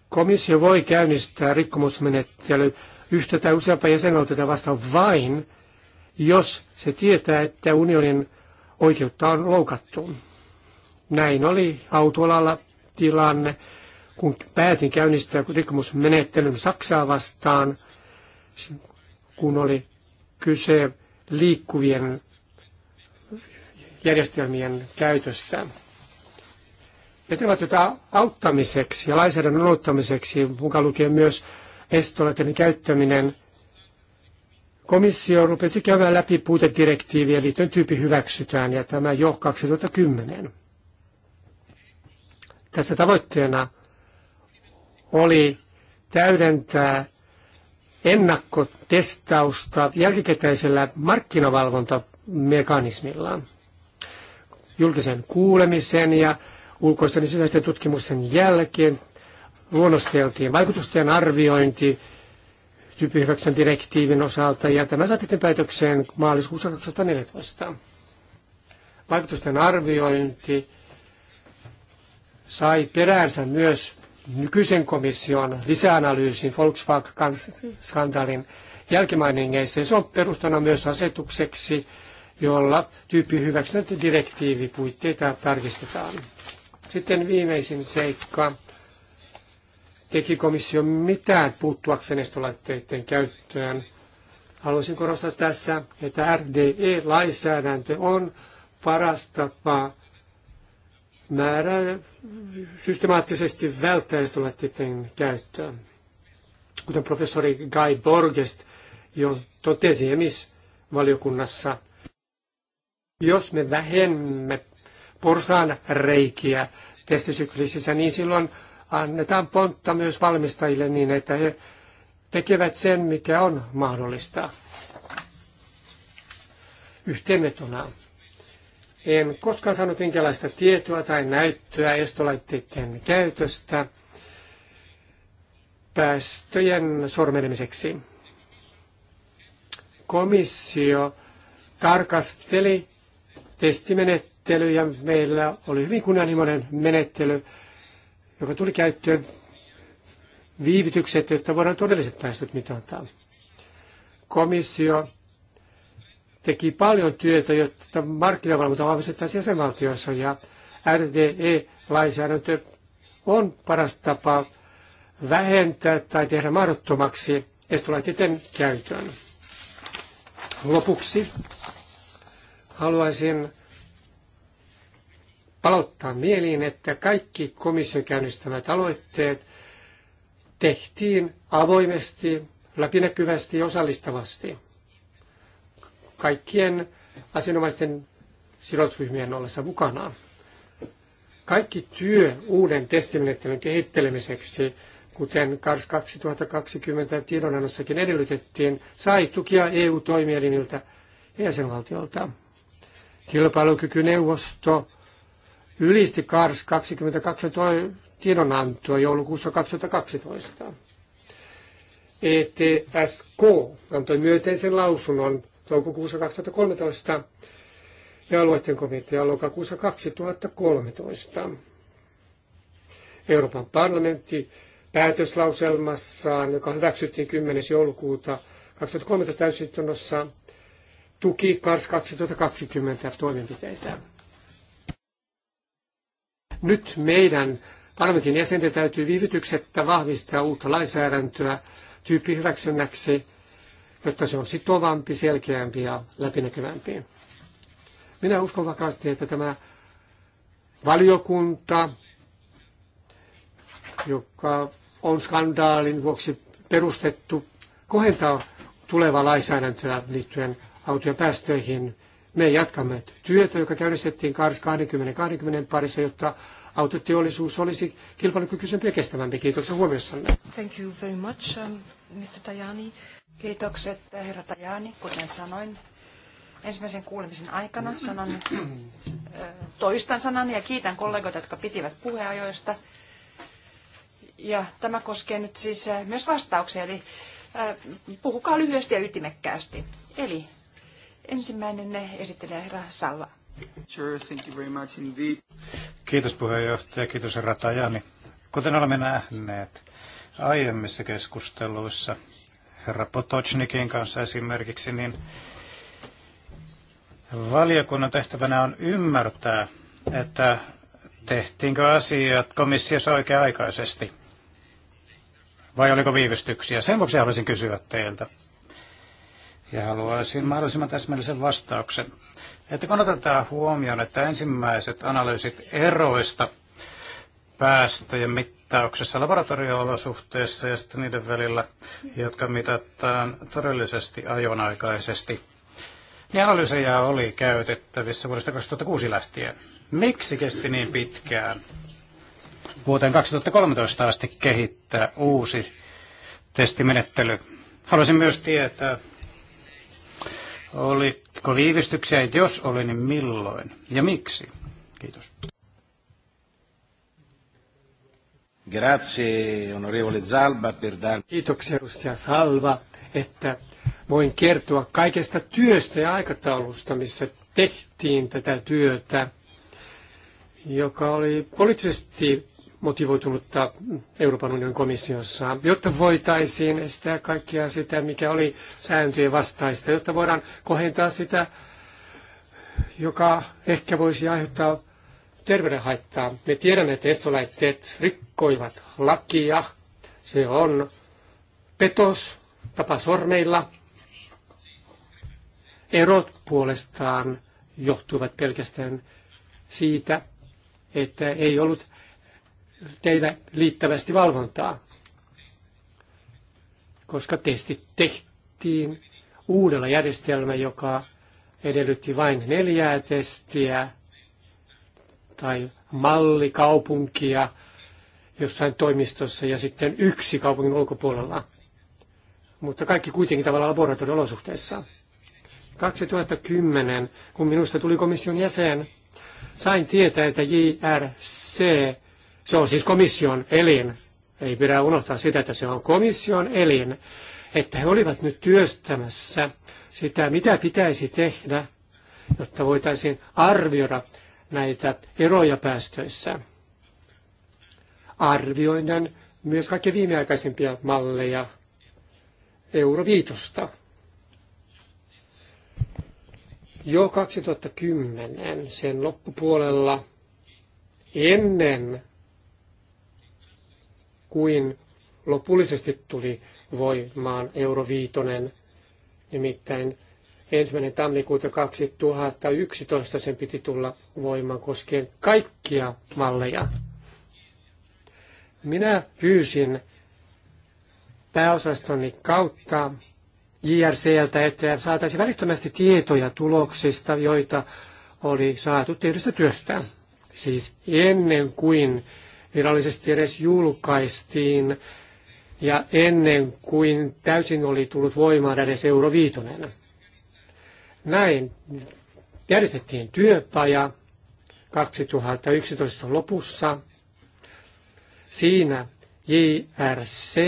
Komissio voi käynnistää rikkomusmenettely yhtä tai useampaa jäsenvaltiota vastaan vain, jos se tietää, että unionin oikeutta on loukattu. Näin oli autoalalla tilanne, kun päätin käynnistää rikkomusmenettelyn Saksaa vastaan kun oli kyse liikkuvien järjestelmien käytöstä. Ja se ovat auttamiseksi ja lainsäädännön auttamiseksi, mukaan lukien myös estolaten käyttäminen, komissio rupesi käymään läpi eli tämän tyyppi hyväksytään ja tämä jo 2010. Tässä tavoitteena oli täydentää ennakkotestausta jälkikäteisellä markkinavalvontamekanismillaan. Julkisen kuulemisen ja ulkoisten sisäisten tutkimusten jälkeen luonnosteltiin vaikutusten arviointi tyyppihyväksyn direktiivin osalta ja tämä saatiin päätökseen maaliskuussa 2014. Vaikutusten arviointi sai peräänsä myös nykyisen komission lisäanalyysin Volkswagen-skandaalin jälkimainingeissa. Se on perustana myös asetukseksi, jolla puitteita tarkistetaan. Sitten viimeisin seikka. Teki komissio mitään puuttuakseen estolaitteiden käyttöön? Haluaisin korostaa tässä, että RDE-lainsäädäntö on paras tapa määrä systemaattisesti välttää istulatteiden käyttöä. Kuten professori Guy Borgest jo totesi emisvaliokunnassa, jos me vähemme porsaan reikiä testisyklisissä, niin silloin annetaan pontta myös valmistajille niin, että he tekevät sen, mikä on mahdollista. yhteenvetonaan. En koskaan saanut minkälaista tietoa tai näyttöä estolaitteiden käytöstä päästöjen sormenemiseksi. Komissio tarkasteli testimenettely ja meillä oli hyvin kunnianhimoinen menettely, joka tuli käyttöön viivytykset, jotta voidaan todelliset päästöt mitata. Komissio teki paljon työtä, jotta markkinavalvonta vahvistettaisiin jäsenvaltioissa ja RDE-lainsäädäntö on paras tapa vähentää tai tehdä mahdottomaksi estolaitteiden käytön. Lopuksi haluaisin palauttaa mieliin, että kaikki komission käynnistämät aloitteet tehtiin avoimesti, läpinäkyvästi ja osallistavasti kaikkien asianomaisten sidosryhmien ollessa mukana. Kaikki työ uuden testimenettelyn kehittelemiseksi, kuten KARS 2020 tiedonannossakin edellytettiin, sai tukia EU-toimielimiltä ja jäsenvaltiolta. Kilpailukykyneuvosto ylisti KARS 2020 tiedonantoa joulukuussa 2012. ETSK antoi myönteisen lausunnon toukokuussa 2013 ja alueiden komitea lokakuussa 2013. Euroopan parlamentti päätöslauselmassaan, joka hyväksyttiin 10. joulukuuta 2013 täysistunnossa, tuki KARS 2020 toimenpiteitä. Nyt meidän parlamentin jäsenten täytyy viivytyksettä vahvistaa uutta lainsäädäntöä tyyppihyväksynnäksi jotta se on sitovampi, selkeämpi ja läpinäkyvämpi. Minä uskon vakaasti, että tämä valiokunta, joka on skandaalin vuoksi perustettu, kohentaa tulevaa lainsäädäntöä liittyen autojen päästöihin. Me jatkamme työtä, joka käynnistettiin 20-20 parissa, jotta autoteollisuus olisi kilpailukykyisempi ja kestävämpi. Kiitoksia huomiossanne. Thank you very much, um, Mr. Tajani. Kiitokset, herra Tajani. Kuten sanoin ensimmäisen kuulemisen aikana, sanon, toistan sanani ja kiitän kollegoita, jotka pitivät puheajoista. Ja tämä koskee nyt siis myös vastauksia, eli puhukaa lyhyesti ja ytimekkäästi. Eli ensimmäinen esittelee herra Salva. Sure, thank you very much indeed. Kiitos puheenjohtaja, kiitos herra Tajani. Kuten olemme nähneet aiemmissa keskusteluissa, herra Potocnikin kanssa esimerkiksi, niin valiokunnan tehtävänä on ymmärtää, että tehtiinkö asiat komissiossa oikea-aikaisesti vai oliko viivystyksiä. Sen vuoksi haluaisin kysyä teiltä ja haluaisin mahdollisimman täsmällisen vastauksen. Että kun otetaan huomioon, että ensimmäiset analyysit eroista päästöjen mit- mittauksessa laboratorioolosuhteissa ja sitten niiden välillä, jotka mitataan todellisesti ajonaikaisesti. Niin analyysejä oli käytettävissä vuodesta 2006 lähtien. Miksi kesti niin pitkään? Vuoteen 2013 asti kehittää uusi testimenettely. Haluaisin myös tietää, oliko viivistyksiä? Jos oli, niin milloin? Ja miksi? Kiitos. Grazie, onorevole Zalba, per Kiitoksia, edustaja Salva, että voin kertoa kaikesta työstä ja aikataulusta, missä tehtiin tätä työtä, joka oli poliittisesti motivoitunutta Euroopan unionin komissiossa, jotta voitaisiin estää kaikkia sitä, mikä oli sääntöjen vastaista, jotta voidaan kohentaa sitä, joka ehkä voisi aiheuttaa terveydenhaittaa. Me tiedämme, että estolaitteet rikkoivat lakia. Se on petos, tapa sormeilla. Erot puolestaan johtuivat pelkästään siitä, että ei ollut teillä liittävästi valvontaa, koska testit tehtiin uudella järjestelmällä, joka edellytti vain neljää testiä tai mallikaupunkia jossain toimistossa ja sitten yksi kaupungin ulkopuolella. Mutta kaikki kuitenkin tavallaan laboratorio-olosuhteissa. 2010, kun minusta tuli komission jäsen, sain tietää, että JRC, se on siis komission elin, ei pidä unohtaa sitä, että se on komission elin, että he olivat nyt työstämässä sitä, mitä pitäisi tehdä, jotta voitaisiin arvioida näitä eroja päästöissä. Arvioidaan myös kaikkein viimeaikaisimpia malleja euroviitosta. Jo 2010 sen loppupuolella ennen kuin lopullisesti tuli voimaan euroviitonen, nimittäin ensimmäinen tammikuuta 2011 sen piti tulla voimaan koskien kaikkia malleja. Minä pyysin pääosastoni kautta JRCltä, että saataisiin välittömästi tietoja tuloksista, joita oli saatu tehdystä työstä. Siis ennen kuin virallisesti edes julkaistiin ja ennen kuin täysin oli tullut voimaan edes Euroviitonen. Näin järjestettiin työpaja 2011 lopussa. Siinä JRC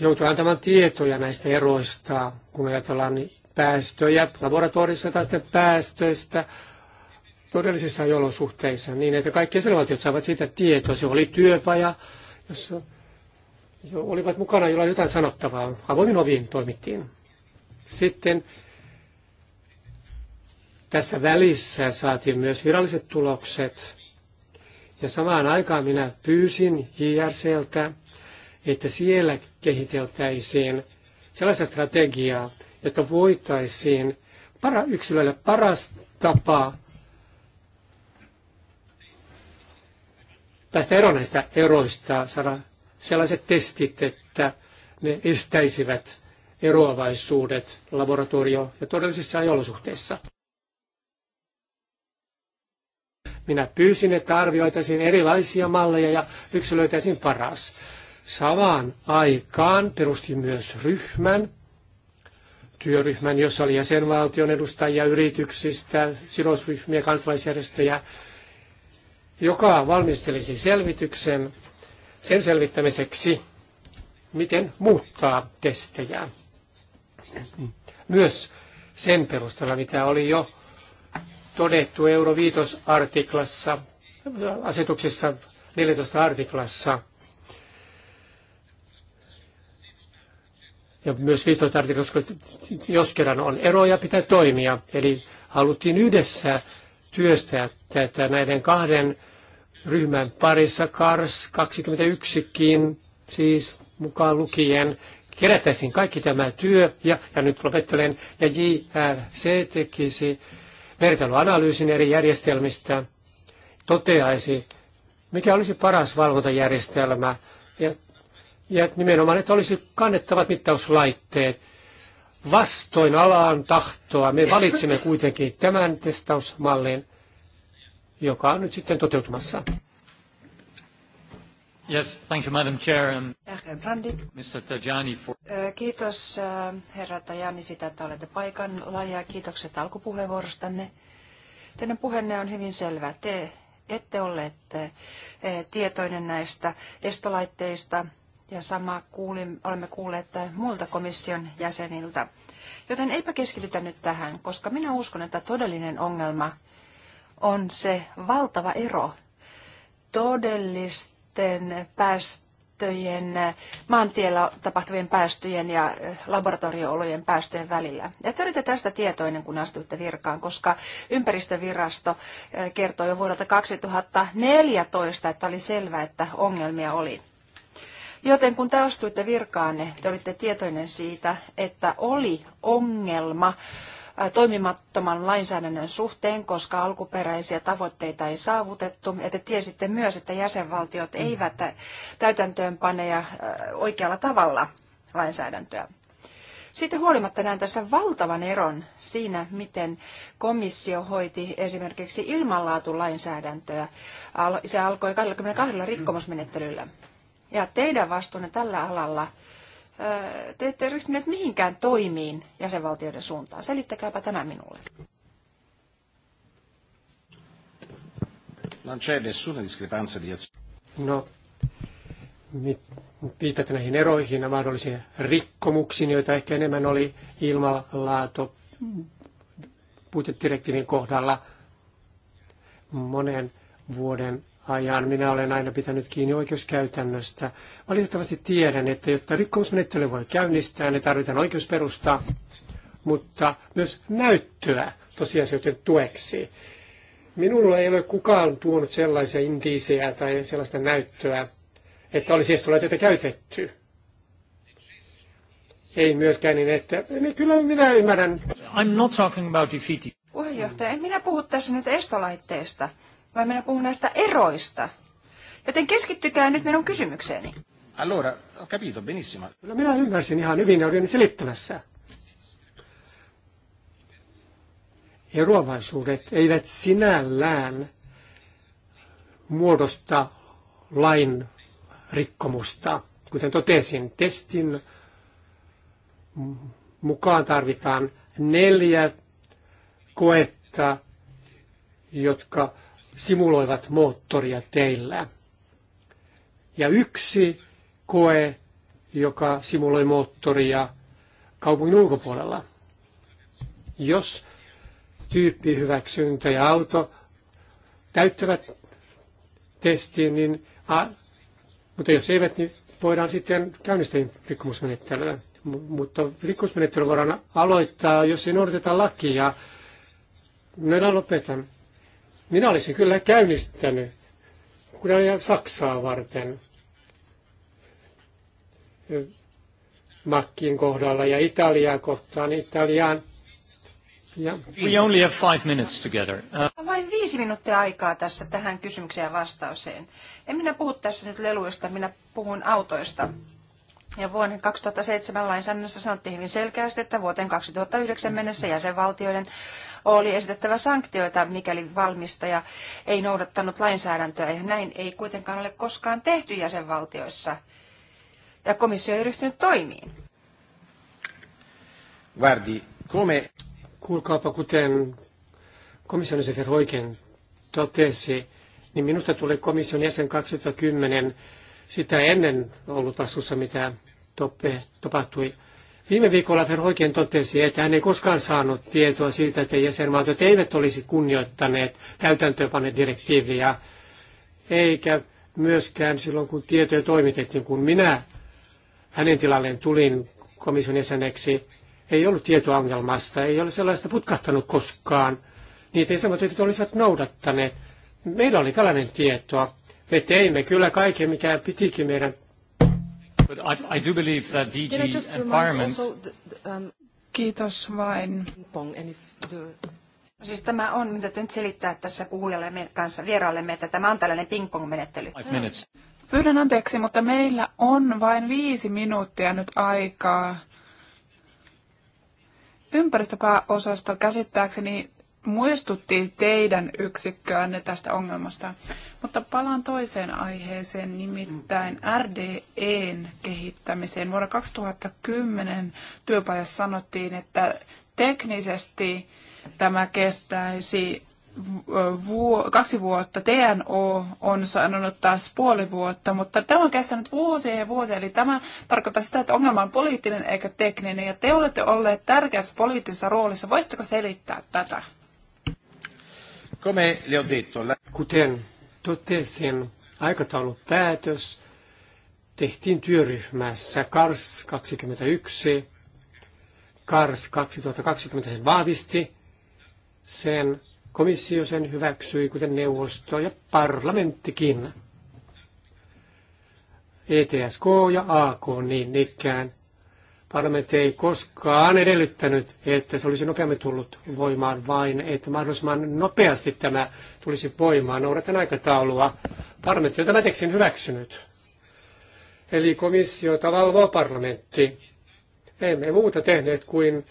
joutui antamaan tietoja näistä eroista, kun ajatellaan päästöjä laboratoriossa tai sitten päästöistä todellisissa olosuhteissa, niin että kaikki jäsenvaltiot saavat siitä tietoa. Se oli työpaja, jossa jo olivat mukana, joilla oli jotain sanottavaa. Avoimin oviin toimittiin. Sitten tässä välissä saatiin myös viralliset tulokset. Ja samaan aikaan minä pyysin JRCltä, että siellä kehiteltäisiin sellaista strategiaa, jotta voitaisiin para, yksilölle paras tapa päästä eroista, saada sellaiset testit, että ne estäisivät eroavaisuudet laboratorio- ja todellisissa ajolosuhteissa. Minä pyysin, että arvioitaisiin erilaisia malleja ja yksilöitäisiin paras. Samaan aikaan perustin myös ryhmän, työryhmän, jossa oli jäsenvaltion edustajia yrityksistä, sidosryhmiä, kansalaisjärjestöjä, joka valmistelisi selvityksen sen selvittämiseksi, miten muuttaa testejä. Myös sen perusteella, mitä oli jo todettu Euro 5 artiklassa, asetuksessa 14 artiklassa, ja myös 15 artiklassa, jos kerran on eroja, pitää toimia. Eli haluttiin yhdessä työstää tätä näiden kahden ryhmän parissa, KARS 21kin, siis mukaan lukien, kerättäisiin kaikki tämä työ, ja, ja nyt lopettelen, ja JRC tekisi vertailuanalyysin eri järjestelmistä, toteaisi, mikä olisi paras valvontajärjestelmä, ja, ja nimenomaan, että olisi kannettavat mittauslaitteet, vastoin alaan tahtoa. Me valitsimme kuitenkin tämän testausmallin joka on nyt sitten toteutumassa. Yes, thank you, Madam Chair. Mr. Tajani for... Kiitos herra Tajani sitä, että olette paikalla ja kiitokset alkupuheenvuorostanne. Teidän puheenne on hyvin selvä. Te ette olleet tietoinen näistä estolaitteista ja sama kuulin, olemme kuulleet muilta komission jäseniltä. Joten eipä keskitytä nyt tähän, koska minä uskon, että todellinen ongelma – on se valtava ero todellisten päästöjen, maantiellä tapahtuvien päästöjen ja eh, laboratorioolojen päästöjen välillä. Ja te olitte tästä tietoinen, kun astuitte virkaan, koska ympäristövirasto eh, kertoi jo vuodelta 2014, että oli selvää, että ongelmia oli. Joten kun te astuitte virkaanne, te olitte tietoinen siitä, että oli ongelma toimimattoman lainsäädännön suhteen, koska alkuperäisiä tavoitteita ei saavutettu. Ja te tiesitte myös, että jäsenvaltiot mm. eivät täytäntöönpaneja oikealla tavalla lainsäädäntöä. Siitä huolimatta näen tässä valtavan eron siinä, miten komissio hoiti esimerkiksi ilmanlaatulainsäädäntöä. Se alkoi 22 rikkomusmenettelyllä. Ja teidän vastuunne tällä alalla te ette ryhtyneet mihinkään toimiin jäsenvaltioiden suuntaan. Selittäkääpä tämä minulle. Non c'è nessuna discrepanza di No, viitat näihin eroihin ja mahdollisiin rikkomuksiin, joita ehkä enemmän oli ilmalaato puitedirektiivin kohdalla monen vuoden ajan. Minä olen aina pitänyt kiinni oikeuskäytännöstä. Valitettavasti tiedän, että jotta rikkomusmenettely voi käynnistää, ne niin tarvitaan oikeusperustaa, mutta myös näyttöä tosiasioiden tueksi. Minulla ei ole kukaan tuonut sellaisia indiisejä tai sellaista näyttöä, että olisi estolaitteita käytetty. Ei myöskään niin, että niin kyllä minä ymmärrän. I'm not talking about Puheenjohtaja, en minä puhu tässä nyt estolaitteesta vai minä puhun näistä eroista. Joten keskittykää nyt minun kysymykseeni. Allora, ho capito benissimo. Kyllä minä ymmärsin ihan hyvin ja olin selittämässä. Eroavaisuudet eivät sinällään muodosta lain rikkomusta. Kuten totesin, testin mukaan tarvitaan neljä koetta, jotka simuloivat moottoria teillä. Ja yksi koe, joka simuloi moottoria kaupungin ulkopuolella. Jos tyyppihyväksyntä ja auto täyttävät testiin, niin, a, mutta jos eivät, niin voidaan sitten käynnistää rikkomusmenettelyä. mutta rikkomusmenettely voidaan aloittaa, jos ei noudateta lakia. No, Meillä lopetan. Minä olisin kyllä käynnistänyt, kun ajan Saksaa varten Makkin kohdalla ja Italiaa kohtaan Italiaan. Ja... We only have five minutes together. Uh... Vain viisi minuuttia aikaa tässä tähän kysymykseen ja vastauseen. En minä puhu tässä nyt leluista, minä puhun autoista. Ja vuoden 2007 lainsäädännössä sanottiin hyvin selkeästi, että vuoteen 2009 mennessä jäsenvaltioiden oli esitettävä sanktioita, mikäli valmistaja ei noudattanut lainsäädäntöä. Ja näin ei kuitenkaan ole koskaan tehty jäsenvaltioissa. Ja komissio ei ryhtynyt toimiin. Guardi, come... Kuulkaapa, kuten komission jäsen oikein totesi, niin minusta tuli komission jäsen 2010 sitä ennen ollut vastuussa, mitä toppe tapahtui. Viime viikolla oikein totesi, että hän ei koskaan saanut tietoa siitä, että jäsenvaltiot eivät olisi kunnioittaneet täytäntöönpanedirektiiviä, eikä myöskään silloin, kun tietoja toimitettiin, kun minä hänen tilalleen tulin komission jäseneksi, ei ollut tietoa ongelmasta, ei ole sellaista putkahtanut koskaan. Niitä jäsenvaltiot olisivat noudattaneet. Meillä oli tällainen tietoa. Me teimme kyllä kaiken, mikä pitikin meidän. But I, I do believe that DG environment... The, um... Kiitos vain. Siis tämä on, mitä te nyt selittää tässä puhujalle kanssa vieraallemme, että tämä on tällainen ping-pong-menettely. Pyydän anteeksi, mutta meillä on vain viisi minuuttia nyt aikaa. Ympäristöpääosasto käsittääkseni muistutti teidän yksikköänne tästä ongelmasta. Mutta palaan toiseen aiheeseen, nimittäin RDEn kehittämiseen. Vuonna 2010 työpajassa sanottiin, että teknisesti tämä kestäisi vuo, kaksi vuotta. TNO on sanonut taas puoli vuotta, mutta tämä on kestänyt vuosia ja vuosia. Eli tämä tarkoittaa sitä, että ongelma on poliittinen eikä tekninen. Ja te olette olleet tärkeässä poliittisessa roolissa. Voisitteko selittää tätä? Come le ho detto, la... Kuten totesin, aikataulupäätös tehtiin työryhmässä KARS 21. KARS 2020 sen vahvisti. Sen komissio sen hyväksyi, kuten neuvosto ja parlamenttikin. ETSK ja AK niin ikään Parlamentti ei koskaan edellyttänyt, että se olisi nopeammin tullut voimaan, vain että mahdollisimman nopeasti tämä tulisi voimaan. Noudatan aikataulua. Parlamentti on tämän tekstin hyväksynyt. Eli komissiota valvoo parlamentti. Emme muuta tehneet kuin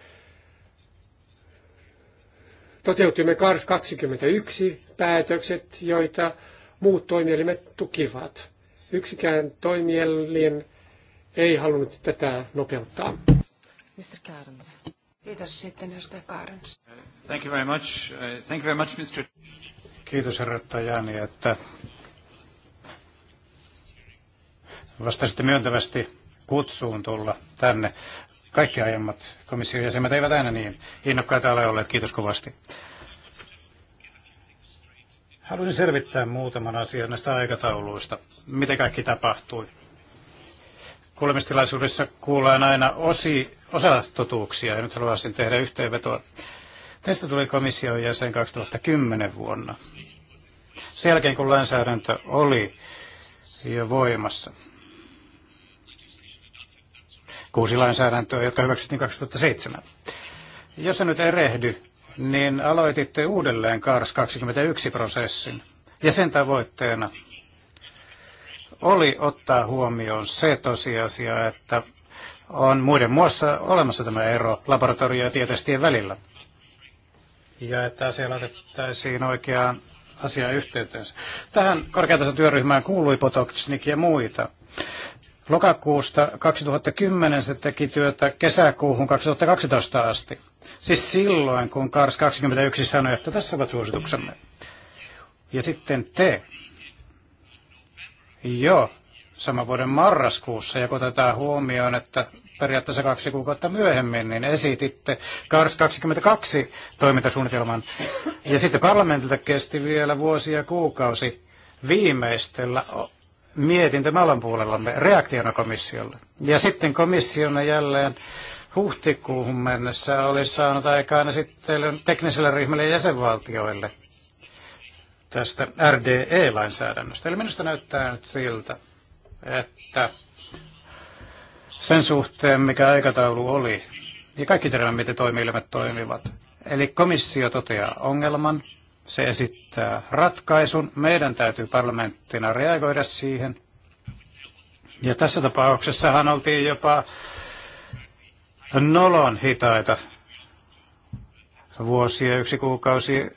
toteutimme KARS 21 päätökset, joita muut toimielimet tukivat. Yksikään toimielin ei halunnut tätä nopeuttaa. Mr. Kaarens. Kiitos sitten, edustaja Kaarens. Thank you very much. Uh, thank you very much, Mr. Kiitos, herra Tajani, että vastasitte myöntävästi kutsuun tulla tänne. Kaikki aiemmat komission jäsenet eivät aina niin innokkaita ole olleet. Kiitos kovasti. Haluaisin selvittää muutaman asian näistä aikatauluista, miten kaikki tapahtui. Kuulemistilaisuudessa kuullaan aina osi, osa totuuksia, ja nyt haluaisin tehdä yhteenvetoa. Teistä tuli komission jäsen 2010 vuonna. Sen jälkeen, kun lainsäädäntö oli jo voimassa. Kuusi lainsäädäntöä, jotka hyväksyttiin 2007. Jos se nyt erehdy, niin aloititte uudelleen KARS 21-prosessin. Ja sen tavoitteena oli ottaa huomioon se tosiasia, että on muiden muassa olemassa tämä ero laboratorio- ja tietestien välillä. Ja että asia laitettaisiin oikeaan asiaan yhteyteensä. Tähän korkeatason työryhmään kuului Potoksnik ja muita. Lokakuusta 2010 se teki työtä kesäkuuhun 2012 asti. Siis silloin, kun Kars 21 sanoi, että tässä ovat suosituksemme. Ja sitten te, jo saman vuoden marraskuussa, ja kun otetaan huomioon, että periaatteessa kaksi kuukautta myöhemmin, niin esititte KARS 22 toimintasuunnitelman. Ja sitten parlamentilta kesti vielä vuosi ja kuukausi viimeistellä mietintö Mallan puolellamme reaktiona komissiolle. Ja sitten komissiona jälleen huhtikuuhun mennessä oli saanut aikaan sitten tekniselle ryhmälle ja jäsenvaltioille tästä RDE-lainsäädännöstä. Eli minusta näyttää nyt siltä, että sen suhteen, mikä aikataulu oli, ja kaikki tiedämme, miten toimielimet toimivat. Eli komissio toteaa ongelman, se esittää ratkaisun, meidän täytyy parlamenttina reagoida siihen. Ja tässä tapauksessahan oltiin jopa nolon hitaita vuosia, yksi kuukausi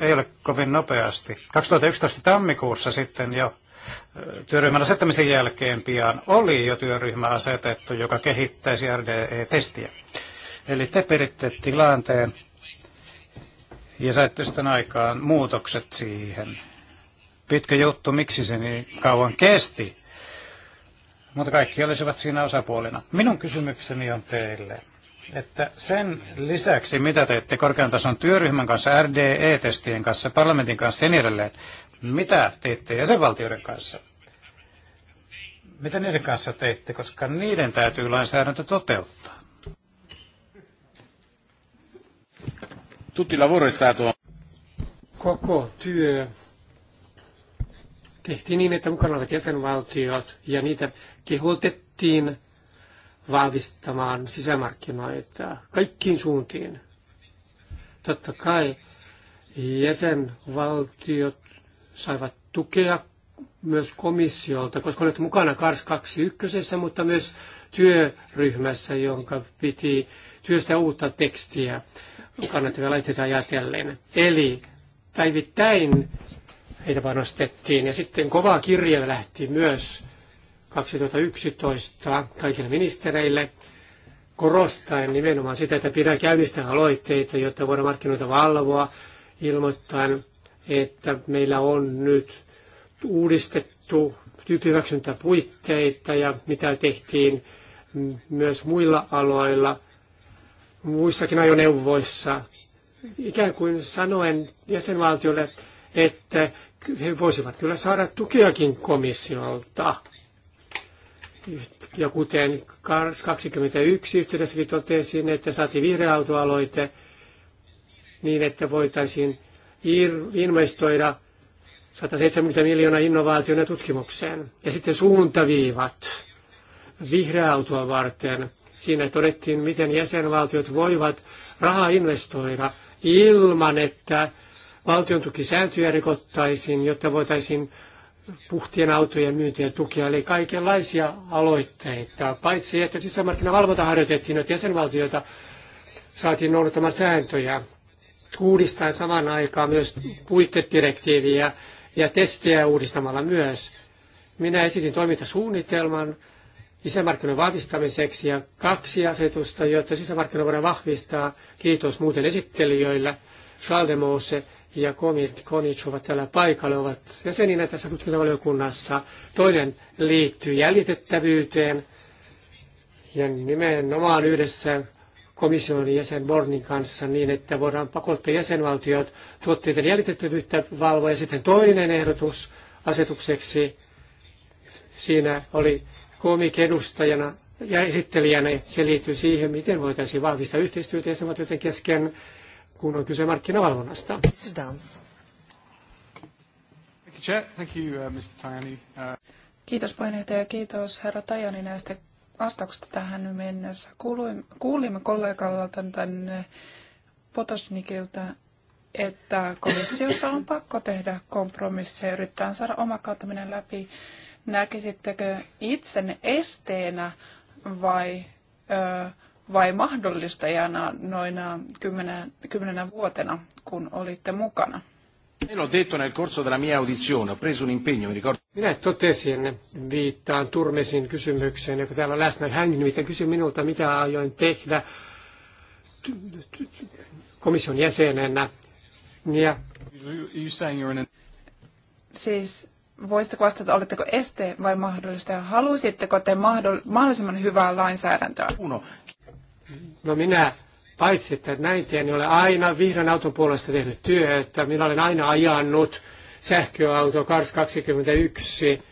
ei ole kovin nopeasti. 2011 tammikuussa sitten jo työryhmän asettamisen jälkeen pian oli jo työryhmä asetettu, joka kehittäisi RDE-testiä. Eli te peritte tilanteen ja saitte sitten aikaan muutokset siihen. Pitkä juttu, miksi se niin kauan kesti, mutta kaikki olisivat siinä osapuolina. Minun kysymykseni on teille että sen lisäksi, mitä teette korkean tason työryhmän kanssa, RDE-testien kanssa, parlamentin kanssa ja niin edelleen, mitä teette jäsenvaltioiden kanssa? Mitä niiden kanssa teette koska niiden täytyy lainsäädäntö toteuttaa? Tutti lavoro è stato... Koko työ tehtiin niin, että mukana olivat jäsenvaltiot ja niitä kehotettiin vahvistamaan sisämarkkinoita kaikkiin suuntiin. Totta kai jäsenvaltiot saivat tukea myös komissiolta, koska olet mukana KARS 21, mutta myös työryhmässä, jonka piti työstää uutta tekstiä kannattavia laitteita ajatellen. Eli päivittäin heitä panostettiin ja sitten kova kirja lähti myös 2011 kaikille ministereille korostaen nimenomaan sitä, että pidä käynnistää aloitteita, jotta voidaan markkinoita valvoa, ilmoittaen, että meillä on nyt uudistettu tyyppihyväksyntäpuitteita ja mitä tehtiin myös muilla aloilla, muissakin ajoneuvoissa, ikään kuin sanoen jäsenvaltiolle, että he voisivat kyllä saada tukeakin komissiolta – ja kuten 21 yhteydessäkin totesin, niin että saatiin vihreä autoaloite niin, että voitaisiin investoida 170 miljoonaa innovaation ja tutkimukseen. Ja sitten suuntaviivat vihreä autoa varten. Siinä todettiin, miten jäsenvaltiot voivat rahaa investoida ilman, että valtion tukisääntöjä rikottaisiin, jotta voitaisiin puhtien autojen myyntiä tukea, eli kaikenlaisia aloitteita. Paitsi, että sisämarkkinavalvonta harjoitettiin, että jäsenvaltioita saatiin noudattamaan sääntöjä, uudistaen samaan aikaan myös puitedirektiiviä ja testiä uudistamalla myös. Minä esitin toimintasuunnitelman sisämarkkinoiden vahvistamiseksi ja kaksi asetusta, jotta sisämarkkinoita voidaan vahvistaa. Kiitos muuten esittelijöille, Charles de Mose ja Konich ovat täällä paikalla, ovat jäseninä tässä tutkintavaliokunnassa. Toinen liittyy jäljitettävyyteen ja nimenomaan yhdessä komission jäsen Bornin kanssa niin, että voidaan pakottaa jäsenvaltiot tuotteiden jäljitettävyyttä valvoa. Ja sitten toinen ehdotus asetukseksi, siinä oli komik edustajana ja esittelijänä, se liittyy siihen, miten voitaisiin vahvistaa yhteistyötä jäsenvaltioiden kesken kun on kyse markkinavalvonnasta. Uh, uh, kiitos puheenjohtaja ja kiitos herra Tajani näistä vastauksista tähän mennessä. Kuulimme kollegalta tänne Potosnikilta, että komissiossa on pakko tehdä kompromisseja ja yrittää saada oma kauttaminen läpi. Näkisittekö itsenne esteenä vai ö, vai mahdollistajana noina kymmenenä vuotena, kun olitte mukana? L'ho detto nel corso della mia audizione, ho preso un impegno, mi ricordo. Minä totesin, viittaan Turmesin kysymykseen, joka täällä on läsnä. Hän nimittäin kysyi minulta, mitä aion tehdä komission jäsenenä. Ja... Siis voisitteko vastata, oletteko este vai mahdollista? Halusitteko te mahdollisimman hyvää lainsäädäntöä? Uno, No minä, paitsi että näin tien, niin olen aina vihreän auton puolesta tehnyt työtä. Minä olen aina ajanut sähköauto Kars 21.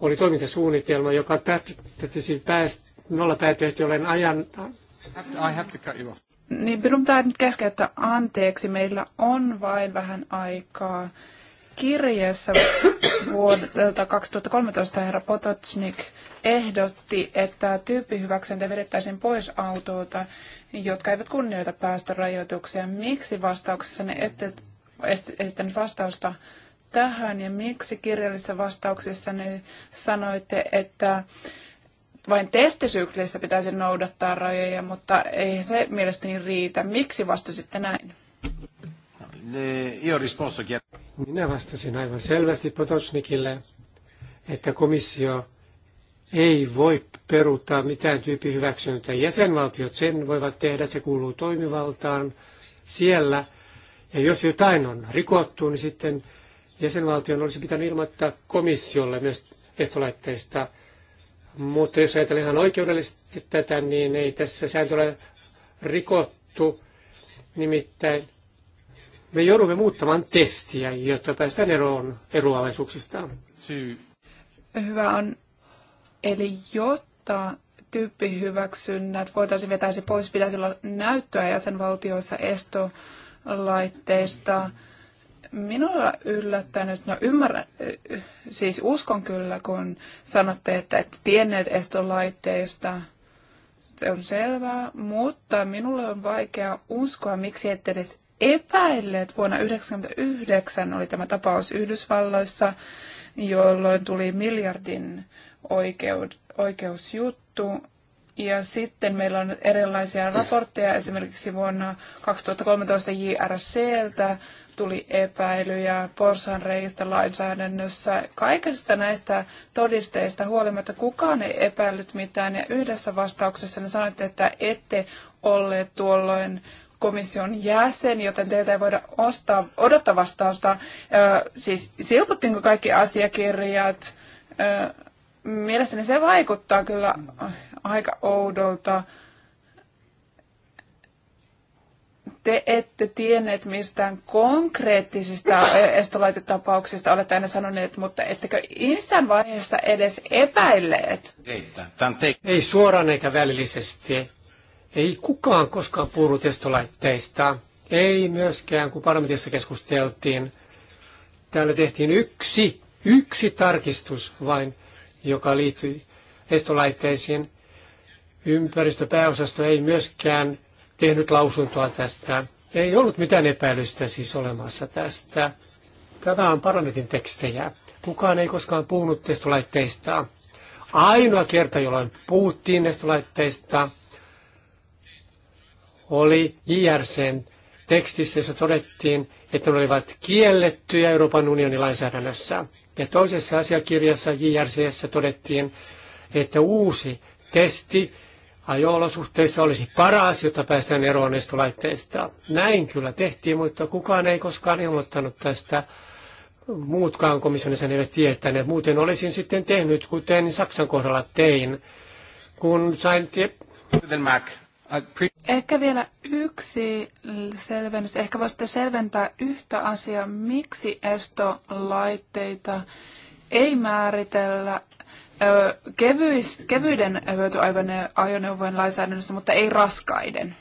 Oli toimintasuunnitelma, joka päätettiin päästä nolla päätöhti olen ajan... I have to cut you off. Niin, minun tämä nyt keskeyttää anteeksi. Meillä on vain vähän aikaa. Kirjeessä vuodelta 2013 herra Potocnik ehdotti, että tyyppihyväksyntä vedettäisiin pois autoilta, jotka eivät kunnioita päästörajoituksia. Miksi vastauksessanne ette esittänyt vastausta tähän ja miksi kirjallisessa vastauksessanne sanoitte, että vain testisyklissä pitäisi noudattaa rajoja, mutta ei se mielestäni riitä. Miksi vastasitte näin? Minä vastasin aivan selvästi Potosnikille, että komissio ei voi peruuttaa mitään tyyppihyväksyntää. Jäsenvaltiot sen voivat tehdä, se kuuluu toimivaltaan siellä. Ja jos jotain on rikottu, niin sitten jäsenvaltion olisi pitänyt ilmoittaa komissiolle myös estolaitteista. Mutta jos ajatellaan ihan oikeudellisesti tätä, niin ei tässä sääntö ole rikottu. Nimittäin me joudumme muuttamaan testiä, jotta päästään eroon eroavaisuuksistaan. Hyvä on Eli jotta tyyppihyväksynnät voitaisiin vetää se pois, pitäisi olla näyttöä jäsenvaltioissa estolaitteista. Minulla yllättänyt, no ymmärrän, siis uskon kyllä, kun sanotte, että et tienneet estolaitteista, se on selvää, mutta minulle on vaikea uskoa, miksi ette edes että Vuonna 1999 oli tämä tapaus Yhdysvalloissa, jolloin tuli miljardin oikeud, oikeusjuttu. Ja sitten meillä on erilaisia raportteja, esimerkiksi vuonna 2013 JRCltä tuli epäilyjä porsanreijistä lainsäädännössä. Kaikista näistä todisteista huolimatta kukaan ei epäillyt mitään ja yhdessä vastauksessa ne sanoitte, että ette olleet tuolloin komission jäsen, joten teiltä ei voida ostaa, odottaa vastausta. Ö, siis silputtiinko kaikki asiakirjat? Ö, mielestäni se vaikuttaa kyllä aika oudolta. Te ette tienneet mistään konkreettisista estolaitetapauksista, olette aina sanoneet, mutta ettekö instan vaiheessa edes epäilleet? Ei suoraan eikä välillisesti. Ei kukaan koskaan puhunut estolaitteista. Ei myöskään, kun parlamentissa keskusteltiin. Täällä tehtiin yksi, yksi tarkistus vain joka liittyy estolaitteisiin. Ympäristöpääosasto ei myöskään tehnyt lausuntoa tästä. Ei ollut mitään epäilystä siis olemassa tästä. Tämä on parlamentin tekstejä. Kukaan ei koskaan puhunut testolaitteista. Ainoa kerta, jolloin puhuttiin testolaitteista, oli JRCn tekstissä, jossa todettiin, että ne olivat kiellettyjä Euroopan unionin lainsäädännössä. Ja toisessa asiakirjassa JRCssä todettiin, että uusi testi ajo-olosuhteissa olisi paras, jotta päästään eroon näistä laitteista. Näin kyllä tehtiin, mutta kukaan ei koskaan ilmoittanut tästä. Muutkaan komissionissa eivät tietäneet. Muuten olisin sitten tehnyt, kuten Saksan kohdalla tein, kun sain tie- Ehkä vielä yksi selvennys. Ehkä voisitte selventää yhtä asiaa, miksi estolaitteita ei määritellä kevyis, kevyiden hyötyajoneuvojen lainsäädännössä, mutta ei raskaiden.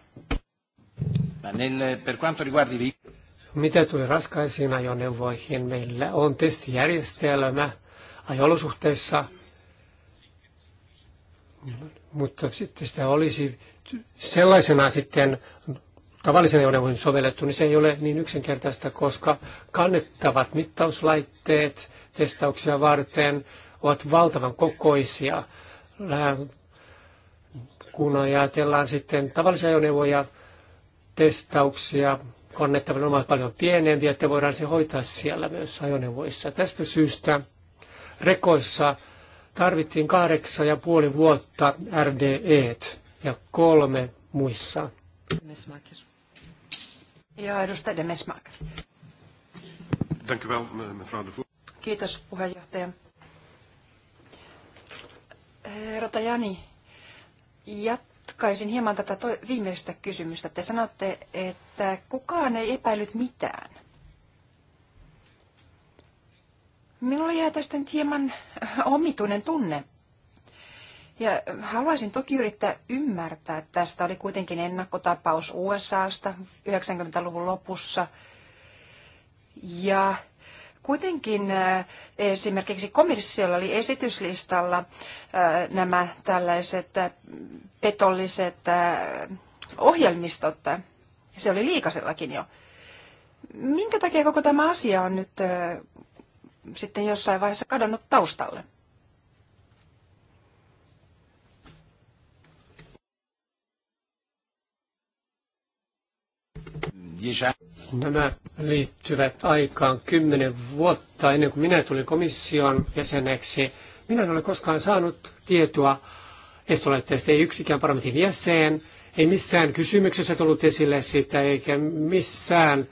Mitä tulee raskaisiin ajoneuvoihin, meillä on testijärjestelmä ajolosuhteissa, mutta sitten sitä olisi sellaisenaan sitten tavallisen ajoneuvoihin sovellettu, niin se ei ole niin yksinkertaista, koska kannettavat mittauslaitteet testauksia varten ovat valtavan kokoisia. Kun ajatellaan sitten tavallisia ajoneuvoja, testauksia, kannettavan omat paljon pienempiä, että voidaan se hoitaa siellä myös ajoneuvoissa. Tästä syystä rekoissa tarvittiin kahdeksan ja puoli vuotta RDE ja kolme muissa. Demesmaker. Ja edustaja Demesmaker. Kiitos puheenjohtaja. Herra Tajani, jatkaisin hieman tätä viimeistä kysymystä. Te sanotte, että kukaan ei epäillyt mitään. Minulla jää tästä nyt hieman omituinen tunne. Ja haluaisin toki yrittää ymmärtää, että tästä oli kuitenkin ennakkotapaus USAsta 90-luvun lopussa. Ja kuitenkin eh, esimerkiksi komissiolla oli esityslistalla eh, nämä tällaiset eh, petolliset ohjelmistot. Se oli liikasellakin jo. Minkä takia koko tämä asia on nyt sitten jossain vaiheessa kadonnut taustalle? Nämä liittyvät aikaan kymmenen vuotta ennen kuin minä tulin komission jäseneksi. Minä en ole koskaan saanut tietoa estolaitteesta, ei yksikään parlamentin jäsen, ei missään kysymyksessä tullut esille sitä, eikä missään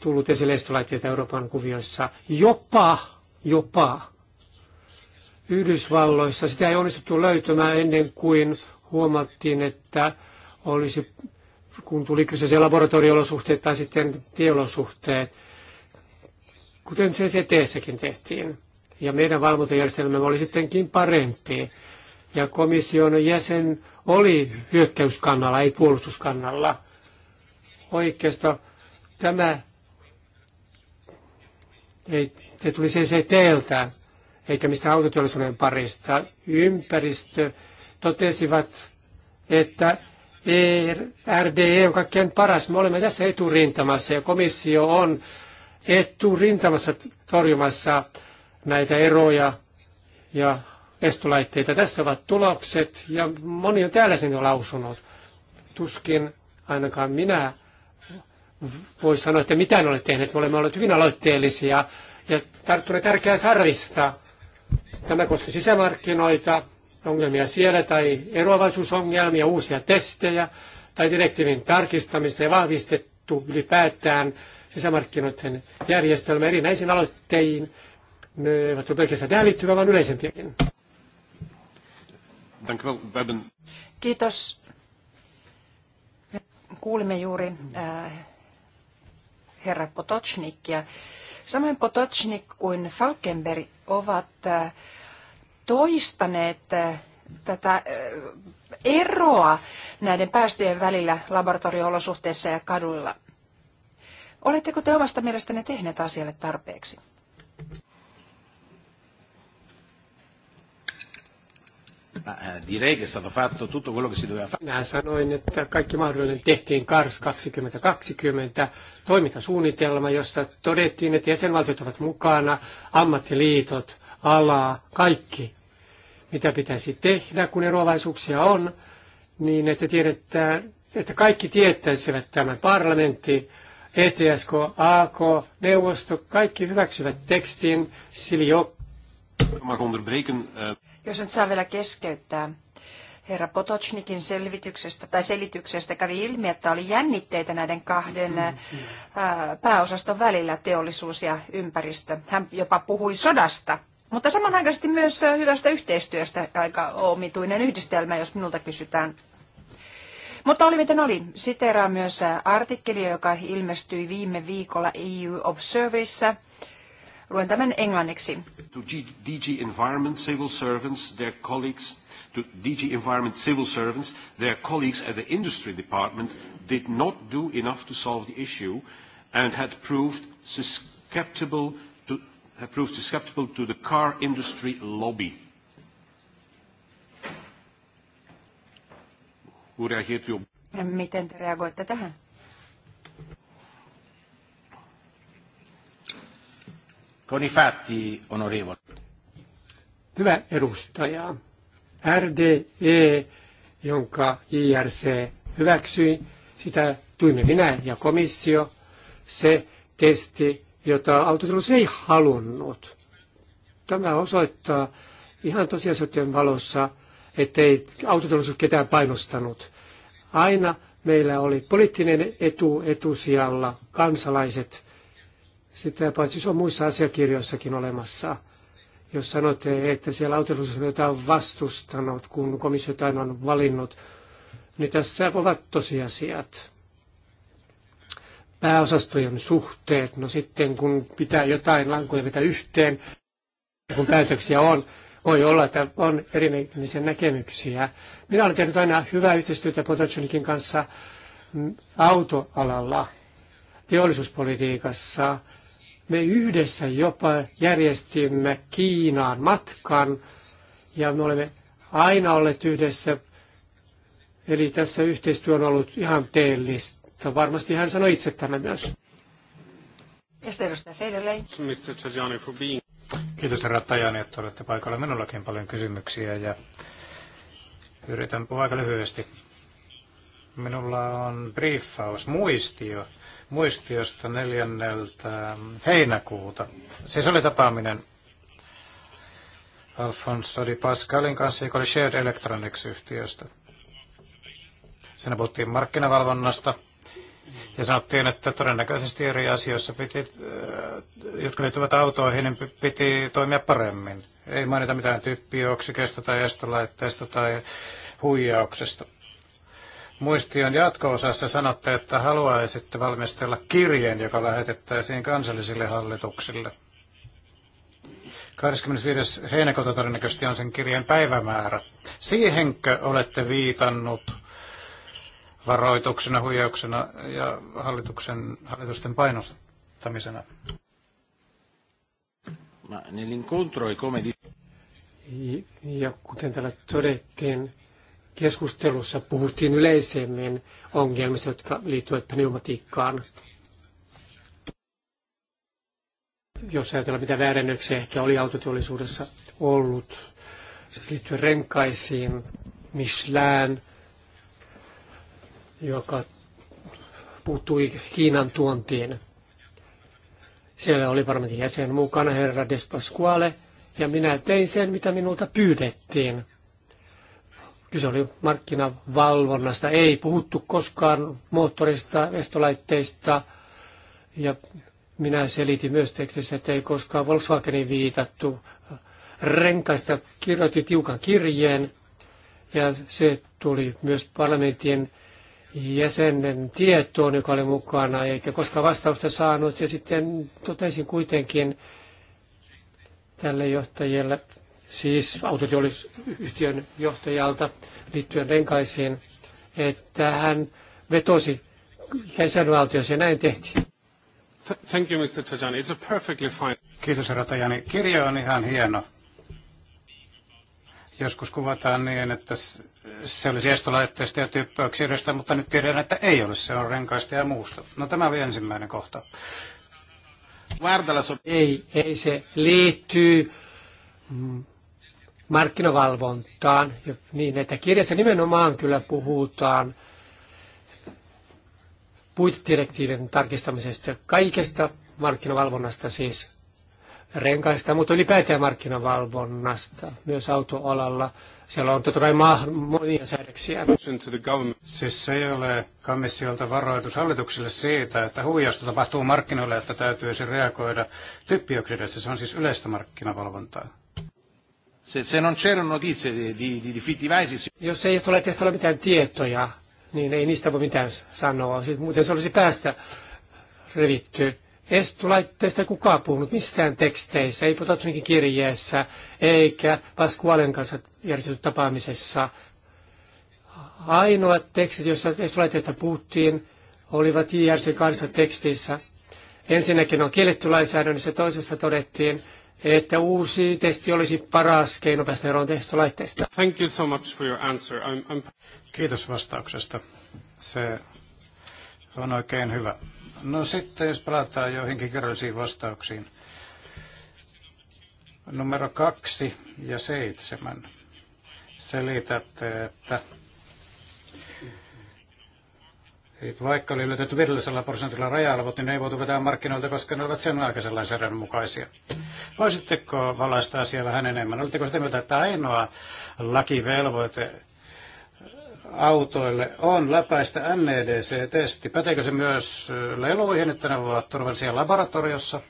tullut esille estolaitteita Euroopan kuvioissa. Jopa, jopa Yhdysvalloissa sitä ei onnistuttu löytämään ennen kuin huomattiin, että olisi kun tuli kyseisiä laboratoriolosuhteet tai sitten tieolosuhteet, kuten CCT-säkin tehtiin. Ja meidän valvontajärjestelmämme oli sittenkin parempi. Ja komission jäsen oli hyökkäyskannalla, ei puolustuskannalla. Oikeastaan tämä ei, se tuli CCTltä, eikä mistä autoteollisuuden parista. Ympäristö totesivat, että RDE on kaikkein paras. Me olemme tässä eturintamassa ja komissio on eturintamassa torjumassa näitä eroja ja estulaitteita. Tässä ovat tulokset ja moni on täällä sen jo lausunut. Tuskin ainakaan minä voi sanoa, että ne olet tehnyt. Me olemme olleet hyvin aloitteellisia ja tarttuneet tärkeää sarvista. Tämä koski sisämarkkinoita, ongelmia siellä tai eroavaisuusongelmia, uusia testejä tai direktiivin tarkistamista ja vahvistettu ylipäätään sisämarkkinoiden järjestelmä erinäisiin aloitteisiin. Ne eivät ole pelkästään tähän liittyvä, vaan yleisempiäkin. Kiitos. Me kuulimme juuri äh, herra Potocnikia. Samoin Potocnik kuin Falkenberg ovat äh, toistaneet eh, tätä eh, eroa näiden päästöjen välillä laboratorio-olosuhteissa ja kaduilla. Oletteko te omasta mielestänne tehneet asialle tarpeeksi? Eh, Minä sanoin, että kaikki mahdollinen tehtiin KARS 2020 toimintasuunnitelma, jossa todettiin, että jäsenvaltiot ovat mukana, ammattiliitot, ala, kaikki mitä pitäisi tehdä, kun eroavaisuuksia on, niin että tiedetään, että kaikki tietäisivät tämän parlamentti, ETSK, AK, neuvosto, kaikki hyväksyvät tekstin, sili jo. Eh. Jos nyt saa vielä keskeyttää. Herra Potocnikin selvityksestä tai selityksestä kävi ilmi, että oli jännitteitä näiden kahden eh, pääosaston välillä, teollisuus ja ympäristö. Hän jopa puhui sodasta mutta samanaikaisesti myös äh, hyvästä yhteistyöstä aika omituinen yhdistelmä, jos minulta kysytään. Mutta oli miten oli. Siteraa myös äh, artikkeli, joka ilmestyi viime viikolla EU Observerissa. Luen tämän englanniksi. To DG Environment civil servants, their colleagues, to DG Environment civil servants, their colleagues at the industry department did not do enough to solve the issue and had proved susceptible have proved susceptible to the car industry lobby. Hoe reageert u op? En Miten te reagoitte tähän? Con i fatti, onorevole. Hyvä edustaja. RDE, jonka IRC hyväksyi, sitä tuimme minä ja komissio. Se testi jota autoteollisuus ei halunnut. Tämä osoittaa ihan tosiasioiden valossa, ettei ole ketään painostanut. Aina meillä oli poliittinen etu etusijalla, kansalaiset. Sitä paitsi se on muissa asiakirjoissakin olemassa. Jos sanotte, että siellä autoteollisuus on jotain vastustanut, kun komissio on valinnut, niin tässä ovat tosiasiat pääosastojen suhteet. No sitten kun pitää jotain lankoja vetää yhteen, kun päätöksiä on, voi olla, että on erinäköisiä näkemyksiä. Minä olen tehnyt aina hyvää yhteistyötä Potocnikin kanssa autoalalla, teollisuuspolitiikassa. Me yhdessä jopa järjestimme Kiinaan matkan ja me olemme aina olleet yhdessä. Eli tässä yhteistyö on ollut ihan teellistä mutta varmasti hän sanoi itse tämän myös. Mr. Kiitos herra Tajani, että olette paikalla. Minullakin paljon kysymyksiä ja yritän puhua aika lyhyesti. Minulla on briefaus, muistio, muistiosta neljänneltä heinäkuuta. Siis oli tapaaminen Alfonso Di Pascalin kanssa, joka oli Shared Electronics-yhtiöstä. Siinä puhuttiin markkinavalvonnasta, ja sanottiin, että todennäköisesti eri asioissa, piti, äh, jotka liittyvät autoihin, niin piti toimia paremmin. Ei mainita mitään typpioksikesta tai estolaitteesta tai huijauksesta. Muistion jatko-osassa sanotte, että haluaisitte valmistella kirjeen, joka lähetettäisiin kansallisille hallituksille. 25. heinäkuuta todennäköisesti on sen kirjeen päivämäärä. Siihenkö olette viitannut varoituksena, huijauksena ja hallituksen, hallitusten painostamisena. Ma nell'incontro come di... Ja kuten täällä todettiin, keskustelussa puhuttiin yleisemmin ongelmista, jotka liittyvät pneumatiikkaan. Jos ajatellaan, mitä väärennöksiä ehkä oli autoteollisuudessa ollut, siis liittyen renkaisiin, Michelin, joka puuttui Kiinan tuontiin. Siellä oli parlamentin jäsen mukana herra Despasquale, ja minä tein sen, mitä minulta pyydettiin. Kyse oli markkinavalvonnasta. Ei puhuttu koskaan moottorista, estolaitteista. Ja minä selitin myös tekstissä, että ei koskaan Volkswagenin viitattu. Renkaista kirjoitti tiukan kirjeen ja se tuli myös parlamentin jäsenen tietoon, joka oli mukana, eikä koska vastausta saanut. Ja sitten totesin kuitenkin tälle johtajalle, siis autoteollisyhtiön johtajalta liittyen renkaisiin, että hän vetosi jäsenvaltiossa ja näin tehtiin. Thank you, Mr. Tajani. It's a perfectly fine... Kiitos, Tajani. Kirja on ihan hieno. Joskus kuvataan niin, että se olisi estolaitteista ja typpöyksiöistä, mutta nyt tiedän, että ei ole. Se on renkaista ja muusta. No tämä oli ensimmäinen kohta. Ei, ei se liittyy mm, markkinavalvontaan. Niin, että kirjassa nimenomaan kyllä puhutaan puitedirektiivin tarkistamisesta, kaikesta markkinavalvonnasta siis renkaista, mutta ylipäätään markkinavalvonnasta myös autoalalla. Siellä on totta kai maahan monia säädöksiä. Siis se ei ole komissiolta varoitus hallitukselle siitä, että huijausta tapahtuu markkinoille, että täytyisi reagoida typpioksidessa. Se on siis yleistä markkinavalvontaa. Se, se non c'erano notizie di, di, di fitti Jos ei tule tästä ole mitään tietoja, niin ei niistä voi mitään sanoa. Siis muuten se olisi päästä revitty estulaitteista kukaan puhunut missään teksteissä, ei Potatsunikin kirjeessä, eikä Pasqualen kanssa järjestetty tapaamisessa. Ainoat tekstit, joissa estulaitteista puhuttiin, olivat JRC kahdessa tekstissä. Ensinnäkin on kielletty lainsäädännössä, toisessa todettiin, että uusi testi olisi paras keino päästä eroon testolaitteista. Thank you so much for your answer. I'm, I'm... Kiitos vastauksesta. Se on oikein hyvä. No sitten, jos palataan joihinkin kerrallisiin vastauksiin. Numero kaksi ja seitsemän. Selitätte, että vaikka oli löytetty 500 prosentilla raja niin ne ei voitu vetää markkinoilta, koska ne olivat sen aikaisen lainsäädännön mukaisia. Voisitteko valaista asiaa vähän enemmän? Oletteko sitä mieltä, että ainoa lakivelvoite, autoille on läpäistä NEDC-testi. Päteekö se myös leluihin, että ne ovat turvallisia laboratoriossa?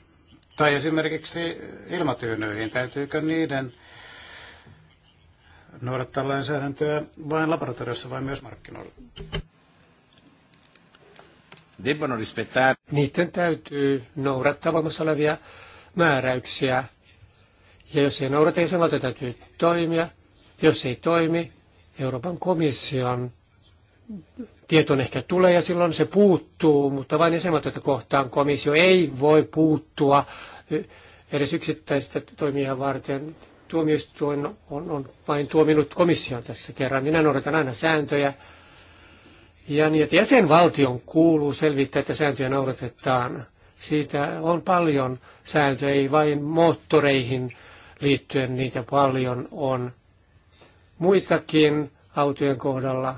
Tai esimerkiksi ilmatyynyihin, täytyykö niiden noudattaa lainsäädäntöä vain laboratoriossa vai myös markkinoilla? Niiden täytyy noudattaa voimassa olevia määräyksiä. Ja jos ei noudata, niin sanoo, että täytyy toimia. Jos ei toimi, Euroopan komission tietoon ehkä tulee ja silloin se puuttuu, mutta vain jäsenvaltioita kohtaan komissio ei voi puuttua edes yksittäistä toimia varten. Tuomioistuin on, on vain tuominut komission tässä kerran. Minä noudatan aina sääntöjä. Ja niin, että jäsenvaltion kuuluu selvittää, että sääntöjä noudatetaan. Siitä on paljon sääntöjä, ei vain moottoreihin liittyen niitä paljon on muitakin autojen kohdalla.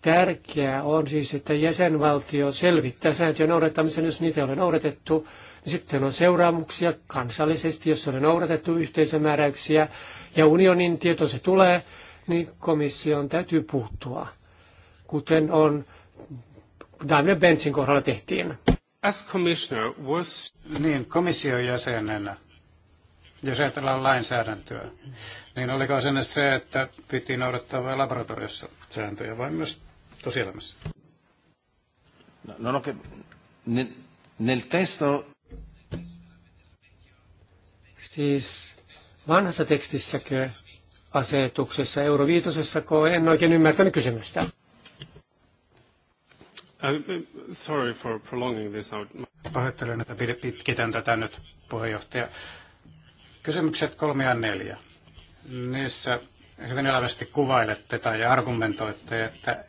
Tärkeää on siis, että jäsenvaltio selvittää sääntöjen noudattamisen, jos niitä ei ole noudatettu. Niin sitten on seuraamuksia kansallisesti, jos on noudatettu yhteisömääräyksiä ja unionin tieto se tulee, niin komission täytyy puuttua, kuten on Daimler Benzin kohdalla tehtiin. As commissioner was... Niin, komission jäsenenä, jos ajatellaan lainsäädäntöä, niin oliko asenne se, että piti noudattaa vain laboratoriossa sääntöjä vai myös tosielämässä? No, no, no nel, testo... Siis vanhassa tekstissäkö asetuksessa Euroviitosessa kun en oikein ymmärtänyt kysymystä. Uh, sorry for prolonging this out. Pahoittelen, että pitkitän tätä nyt, puheenjohtaja. Kysymykset kolme ja neljä. Niissä hyvin elävästi kuvailette tai argumentoitte, että,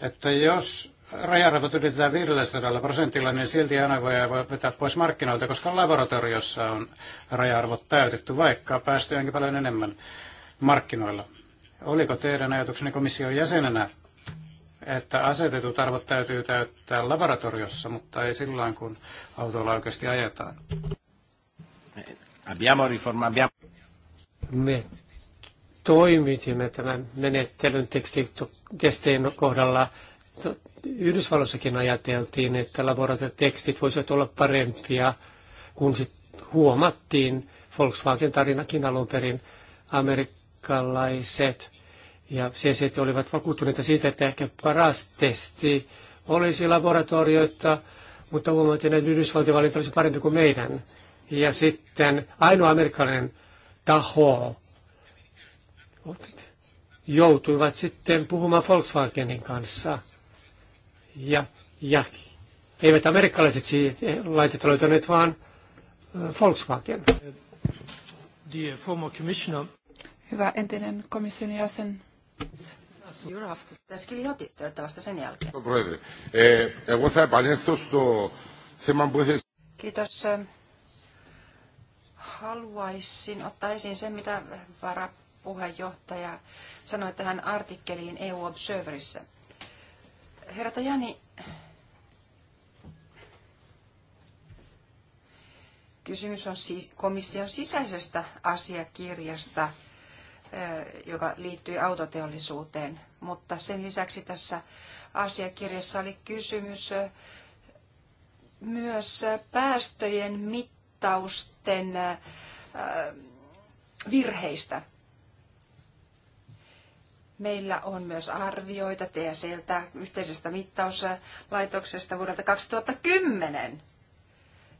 että jos rajarvot ylitetään 500 prosentilla, niin silti aina voi, vetää pois markkinoilta, koska laboratoriossa on raja-arvot täytetty, vaikka päästöjäkin paljon enemmän markkinoilla. Oliko teidän ajatuksenne komission jäsenenä, että asetetut arvot täytyy täyttää laboratoriossa, mutta ei silloin, kun autolla oikeasti ajetaan? Abbiamo riformato. abbiamo... Me toimitimme tämän menettelyn tekstien kohdalla. Yhdysvalloissakin ajateltiin, että laboratoriotekstit voisivat olla parempia, kun sit huomattiin Volkswagen-tarinakin alun perin amerikkalaiset ja CCT olivat vakuuttuneita siitä, että ehkä paras testi olisi laboratorioita, mutta huomattiin, että Yhdysvaltojen valinta olisi parempi kuin meidän ja sitten ainoa amerikkalainen taho joutuivat sitten puhumaan Volkswagenin kanssa. Ja, ja eivät amerikkalaiset siitä laitetta löytäneet, vaan Volkswagen. Hyvä entinen komission jäsen. Tässä Kiliotis, te vasta sen jälkeen. Eh, eh, Kiitos haluaisin ottaa esiin sen, mitä varapuheenjohtaja sanoi tähän artikkeliin EU Observerissa. Herra Tajani, kysymys on siis komission sisäisestä asiakirjasta, eh, joka liittyy autoteollisuuteen, mutta sen lisäksi tässä asiakirjassa oli kysymys eh, myös päästöjen mittaamisesta mittausten virheistä. Meillä on myös arvioita TSLtä yhteisestä mittauslaitoksesta vuodelta 2010.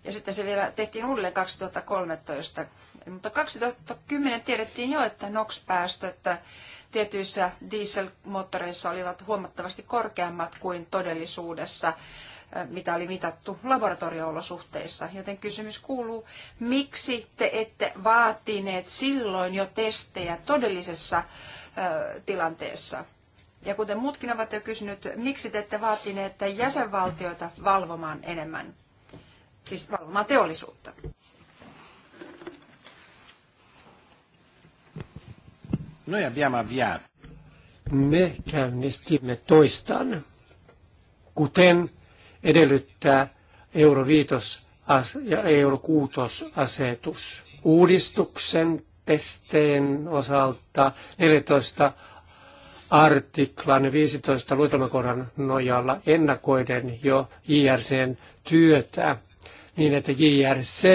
Ja sitten se vielä tehtiin uudelleen 2013. Mutta 2010 tiedettiin jo, että NOx-päästöt tietyissä dieselmoottoreissa olivat huomattavasti korkeammat kuin todellisuudessa mitä oli mitattu laboratorio-olosuhteissa. Joten kysymys kuuluu, miksi te ette vaatineet silloin jo testejä todellisessa tilanteessa? Ja kuten muutkin ovat jo kysynyt, miksi te ette vaatineet jäsenvaltioita valvomaan enemmän, siis valvomaan teollisuutta? Noi abbiamo avviato. Me käynnistimme toistan, kuten edellyttää euro 5 ja euro 6 asetus. Uudistuksen testeen osalta 14 artiklan 15 luetelmakohdan nojalla ennakoiden jo JRCn työtä niin, että JRC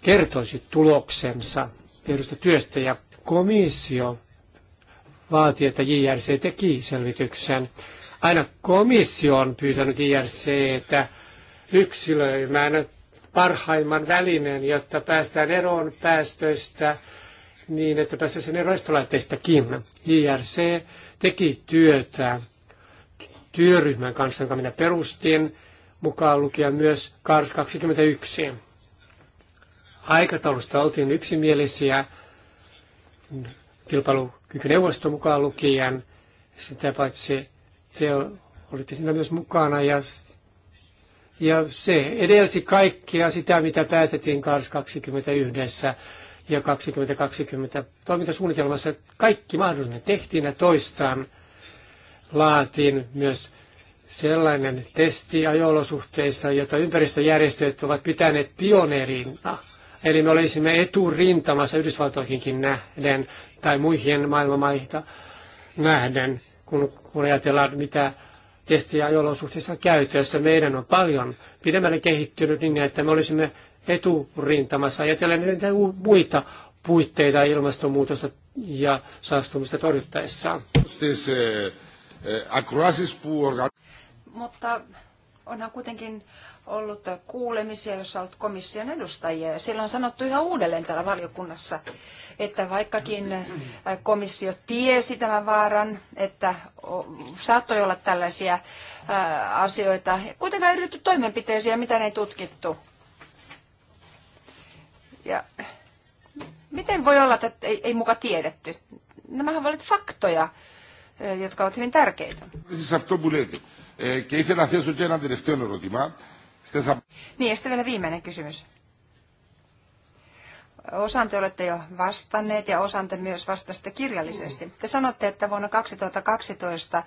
kertoisi tuloksensa tehdystä työstä ja komissio vaati, että JRC teki selvityksen Aina komissio on pyytänyt IRCtä yksilöimään parhaimman välineen, jotta päästään eroon päästöistä niin, että päästäisiin eroon estolaitteistakin. IRC teki työtä työryhmän kanssa, jonka minä perustin, mukaan lukien myös KARS 21. Aikataulusta oltiin yksimielisiä, kilpailukykyneuvosto mukaan lukien, sitä paitsi te olitte siinä myös mukana ja, ja se edelsi kaikkea sitä, mitä päätettiin KARS 21 ja 2020 toimintasuunnitelmassa. Kaikki mahdollinen tehtiin ja toistaan laatiin myös sellainen testi ajolosuhteissa, jota ympäristöjärjestöt ovat pitäneet pioneerina. Eli me olisimme eturintamassa Yhdysvaltoihinkin nähden tai muihin maailmamaihin nähden, kun kun ajatellaan, mitä testejä ajolosuhteissa on käytössä. Meidän on paljon pidemmälle kehittynyt niin, että me olisimme eturintamassa ajatellen näitä muita puitteita ilmastonmuutosta ja saastumista torjuttaessa. Siis, eh, eh, Mutta onhan kuitenkin ollut kuulemisia, jossa on ollut komission edustajia. Ja silloin on sanottu yhä uudelleen täällä valiokunnassa, että vaikkakin komissio tiesi tämän vaaran, että saattoi olla tällaisia asioita, kuitenkaan ei ryhdytty toimenpiteisiä, mitä ne ei tutkittu. Ja miten voi olla, että ei, ei muka tiedetty? Nämähän ovat faktoja, jotka ovat hyvin tärkeitä. Siis και ήθελα να θέσω και ένα τελευταίο ερώτημα saa... Niin, ja sitten vielä viimeinen kysymys. Osan te olette jo vastanneet ja osan te myös vastasitte kirjallisesti. Te sanotte, että vuonna 2012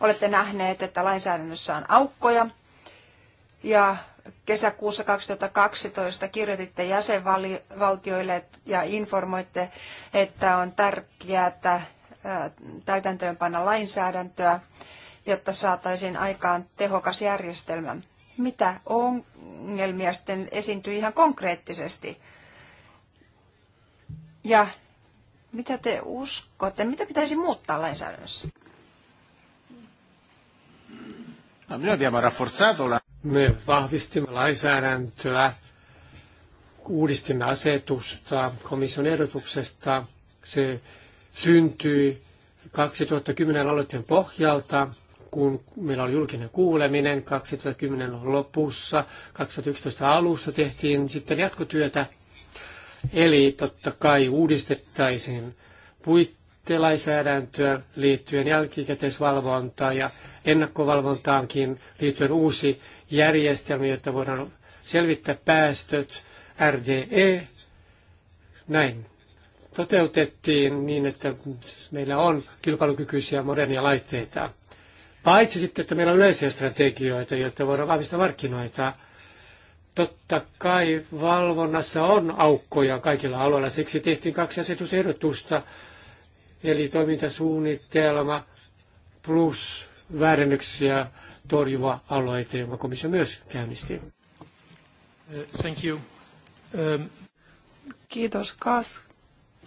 olette nähneet, että lainsäädännössä on aukkoja ja kesäkuussa 2012 kirjoititte jäsenvaltioille ja informoitte, että on tärkeää, että panna lainsäädäntöä, jotta saataisiin aikaan tehokas järjestelmä mitä ongelmia sitten esiintyi ihan konkreettisesti. Ja mitä te uskotte, mitä pitäisi muuttaa lainsäädännössä? No, me vahvistimme lainsäädäntöä, uudistimme asetusta komission ehdotuksesta. Se syntyi 2010 aloitteen pohjalta kun meillä oli julkinen kuuleminen 2010 lopussa, 2011 alussa tehtiin sitten jatkotyötä. Eli totta kai uudistettaisiin puittelainsäädäntöä liittyen jälkikäteisvalvontaan ja ennakkovalvontaankin liittyen uusi järjestelmä, jotta voidaan selvittää päästöt, RDE, näin toteutettiin niin, että meillä on kilpailukykyisiä modernia laitteita. Paitsi sitten, että meillä on yleisiä strategioita, joita voidaan vahvistaa markkinoita. Totta kai valvonnassa on aukkoja kaikilla aloilla. Siksi tehtiin kaksi asetusehdotusta, eli toimintasuunnitelma plus väärennöksiä torjuva aloite, jonka komissio myös käynnisti. Thank you. Um... Kiitos KAS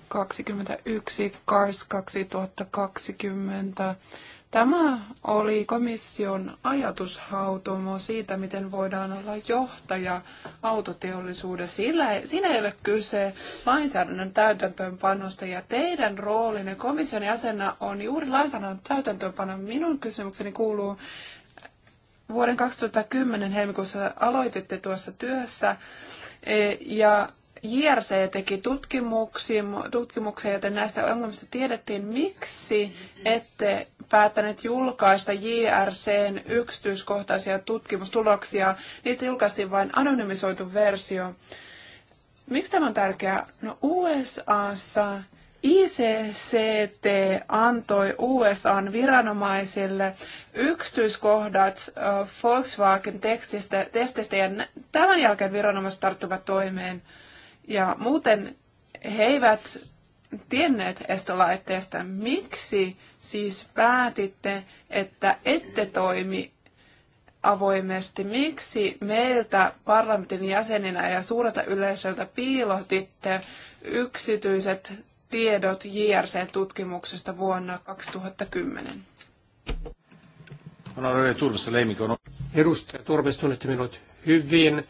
21, KARS 2020 Tämä oli komission ajatushautomo siitä, miten voidaan olla johtaja autoteollisuudessa. Sillä, siinä ei ole kyse lainsäädännön täytäntöönpanosta ja teidän roolinne komission jäsenä on juuri lainsäädännön täytäntöönpano. Minun kysymykseni kuuluu, vuoden 2010 helmikuussa aloititte tuossa työssä e, ja JRC teki tutkimuksia, tutkimuksia, joten näistä ongelmista tiedettiin. Miksi ette päättäneet julkaista JRCn yksityiskohtaisia tutkimustuloksia? Niistä julkaistiin vain anonymisoitu versio. Miksi tämä on tärkeää? No USAssa ICCT antoi USAn viranomaisille yksityiskohdat Volkswagen-testistä ja tämän jälkeen viranomaiset tarttuvat toimeen. Ja muuten he eivät tienneet estolaitteesta. Miksi siis päätitte, että ette toimi avoimesti? Miksi meiltä parlamentin jäseninä ja suurelta yleisöltä piilotitte yksityiset tiedot JRC-tutkimuksesta vuonna 2010? Edustaja Turvis, tunnette minut hyvin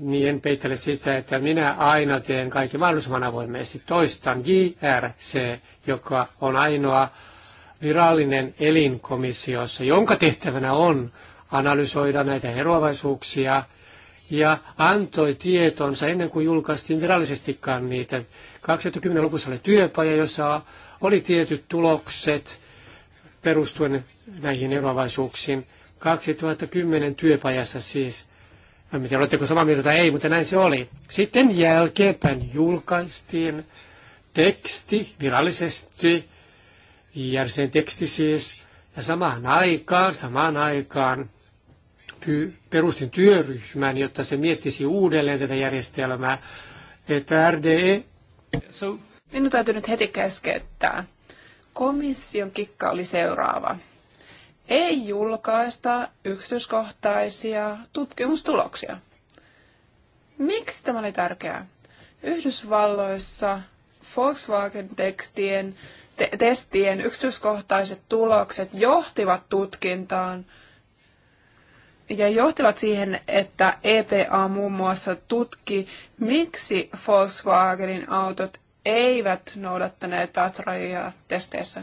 niin en peittele sitä, että minä aina teen kaikki mahdollisimman avoimesti. Toistan JRC, joka on ainoa virallinen elinkomissiossa, jonka tehtävänä on analysoida näitä eroavaisuuksia ja antoi tietonsa ennen kuin julkaistiin virallisestikaan niitä. 2010 lopussa oli työpaja, jossa oli tietyt tulokset perustuen näihin eroavaisuuksiin. 2010 työpajassa siis en tiedä, oletteko samaa mieltä ei, mutta näin se oli. Sitten jälkeenpäin julkaistiin teksti virallisesti, järsen teksti siis, ja samaan aikaan, samaan aikaan perustin työryhmän, jotta se miettisi uudelleen tätä järjestelmää, että RDE... So. Minun täytyy nyt heti keskeyttää. Komission kikka oli seuraava ei julkaista yksityiskohtaisia tutkimustuloksia. Miksi tämä oli tärkeää? Yhdysvalloissa Volkswagen-tekstien te- testien yksityiskohtaiset tulokset johtivat tutkintaan ja johtivat siihen, että EPA muun muassa tutki, miksi Volkswagenin autot eivät noudattaneet päästörajoja testeissä.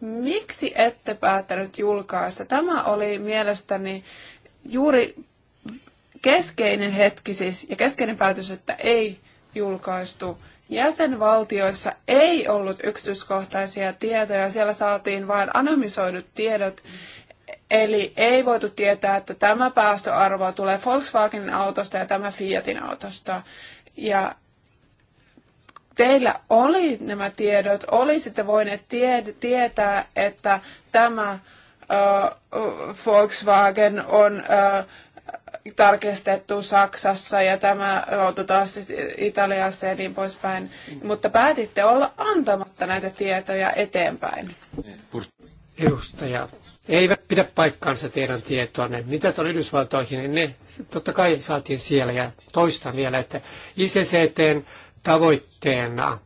Miksi ette päättänyt julkaista? Tämä oli mielestäni juuri keskeinen hetki siis, ja keskeinen päätös, että ei julkaistu. Jäsenvaltioissa ei ollut yksityiskohtaisia tietoja, siellä saatiin vain anonymisoidut tiedot, eli ei voitu tietää, että tämä päästöarvo tulee Volkswagenin autosta ja tämä Fiatin autosta. Ja teillä oli nämä tiedot, olisitte voineet tie- tietää, että tämä äh, Volkswagen on äh, tarkistettu Saksassa ja tämä auto taas Italiassa ja niin poispäin. Mutta päätitte olla antamatta näitä tietoja eteenpäin. Edustaja, eivät pidä paikkaansa teidän ne, Mitä tuon Yhdysvaltoihin, niin ne totta kai saatiin siellä. Ja toistan vielä, että ICCTn tavoitteena,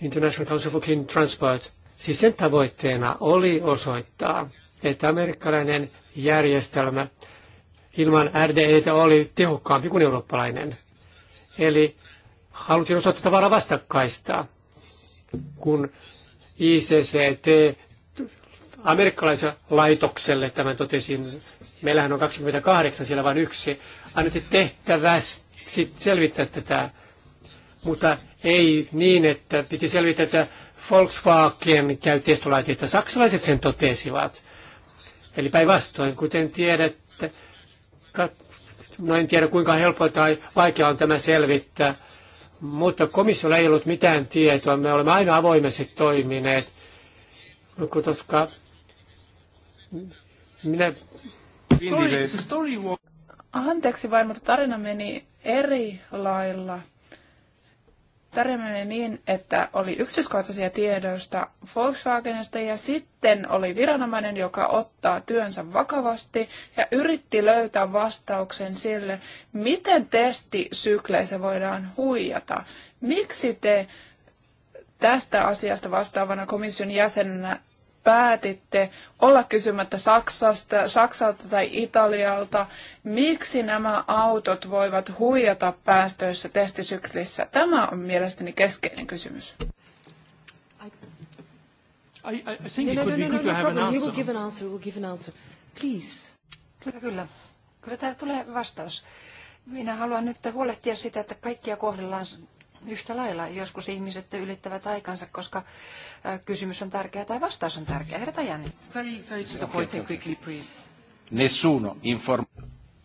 International Council for Clean Transport, siis sen tavoitteena oli osoittaa, että amerikkalainen järjestelmä ilman RDEtä oli tehokkaampi kuin eurooppalainen. Eli haluttiin osoittaa tavallaan vastakkaista, kun ICCT amerikkalaiselle laitokselle, tämän totesin, meillähän on 28, siellä vain yksi, annettiin tehtävästi selvittää tätä mutta ei niin, että piti selvitä, että Volkswagen käy testolaitteita. Saksalaiset sen totesivat. Eli päinvastoin, kuten tiedätte, no en tiedä kuinka helppo tai vaikea on tämä selvittää, mutta komissiolla ei ollut mitään tietoa. Me olemme aina avoimesti toimineet, no, koska minä... Story, story Anteeksi vain, mutta tarina meni eri lailla Tarjoamme niin, että oli yksityiskohtaisia tiedosta Volkswagenista ja sitten oli viranomainen, joka ottaa työnsä vakavasti ja yritti löytää vastauksen sille, miten testisykleissä voidaan huijata. Miksi te tästä asiasta vastaavana komission jäsenenä päätitte olla kysymättä Saksasta, Saksalta tai Italialta, miksi nämä autot voivat huijata päästöissä testisyklissä? Tämä on mielestäni keskeinen kysymys. Kyllä, kyllä. Kyllä tulee vastaus. Minä haluan nyt huolehtia sitä, että kaikkia kohdellaan yhtä lailla. Joskus ihmiset ylittävät aikansa, koska kysymys on tärkeä tai vastaus on tärkeä. Herra Jani.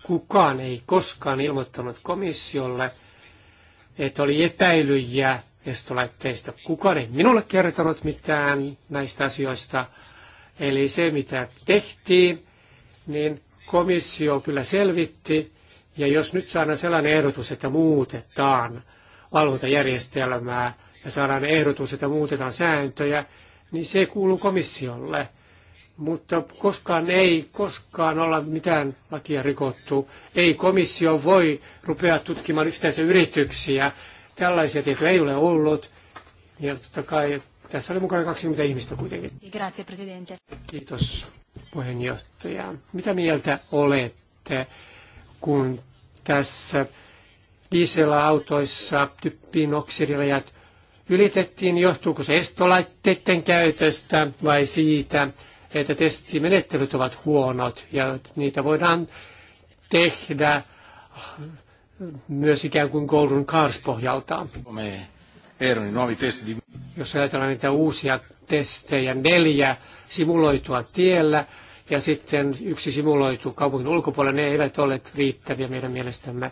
Kukaan ei koskaan ilmoittanut komissiolle, että oli epäilyjä estolaitteista. Kukaan ei minulle kertonut mitään näistä asioista. Eli se, mitä tehtiin, niin komissio kyllä selvitti. Ja jos nyt saadaan sellainen ehdotus, että muutetaan – valvontajärjestelmää ja saadaan ehdotus, että muutetaan sääntöjä, niin se kuuluu komissiolle. Mutta koskaan ei koskaan olla mitään lakia rikottu. Ei komissio voi rupea tutkimaan yksittäisiä yrityksiä. Tällaisia tietoja ei ole ollut. Ja totta kai tässä oli mukana 20 ihmistä kuitenkin. Grazie, presidente. Kiitos puheenjohtaja. Mitä mieltä olette, kun tässä dieselautoissa typpiin oksidilajat ylitettiin, johtuuko se estolaitteiden käytöstä vai siitä, että testimenettelyt ovat huonot ja niitä voidaan tehdä myös ikään kuin Golden Cars pohjalta. Jos ajatellaan niitä uusia testejä, neljä simuloitua tiellä ja sitten yksi simuloitu kaupungin ulkopuolella, ne eivät ole riittäviä meidän mielestämme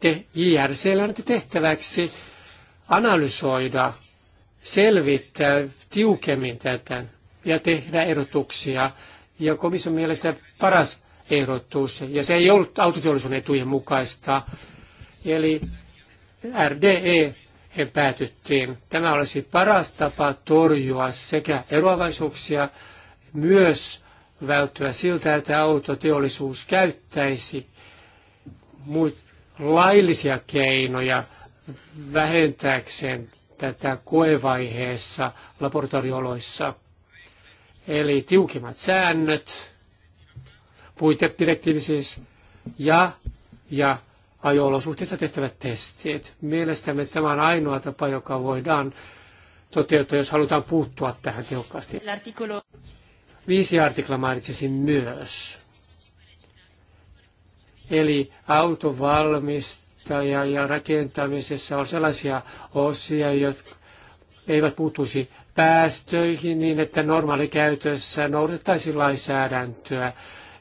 te JRCllä on tehtäväksi analysoida, selvittää tiukemmin tätä ja tehdä erotuksia. Ja komission mielestä paras ehdotus, ja se ei ollut autoteollisuuden etujen mukaista, eli RDE he päätyttiin. Tämä olisi paras tapa torjua sekä eroavaisuuksia, myös välttyä siltä, että autoteollisuus käyttäisi muut laillisia keinoja vähentääkseen tätä koevaiheessa laboratorioloissa. Eli tiukimmat säännöt, puitedirektiivi siis, ja, ja ajo-olosuhteissa tehtävät testit. Mielestämme tämä on ainoa tapa, joka voidaan toteuttaa, jos halutaan puuttua tähän tehokkaasti. Viisi artikla mainitsisin myös. Eli autovalmistaja ja rakentamisessa on sellaisia osia, jotka eivät puutuisi päästöihin niin, että normaalikäytössä noudattaisiin lainsäädäntöä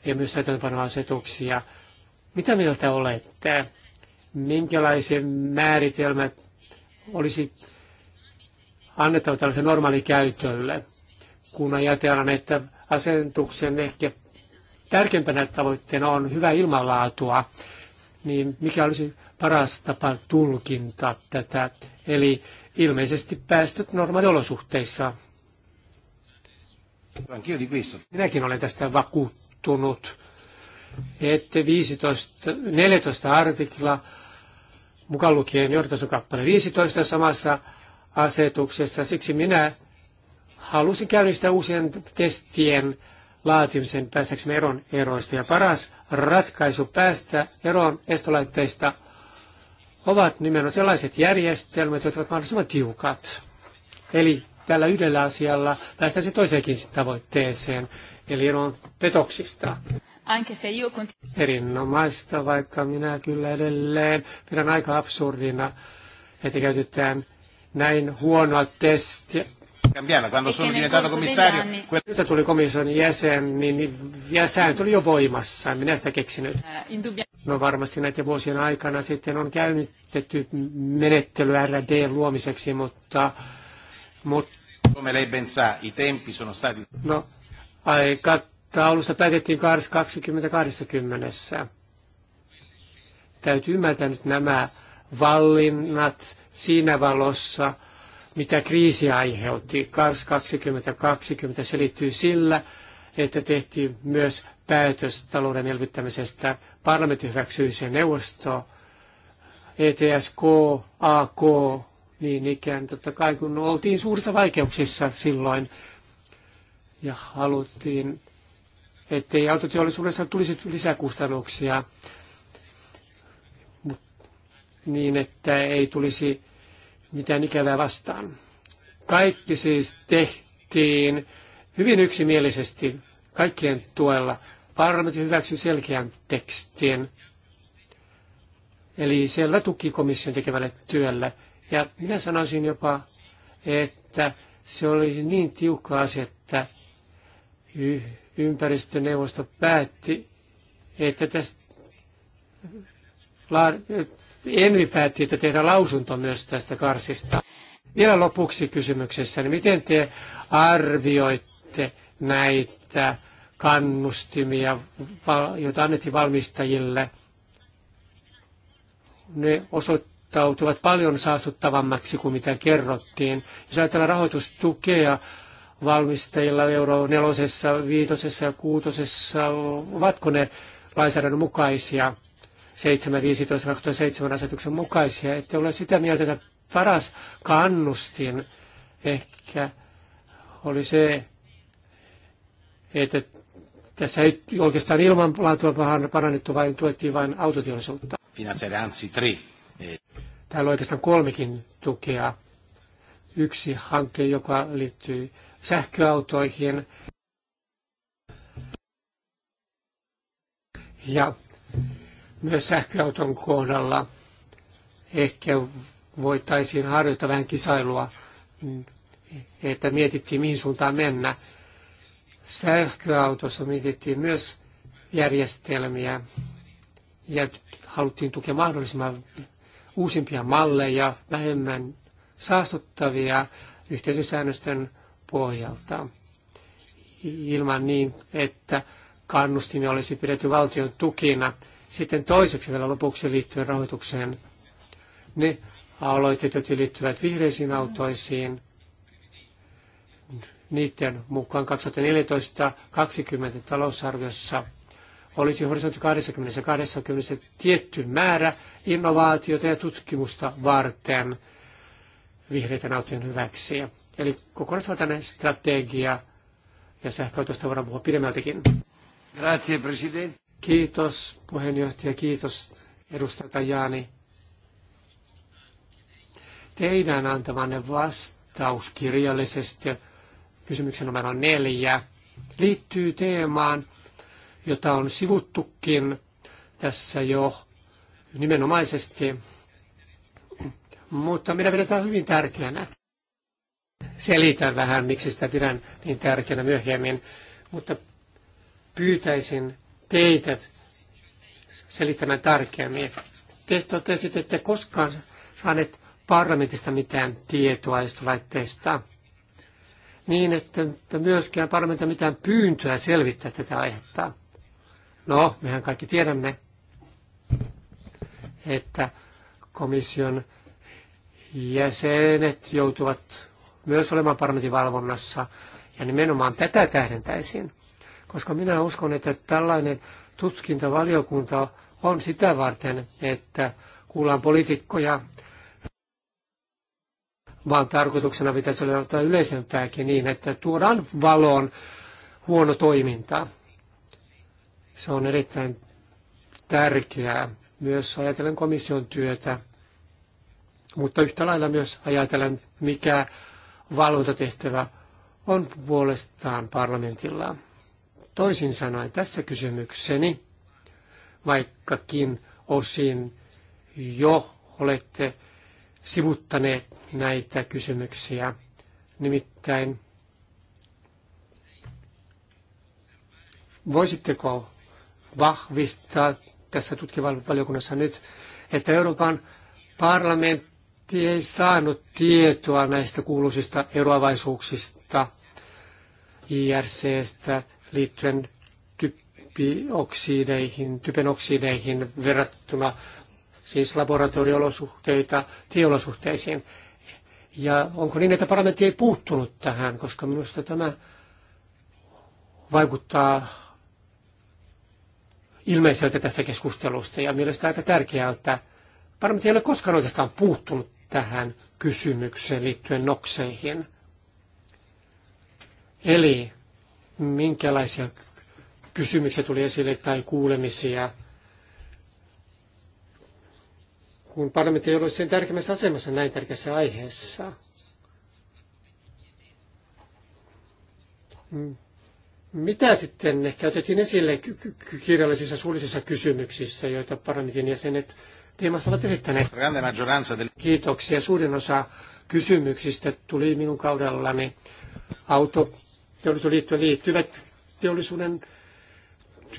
ja myös täytäntöpanoasetuksia. Mitä mieltä olette? Minkälaisen määritelmät olisi annettava tällaisen normaalikäytölle, kun ajatellaan, että asentuksen ehkä tärkeimpänä tavoitteena on hyvä ilmanlaatua, niin mikä olisi paras tapa tulkinta tätä, eli ilmeisesti päästöt normaaliolosuhteissa. Minäkin olen tästä vakuuttunut, että 15, 14 artikla, mukaan lukien Jortasun kappale 15 samassa asetuksessa, siksi minä halusin käynnistää uusien testien laatimisen päästäksemme eron eroista. Ja paras ratkaisu päästä eroon estolaitteista ovat nimenomaan sellaiset järjestelmät, jotka ovat mahdollisimman tiukat. Eli tällä yhdellä asialla se toiseenkin tavoitteeseen, eli eroon petoksista. se Erinomaista, vaikka minä kyllä edelleen pidän aika absurdina, että käytetään näin huonoa testiä, Cambiala, quando sono diventato commissario. Questo tuli komission jäsen, niin, niin sääntö oli jo voimassa, minä sitä keksinyt. No varmasti näitä vuosien aikana sitten on käynnistetty menettely RD luomiseksi, mutta... mutta Come lei ben sa, i tempi sono stati... No, aikataulusta päätettiin 2020. Täytyy ymmärtää nyt nämä vallinnat siinä valossa, mitä kriisi aiheutti. KARS 2020 selittyy sillä, että tehtiin myös päätös talouden elvyttämisestä. Parlamentti hyväksyi sen neuvosto, ETSK, AK, niin ikään totta kai kun oltiin suurissa vaikeuksissa silloin ja haluttiin, ettei autoteollisuudessa tulisi lisäkustannuksia, niin että ei tulisi mitään ikävää vastaan. Kaikki siis tehtiin hyvin yksimielisesti kaikkien tuella. Parlamentti hyväksyi selkeän tekstin, eli siellä tuki komission tekevälle työlle. Ja minä sanoisin jopa, että se oli niin tiukka asia, että ympäristöneuvosto päätti, että tästä Envi päätti, että tehdä lausunto myös tästä karsista. Vielä lopuksi kysymyksessä, niin miten te arvioitte näitä kannustimia, joita annettiin valmistajille? Ne osoittautuvat paljon saastuttavammaksi kuin mitä kerrottiin. Jos ajatellaan rahoitustukea, valmistajilla euro nelosessa, viitosessa ja kuutosessa, ovatko ne lainsäädännön mukaisia? 715 asetuksen mukaisia, että ole sitä mieltä, että paras kannustin ehkä oli se, että tässä ei oikeastaan ilman pahan parannettu, vain tuettiin vain autoteollisuutta. Täällä on oikeastaan kolmekin tukea. Yksi hanke, joka liittyy sähköautoihin. Ja myös sähköauton kohdalla. Ehkä voitaisiin harjoittaa vähän kisailua, että mietittiin mihin suuntaan mennä. Sähköautossa mietittiin myös järjestelmiä ja haluttiin tukea mahdollisimman uusimpia malleja, vähemmän saastuttavia yhteisösäännösten pohjalta ilman niin, että kannustimia olisi pidetty valtion tukina sitten toiseksi vielä lopuksi liittyen rahoitukseen ne aloitteet, jotka liittyvät vihreisiin autoisiin, niiden mukaan 2014-2020 talousarviossa olisi horisontti 20, 20 tietty määrä innovaatiota ja tutkimusta varten vihreiden autojen hyväksi. Eli kokonaisvaltainen strategia ja sähköautosta voidaan puhua pidemmältäkin. Grazie, Presidente. Kiitos puheenjohtaja, kiitos edustaja Jaani. Teidän antamanne vastaus kirjallisesti kysymyksen numero neljä liittyy teemaan, jota on sivuttukin tässä jo nimenomaisesti, mutta minä pidän sitä hyvin tärkeänä. Selitän vähän, miksi sitä pidän niin tärkeänä myöhemmin, mutta pyytäisin teitä selittämään tarkemmin. Te totesitte, että koskaan saaneet parlamentista mitään tietoa estolaitteista, niin että, että myöskään parlamentilla mitään pyyntöä selvittää tätä aihetta. No, mehän kaikki tiedämme, että komission jäsenet joutuvat myös olemaan parlamentin valvonnassa, ja nimenomaan tätä tähdentäisiin koska minä uskon, että tällainen tutkintavaliokunta on sitä varten, että kuullaan poliitikkoja, vaan tarkoituksena pitäisi olla jotain yleisempääkin niin, että tuodaan valoon huono toiminta. Se on erittäin tärkeää myös ajatellen komission työtä, mutta yhtä lailla myös ajatellen, mikä valvontatehtävä on puolestaan parlamentilla. Toisin sanoen tässä kysymykseni, vaikkakin osin jo olette sivuttaneet näitä kysymyksiä, nimittäin voisitteko vahvistaa tässä tutkivalvokunnassa nyt, että Euroopan parlamentti ei saanut tietoa näistä kuuluisista eroavaisuuksista IRCstä liittyen typioksideihin, typenoksideihin verrattuna siis laboratoriolosuhteita tieolosuhteisiin. Ja onko niin, että parlamentti ei puuttunut tähän, koska minusta tämä vaikuttaa ilmeiseltä tästä keskustelusta ja mielestäni aika tärkeältä. Parlamentti ei ole koskaan oikeastaan puuttunut tähän kysymykseen liittyen nokseihin. Eli minkälaisia kysymyksiä tuli esille tai kuulemisia. Kun parlamentti ei ole sen tärkeimmässä asemassa näin tärkeässä aiheessa. Mitä sitten ne käytettiin esille kirjallisissa suullisissa kysymyksissä, joita parlamentin jäsenet teemassa ovat esittäneet? Kiitoksia. Suurin osa kysymyksistä tuli minun kaudellani auto teollisuusliittoon liittyvät teollisuuden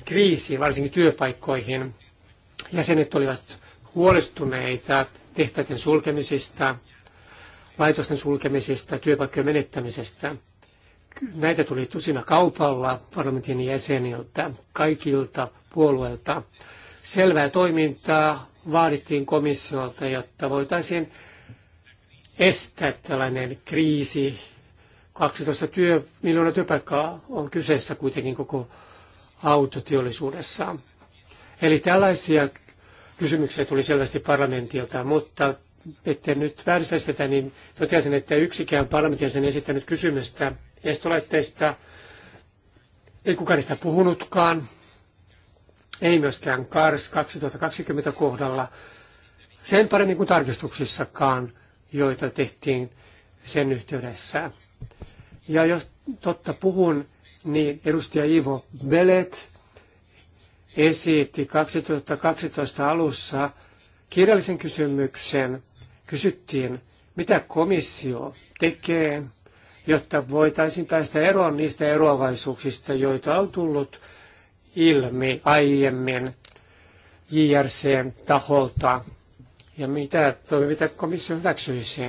kriisiin, varsinkin työpaikkoihin. Jäsenet olivat huolestuneita tehtäiden sulkemisista, laitosten sulkemisista, työpaikkojen menettämisestä. Näitä tuli tusina kaupalla parlamentin jäseniltä, kaikilta puolueilta. Selvää toimintaa vaadittiin komissiolta, jotta voitaisiin estää tällainen kriisi, 12 työ, miljoonaa työpaikkaa on kyseessä kuitenkin koko autoteollisuudessa. Eli tällaisia kysymyksiä tuli selvästi parlamentilta, mutta ette nyt vääristä sitä, niin totesin, että yksikään parlamentin sen esittänyt kysymystä estolaitteista ei kukaan sitä puhunutkaan, ei myöskään KARS 2020 kohdalla, sen paremmin kuin tarkistuksissakaan, joita tehtiin sen yhteydessä. Ja jos totta puhun, niin edustaja Ivo Belet esitti 2012 alussa kirjallisen kysymyksen. Kysyttiin, mitä komissio tekee, jotta voitaisiin päästä eroon niistä eroavaisuuksista, joita on tullut ilmi aiemmin JRCn taholta ja mitä, mitä komissio hyväksyisi.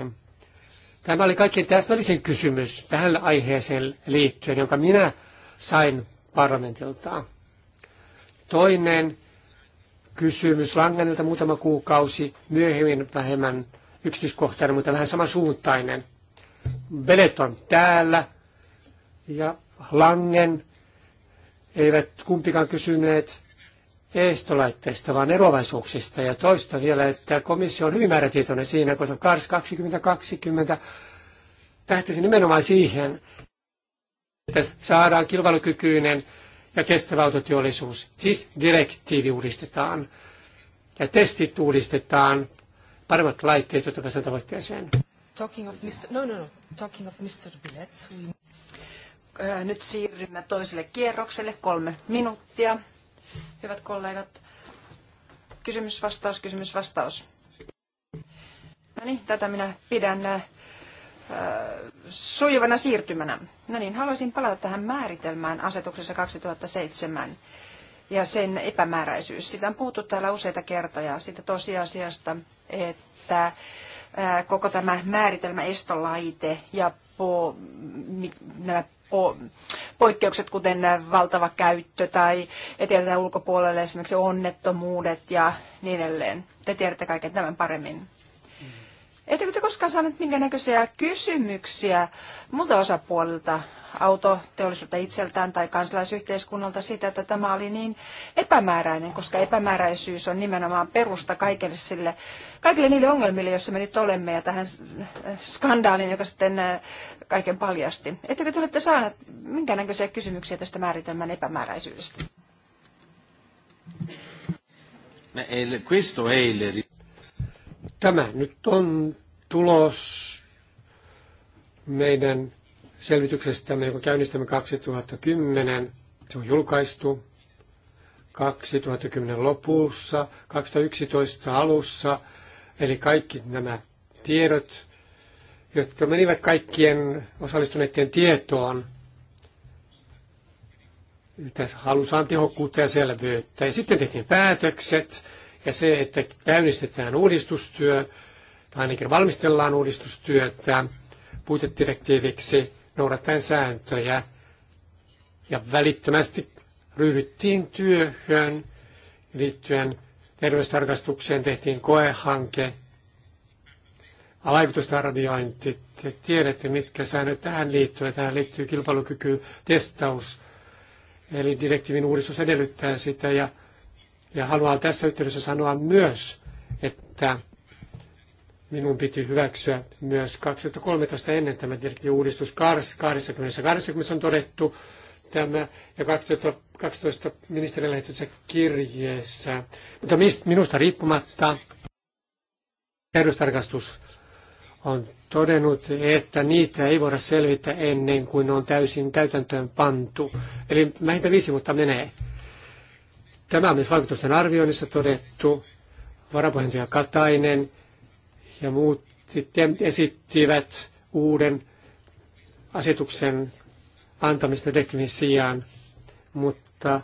Tämä oli kaikkein täsmällisin kysymys tähän aiheeseen liittyen, jonka minä sain parlamentilta. Toinen kysymys Langanilta muutama kuukausi myöhemmin vähemmän yksityiskohtainen, mutta vähän samansuuntainen. Belet on täällä ja Langen eivät kumpikaan kysyneet eistolaitteista, vaan eroavaisuuksista. Ja toista vielä, että komissio on hyvin määrätietoinen siinä, koska KARS 2020 tähtäisi nimenomaan siihen, että saadaan kilpailukykyinen ja kestävä autoteollisuus. Siis direktiivi uudistetaan ja testit uudistetaan, paremmat laitteet, jotta päästään tavoitteeseen. Talking of Mr. No, no, no, Talking of Mr. Äh, nyt siirrymme toiselle kierrokselle, kolme minuuttia. Hyvät kollegat, kysymys, vastaus, kysymys, vastaus. No niin, tätä minä pidän äh, sujuvana siirtymänä. No niin, haluaisin palata tähän määritelmään asetuksessa 2007 ja sen epämääräisyys. Sitä on puhuttu täällä useita kertoja siitä tosiasiasta, että äh, koko tämä määritelmä estolaite ja po, nämä poikkeukset, kuten valtava käyttö tai etelän ulkopuolelle esimerkiksi onnettomuudet ja niin edelleen. Te tiedätte kaiken tämän paremmin. Ettekö te koskaan saaneet minkä näköisiä kysymyksiä muilta osapuolilta autoteollisuutta itseltään tai kansalaisyhteiskunnalta sitä, että tämä oli niin epämääräinen, koska epämääräisyys on nimenomaan perusta kaikille, sille, kaikille niille ongelmille, joissa me nyt olemme ja tähän skandaaliin, joka sitten äh, kaiken paljasti. Ettekö te olette saaneet minkäännäköisiä kysymyksiä tästä määritelmän epämääräisyydestä? Tämä nyt on tulos meidän selvityksestämme, joka käynnistämme 2010. Se on julkaistu 2010 lopussa, 2011 alussa, eli kaikki nämä tiedot, jotka menivät kaikkien osallistuneiden tietoon. Tässä halutaan tehokkuutta ja selvyyttä. Ja sitten tehtiin päätökset ja se, että käynnistetään uudistustyö, tai ainakin valmistellaan uudistustyötä puitedirektiiviksi noudattaen sääntöjä. Ja välittömästi ryhdyttiin työhön liittyen terveystarkastukseen, tehtiin koehanke, vaikutusarviointi, te tiedätte mitkä säännöt tähän liittyvät. Tähän liittyy kilpailukyky, testaus, eli direktiivin uudistus edellyttää sitä ja, ja haluan tässä yhteydessä sanoa myös, että minun piti hyväksyä myös 2013 ennen tämä direktiivin uudistus KARS 2020 on todettu tämä ja 2012 ministerin lähetyksessä kirjeessä. Mutta minusta riippumatta perustarkastus on todennut, että niitä ei voida selvittää ennen kuin ne on täysin täytäntöön pantu. Eli vähintään viisi vuotta menee. Tämä on myös vaikutusten arvioinnissa todettu. Varapuheenjohtaja Katainen ja muut sitten esittivät uuden asetuksen antamista direktiivin sijaan, mutta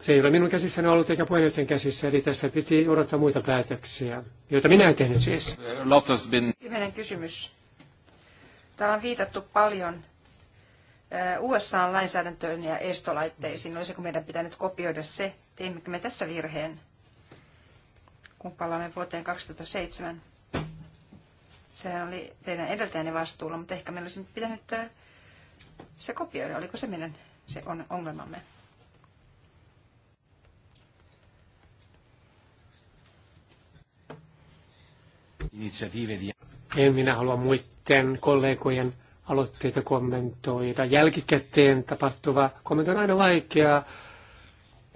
se ei ole minun käsissäni ollut eikä puheenjohtajan käsissä, eli tässä piti odottaa muita päätöksiä, joita minä en tehnyt siis. Viimeinen kysymys. Täällä on viitattu paljon eh, usa lainsäädäntöön ja estolaitteisiin. Olisiko meidän pitänyt kopioida se? Teimmekö me tässä virheen? kun palaamme vuoteen 2007. Sehän oli teidän edeltäjänne vastuulla, mutta ehkä meillä olisi pitänyt se kopioida. Oliko se meidän se on ongelmamme? En minä halua muiden kollegojen aloitteita kommentoida. Jälkikäteen tapahtuva kommentti on aina vaikeaa,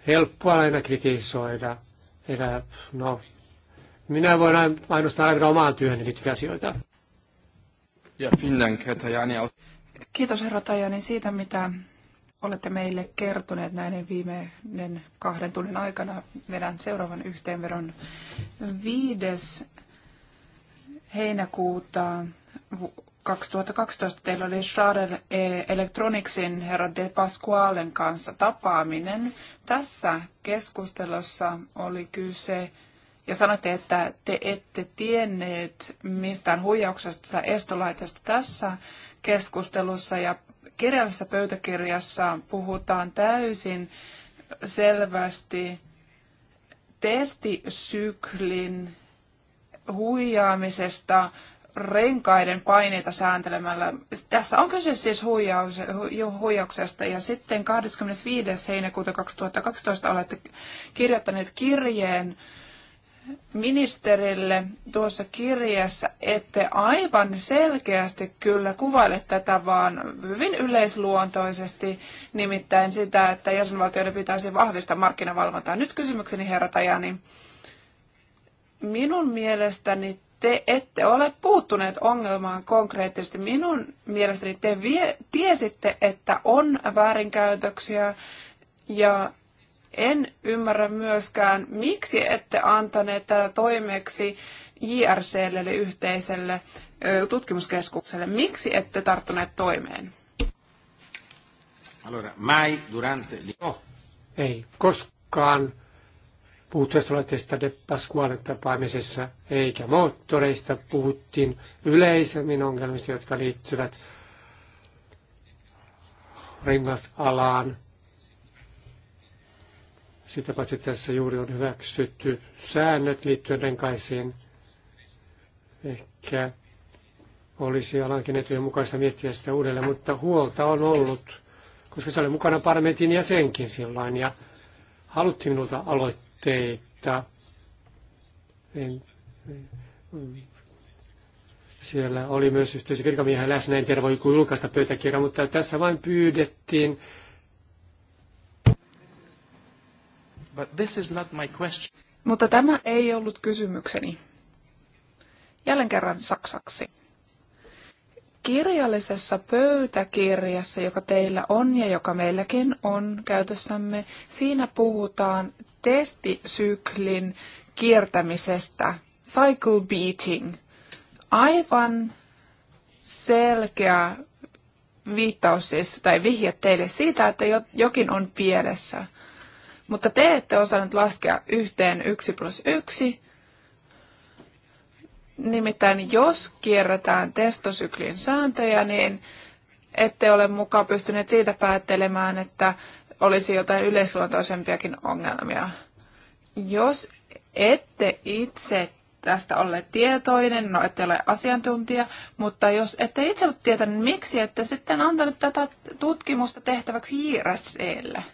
helppoa aina kritisoida. Erä, no, minä voin ainoastaan arvioida omaan työhön liittyviä asioita. Ja Finland, Kiitos herra Tajani siitä, mitä olette meille kertoneet näiden viimeinen kahden tunnin aikana. Vedän seuraavan yhteenvedon. 5. heinäkuuta 2012 teillä oli Schrader e Electronicsin herra De Pasqualen kanssa tapaaminen. Tässä keskustelussa oli kyse ja sanoitte, että te ette tienneet mistään huijauksesta tai estolaitosta tässä keskustelussa ja kirjallisessa pöytäkirjassa puhutaan täysin selvästi testisyklin huijaamisesta renkaiden paineita sääntelemällä. Tässä on kyse siis huijaus, huijauksesta ja sitten 25. heinäkuuta 2012 olette kirjoittaneet kirjeen ministerille tuossa kirjassa ette aivan selkeästi kyllä kuvaile tätä, vaan hyvin yleisluontoisesti, nimittäin sitä, että jäsenvaltioiden pitäisi vahvistaa markkinavalvontaa. Nyt kysymykseni herra Tajani. Minun mielestäni te ette ole puuttuneet ongelmaan konkreettisesti. Minun mielestäni te vie, tiesitte, että on väärinkäytöksiä ja en ymmärrä myöskään, miksi ette antaneet tätä toimeksi JRClle eli yhteiselle tutkimuskeskukselle. Miksi ette tarttuneet toimeen? Allora, mai durante... Oh, ei koskaan puhuttuestolaitteesta de Pasquale tapaamisessa eikä moottoreista. Puhuttiin yleisemmin ongelmista, jotka liittyvät rengasalaan, sitä paitsi tässä juuri on hyväksytty säännöt liittyen renkaisiin. Ehkä olisi alankin etujen mukaista miettiä sitä uudelleen, mutta huolta on ollut, koska se oli mukana parlamentin jäsenkin silloin ja haluttiin minulta aloitteita. En, siellä oli myös yhteisö virkamiehen läsnä, en tiedä voi julkaista pöytäkirjaa, mutta tässä vain pyydettiin But this is not my question. Mutta tämä ei ollut kysymykseni. Jälleen kerran saksaksi. Kirjallisessa pöytäkirjassa, joka teillä on ja joka meilläkin on käytössämme, siinä puhutaan testisyklin kiertämisestä, cycle beating. Aivan selkeä viittaus siis, tai vihje teille siitä, että jokin on pielessä – mutta te ette osannut laskea yhteen 1 plus 1. Nimittäin jos kierretään testosyklin sääntöjä, niin ette ole mukaan pystyneet siitä päättelemään, että olisi jotain yleisluontoisempiakin ongelmia. Jos ette itse tästä ole tietoinen, no ette ole asiantuntija, mutta jos ette itse ole tietänyt, niin miksi ette sitten antanut tätä tutkimusta tehtäväksi JRSElle?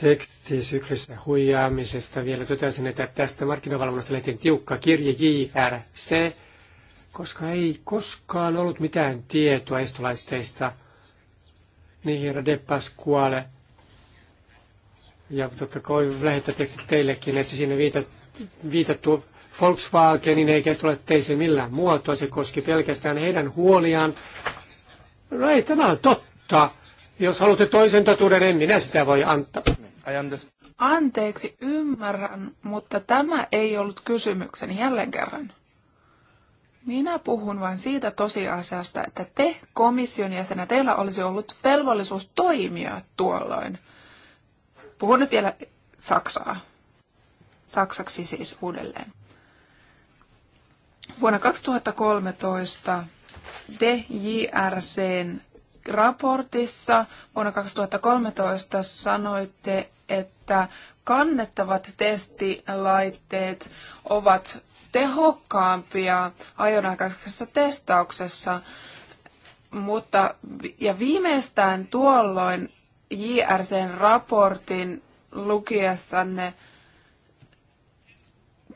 Tekstisyklissä huijaamisesta vielä totesin, että tästä markkinavalvonnasta lehtien tiukka kirje JRC, koska ei koskaan ollut mitään tietoa estolaitteista. Niihin de Pasquale. Ja totta kai lähettää tekstit teillekin, että siinä viitattu, viitattu Volkswagenin eikä teisiä millään muotoa. Se koski pelkästään heidän huoliaan. No ei, tämä on totta. Jos haluatte toisen totuuden, en minä sitä voi antaa. Anteeksi, ymmärrän, mutta tämä ei ollut kysymykseni jälleen kerran. Minä puhun vain siitä tosiasiasta, että te komission jäsenä teillä olisi ollut velvollisuus toimia tuolloin. Puhun nyt vielä Saksaa. Saksaksi siis uudelleen. Vuonna 2013 DJRCn raportissa vuonna 2013 sanoitte, että kannettavat testilaitteet ovat tehokkaampia ajonaikaisessa testauksessa, mutta ja viimeistään tuolloin JRCn raportin lukiessanne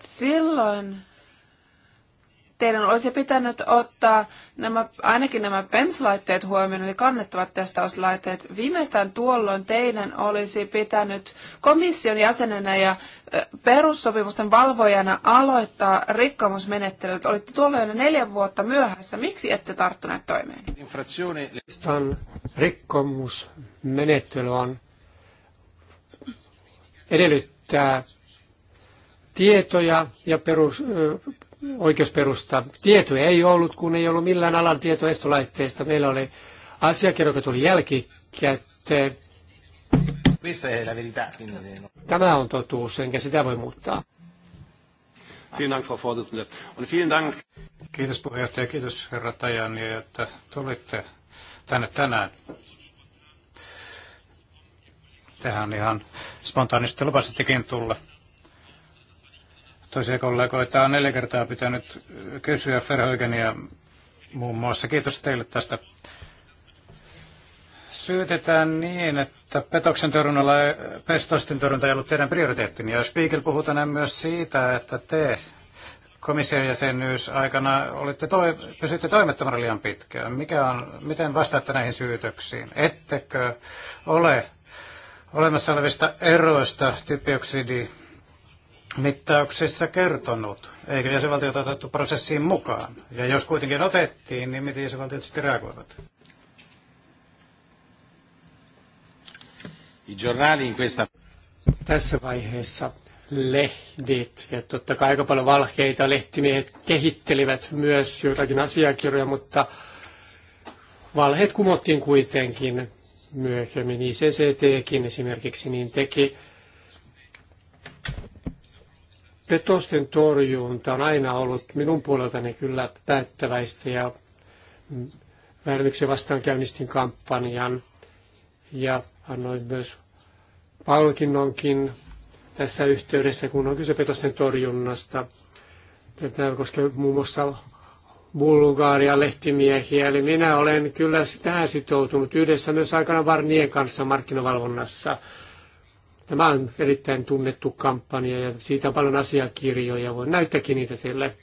silloin teidän olisi pitänyt ottaa nämä, ainakin nämä PEMS-laitteet huomioon, eli kannettavat testauslaitteet. Viimeistään tuolloin teidän olisi pitänyt komission jäsenenä ja perussopimusten valvojana aloittaa rikkomusmenettelyt. Olitte tuolloin jo neljä vuotta myöhässä. Miksi ette tarttuneet toimeen? Infraktionilistan rikkomusmenettely on edellyttää tietoja ja perus, oikeusperusta. Tietoja ei ollut, kun ei ollut millään alan tietoestolaitteista. Meillä oli asiakirja, joka tuli jälkikäteen. Tämä on totuus, enkä sitä voi muuttaa. Kiitos puheenjohtaja, kiitos herra Tajani, että tulitte tänne tänään. Tähän ihan spontaanisti lupasittekin tulla. Toisia kollegoita on neljä kertaa pitänyt kysyä Ferhoigenia muun muassa. Kiitos teille tästä. Syytetään niin, että petoksen torjunnalla pestostin torjunta ei ollut teidän prioriteettinne. Ja Spiegel puhutaan tänään myös siitä, että te komission jäsenyys aikana olitte toi, pysytte toimettomana liian pitkään. Mikä on, miten vastaatte näihin syytöksiin? Ettekö ole olemassa olevista eroista typioksidi mittauksissa kertonut, eikö jäsenvaltiot otettu prosessiin mukaan. Ja jos kuitenkin otettiin, niin miten jäsenvaltiot sitten reagoivat? I giornali in questa... Tässä vaiheessa lehdet ja totta kai aika paljon valheita lehtimiehet kehittelivät myös jotakin asiakirjoja, mutta valheet kumottiin kuitenkin myöhemmin. ICCTkin esimerkiksi niin teki petosten torjunta on aina ollut minun puoleltani kyllä päättäväistä ja väärännyksiä vastaan käynnistin kampanjan ja annoin myös palkinnonkin tässä yhteydessä, kun on kyse petosten torjunnasta. Tämä koskee muun muassa Bulgaria lehtimiehiä, eli minä olen kyllä tähän sitoutunut yhdessä myös aikana Varnien kanssa markkinavalvonnassa. Tämä on erittäin tunnettu kampanja ja siitä on paljon asiakirjoja. Voin näyttääkin niitä teille.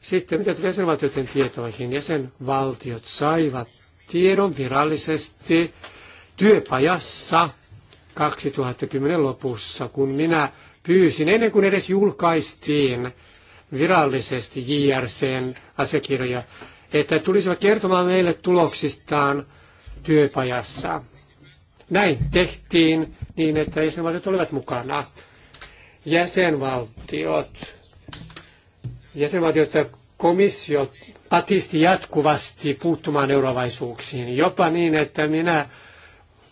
Sitten mitä tulee jäsenvaltioiden tietoihin, jäsenvaltiot saivat tiedon virallisesti työpajassa 2010 lopussa, kun minä pyysin, ennen kuin edes julkaistiin virallisesti JRCn asiakirjoja, että tulisivat kertomaan meille tuloksistaan työpajassa. Näin tehtiin niin, että jäsenvaltiot olivat mukana. Jäsenvaltiot, jäsenvaltiot ja komissio patisti jatkuvasti puuttumaan eurovaisuuksiin, jopa niin, että minä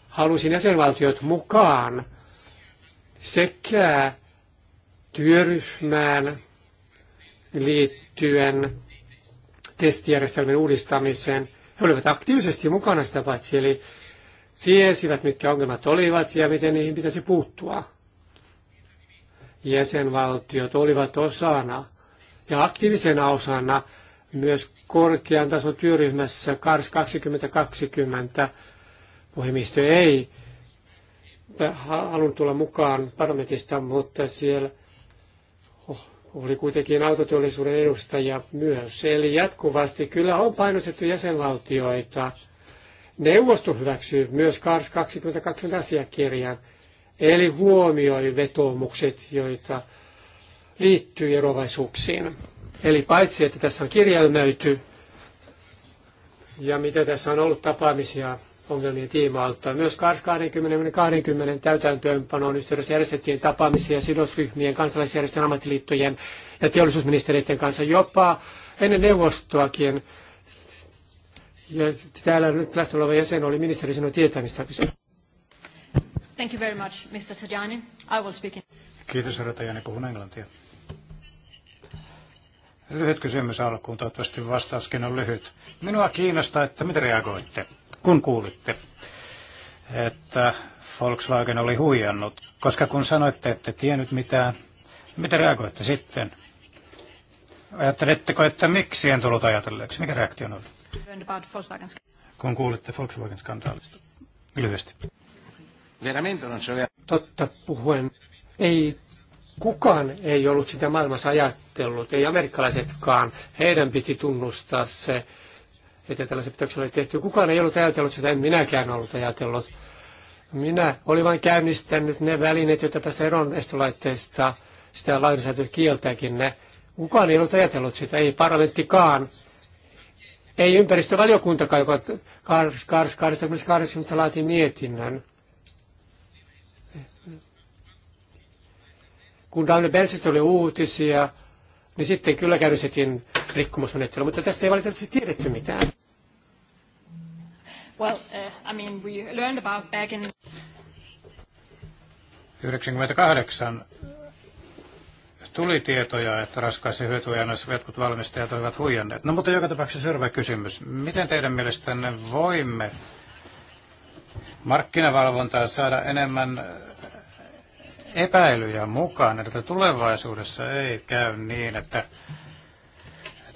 halusin jäsenvaltiot mukaan sekä työryhmään liittyen testijärjestelmän uudistamiseen. He olivat aktiivisesti mukana sitä paitsi, eli tiesivät, mitkä ongelmat olivat ja miten niihin pitäisi puuttua. Jäsenvaltiot olivat osana ja aktiivisena osana myös korkean tason työryhmässä KARS 2020 puhemiestö ei halunnut tulla mukaan parlamentista, mutta siellä oli kuitenkin autoteollisuuden edustaja myös. Eli jatkuvasti kyllä on painostettu jäsenvaltioita – Neuvosto hyväksyi myös KARS 22 asiakirjan, eli huomioi vetoomukset, joita liittyy erovaisuuksiin. Eli paitsi, että tässä on kirjelmöity ja mitä tässä on ollut tapaamisia ongelmien tiimalta. Myös kars 20 täytäntöönpanoon yhteydessä järjestettiin tapaamisia sidosryhmien, kansalaisjärjestöjen, ammattiliittojen ja teollisuusministeriöiden kanssa jopa ennen neuvostoakin ja täällä nyt läsnä oleva jäsen oli ministeri sinun tietämistä. Thank you very much, Mr. Tajani. I will speak in... Kiitos, herra Tajani. Puhun englantia. Lyhyt kysymys alkuun, toivottavasti vastauskin on lyhyt. Minua kiinnostaa, että miten reagoitte, kun kuulitte, että Volkswagen oli huijannut, koska kun sanoitte, että tiennyt mitään, miten reagoitte sitten? Ajatteletteko, että miksi en tullut ajatelleeksi? Mikä reaktio oli? Kun kuulitte Volkswagen-skandaalista. Lyhyesti. Totta puhuen, ei kukaan ei ollut sitä maailmassa ajatellut, ei amerikkalaisetkaan. Heidän piti tunnustaa se, että tällaisia pitäisi oli tehty. Kukaan ei ollut ajatellut sitä, en minäkään ollut ajatellut. Minä olin vain käynnistänyt ne välineet, joita päästä eron estolaitteista, sitä lainsäädäntö kieltääkin ne. Kukaan ei ollut ajatellut sitä, ei parlamenttikaan. Ei ympäristövaliokunta joka 28. laati mietinnän. Kun Daniel Belsistä oli uutisia, niin sitten kyllä käynnistettiin rikkomusmenettely, mutta tästä ei valitettavasti tiedetty mitään. Well, uh, I mean, we learned about back in... 98 tuli tietoja, että raskaissa hyötyajannoissa jotkut valmistajat olivat huijanneet. No mutta joka tapauksessa seuraava kysymys. Miten teidän mielestänne voimme markkinavalvontaa saada enemmän eh, epäilyjä mukaan, että tulevaisuudessa ei käy niin, että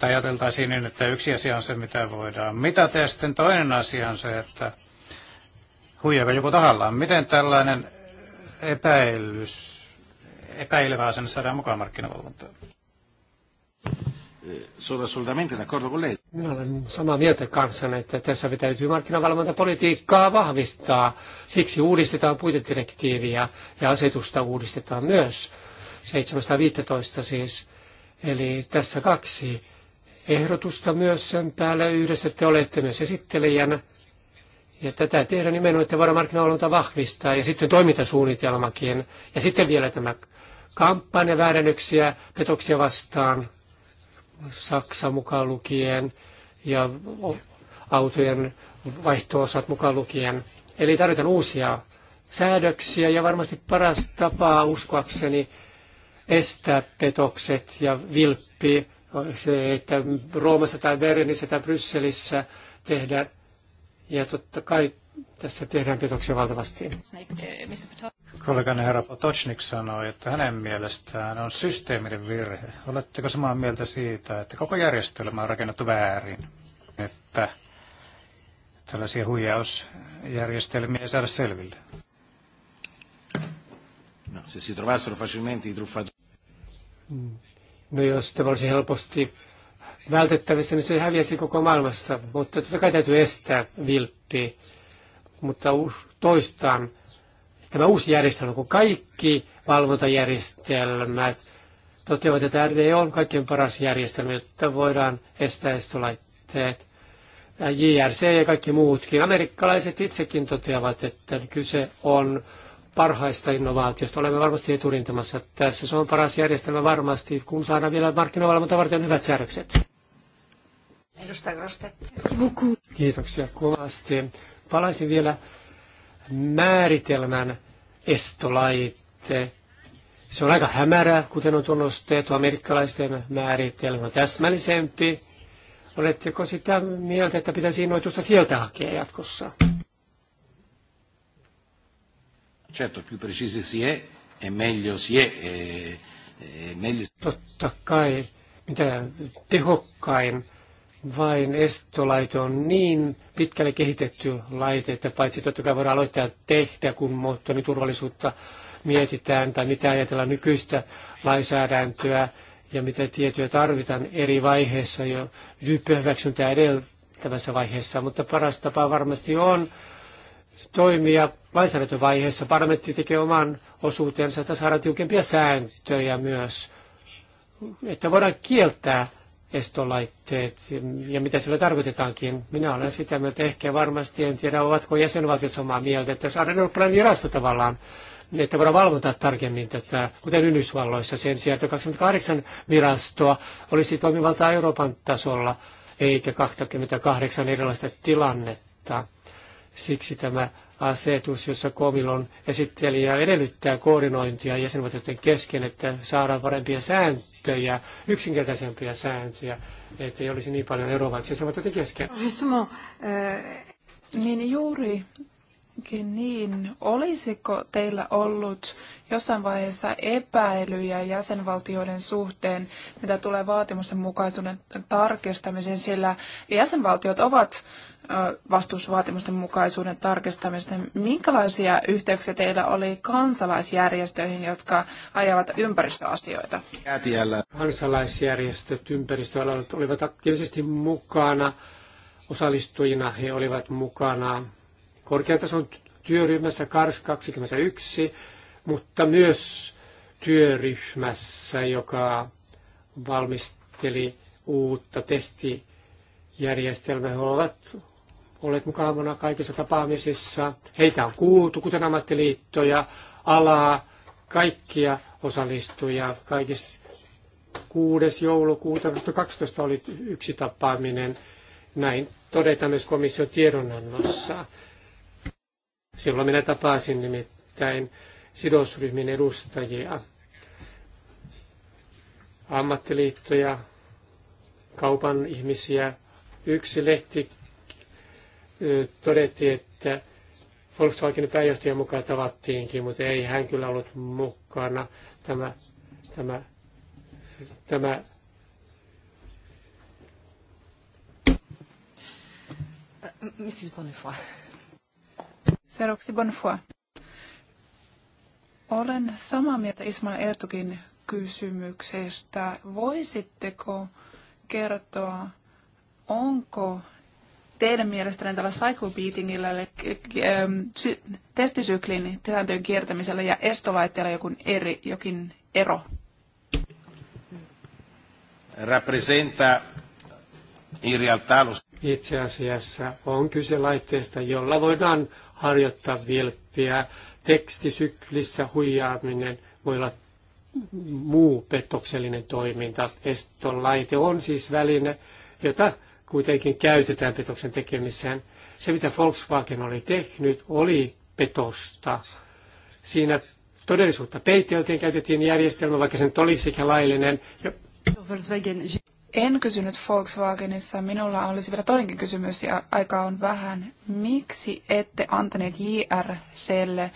ajateltaisiin niin, että yksi asia on se, mitä voidaan mitata, ja sitten toinen asia on se, että huijaako joku tahallaan. Miten tällainen epäilys epäilevä asenne saadaan mukaan markkinavalvontaan. Eh, sono assolutamente d'accordo con lei. Minä olen samaa mieltä kanssanne, että tässä täytyy markkinavalvontapolitiikkaa vahvistaa. Siksi uudistetaan puitedirektiiviä ja asetusta uudistetaan myös. 715 siis. Eli tässä kaksi ehdotusta myös sen päälle. Yhdessä te olette myös esittelijänä. Ja tätä tehdään nimenomaan, että voidaan markkinavalvonta vahvistaa ja sitten toimintasuunnitelmakin. Ja sitten vielä tämä kampanja väärännyksiä petoksia vastaan, Saksa mukaan lukien ja autojen vaihtoosat mukaan lukien. Eli tarvitaan uusia säädöksiä ja varmasti paras tapa uskoakseni estää petokset ja vilppi, se, että Roomassa tai Berliinissä tai Brysselissä tehdään ja totta kai tässä tehdään petoksia valtavasti. Kollegani herra Potocnik sanoi, että hänen mielestään on systeeminen virhe. Oletteko samaa mieltä siitä, että koko järjestelmä on rakennettu väärin? Että tällaisia huijausjärjestelmiä ei saada selville? No, se si trovassero facilmente i truffatori. Mm. No jos tämä olisi helposti vältettävissä, niin se häviäisi koko maailmassa. Mutta totta kai täytyy estää vilppi. Mutta toistaan tämä uusi järjestelmä, kun kaikki valvontajärjestelmät toteavat, että RD e on kaikkein paras järjestelmä, jotta voidaan estää estolaitteet. JRC ja kaikki muutkin. Amerikkalaiset itsekin toteavat, että kyse on parhaista innovaatioista. Olemme varmasti eturintamassa tässä. Se on paras järjestelmä varmasti, kun saadaan vielä markkinoilla varten hyvät säädökset. Edustaja Grostet. Kiitoksia kovasti. Palaisin vielä määritelmän estolaitte. Se on aika hämärä, kuten on tunnustettu amerikkalaisten määritelmä on täsmällisempi. Oletteko sitä mieltä, että pitäisi innoitusta sieltä hakea jatkossa? Certo, più precisi si è, e meglio si è, e, e meglio... Totta kai, mitä tehokkain vain estolaite on niin pitkälle kehitetty laite, että paitsi totta kai voidaan aloittaa tehdä, kun moottoriturvallisuutta mietitään tai mitä ajatella nykyistä lainsäädäntöä ja mitä tietoja tarvitaan eri vaiheissa jo hyppyhyväksyntää edeltävässä vaiheessa, mutta paras tapa varmasti on toimia lainsäädäntövaiheessa. Parlamentti tekee oman osuutensa, että saadaan tiukempia sääntöjä myös, että voidaan kieltää estolaitteet ja mitä sillä tarkoitetaankin. Minä olen sitä mieltä ehkä varmasti, en tiedä ovatko jäsenvaltiot samaa mieltä, että saadaan eurooppalainen virasto tavallaan, niin että voidaan valvota tarkemmin tätä, kuten Yhdysvalloissa sen sijaan, että 28 virastoa olisi toimivaltaa Euroopan tasolla, eikä 28 erilaista tilannetta. Siksi tämä asetus, jossa komilon esittelijä edellyttää koordinointia jäsenvaltioiden kesken, että saadaan parempia sääntöjä, yksinkertaisempia sääntöjä, ettei olisi niin paljon eroavaksi jäsenvaltioiden kesken. Niin juuri niin. Olisiko teillä ollut jossain vaiheessa epäilyjä jäsenvaltioiden suhteen, mitä tulee vaatimusten mukaisuuden tarkistamiseen, sillä jäsenvaltiot ovat vastuusvaatimusten mukaisuuden tarkistamista. Minkälaisia yhteyksiä teillä oli kansalaisjärjestöihin, jotka ajavat ympäristöasioita? Jäätiellä. Kansalaisjärjestöt ympäristöalalla olivat aktiivisesti mukana. Osallistujina he olivat mukana korkeatason työryhmässä KARS 21, mutta myös työryhmässä, joka valmisteli uutta testijärjestelmää. He ovat olleet mukana kaikissa tapaamisissa. Heitä on kuultu, kuten ammattiliittoja, alaa, kaikkia osallistujia. Kaikissa 6. joulukuuta 2012 oli yksi tapaaminen. Näin todetaan myös komission tiedonannossa. Silloin minä tapasin nimittäin sidosryhmien edustajia, ammattiliittoja, kaupan ihmisiä. Yksi lehti todettiin, että Volkswagenin pääjohtajan mukaan tavattiinkin, mutta ei hän kyllä ollut mukana. Tämä, tämä, tämä Mrs. Bonifoy. Seuraavaksi Bonifoy. Olen samaa mieltä Ismail Ertukin kysymyksestä. Voisitteko kertoa, onko teidän mielestänne tällä cycle beatingillä, eli ähm, testisyklin tilanteen kiertämisellä ja estolaitteella jokin, eri, jokin ero? Representa in realtà lo... Itse asiassa on kyse laitteesta, jolla voidaan harjoittaa vilppiä. Tekstisyklissä huijaaminen voi olla muu petoksellinen toiminta. Estolaite on siis väline, jota kuitenkin käytetään petoksen tekemiseen. Se, mitä Volkswagen oli tehnyt, oli petosta. Siinä todellisuutta peiteltiin, käytettiin järjestelmä, vaikka sen olisikin laillinen. En kysynyt Volkswagenissa. Minulla olisi vielä toinenkin kysymys ja aika on vähän. Miksi ette antaneet JRClle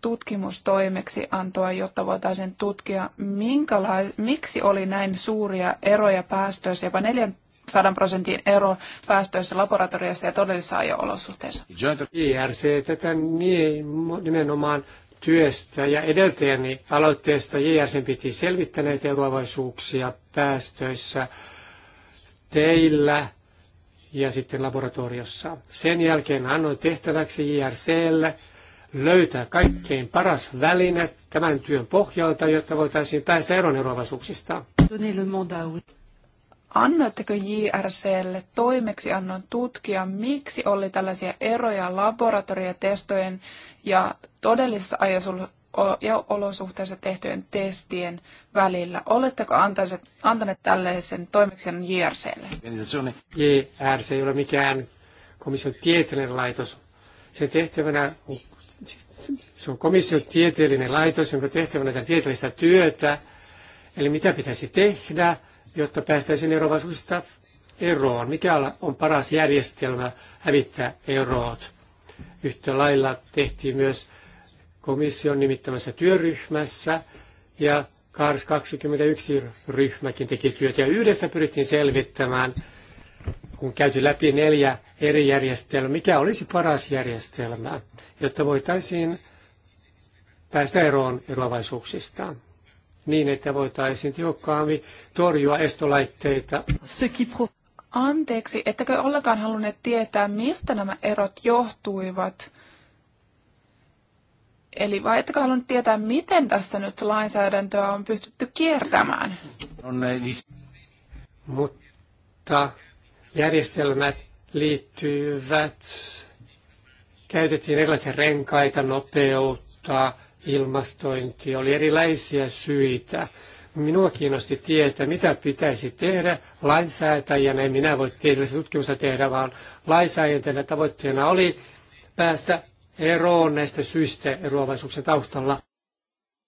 tutkimustoimeksi antoa, jotta voitaisiin tutkia, minkäla- miksi oli näin suuria eroja päästöissä, jopa neljän 100 prosentin ero päästöissä laboratoriossa ja todellisissa ajo-olosuhteissa. IRC tätä niin, nimenomaan työstä ja edeltäjäni aloitteesta JRC piti selvittää näitä eroavaisuuksia päästöissä teillä ja sitten laboratoriossa. Sen jälkeen annoin tehtäväksi JRClle löytää kaikkein paras väline tämän työn pohjalta, jotta voitaisiin päästä eron eroavaisuuksista. Annoitteko JRClle toimeksi annon tutkia, miksi oli tällaisia eroja laboratoriotestojen ja todellisissa olosuhteissa tehtyjen testien välillä? Oletteko antaiset, antaneet tällaisen toimeksiannon JRClle? JRC ei ole mikään komission tieteellinen laitos. Sen tehtävänä se on komission tieteellinen laitos, jonka tehtävänä on tieteellistä työtä, eli mitä pitäisi tehdä – jotta päästäisiin eroavaisuudesta eroon. Mikä on paras järjestelmä hävittää erot? Yhtä lailla tehtiin myös komission nimittämässä työryhmässä ja KARS 21 ryhmäkin teki työtä ja yhdessä pyrittiin selvittämään, kun käyty läpi neljä eri järjestelmää, mikä olisi paras järjestelmä, jotta voitaisiin päästä eroon eroavaisuuksistaan niin, että voitaisiin tehokkaammin torjua estolaitteita. Anteeksi, ettekö ollenkaan halunneet tietää, mistä nämä erot johtuivat? Eli vai ettekö halunneet tietää, miten tässä nyt lainsäädäntöä on pystytty kiertämään? On Mutta järjestelmät liittyvät, käytettiin erilaisia renkaita, nopeutta, ilmastointi, oli erilaisia syitä. Minua kiinnosti tietää, mitä pitäisi tehdä lainsäätäjänä. En minä voi tieteellistä tutkimusta tehdä, vaan lainsäätäjänä tavoitteena oli päästä eroon näistä syistä eroavaisuuksien taustalla.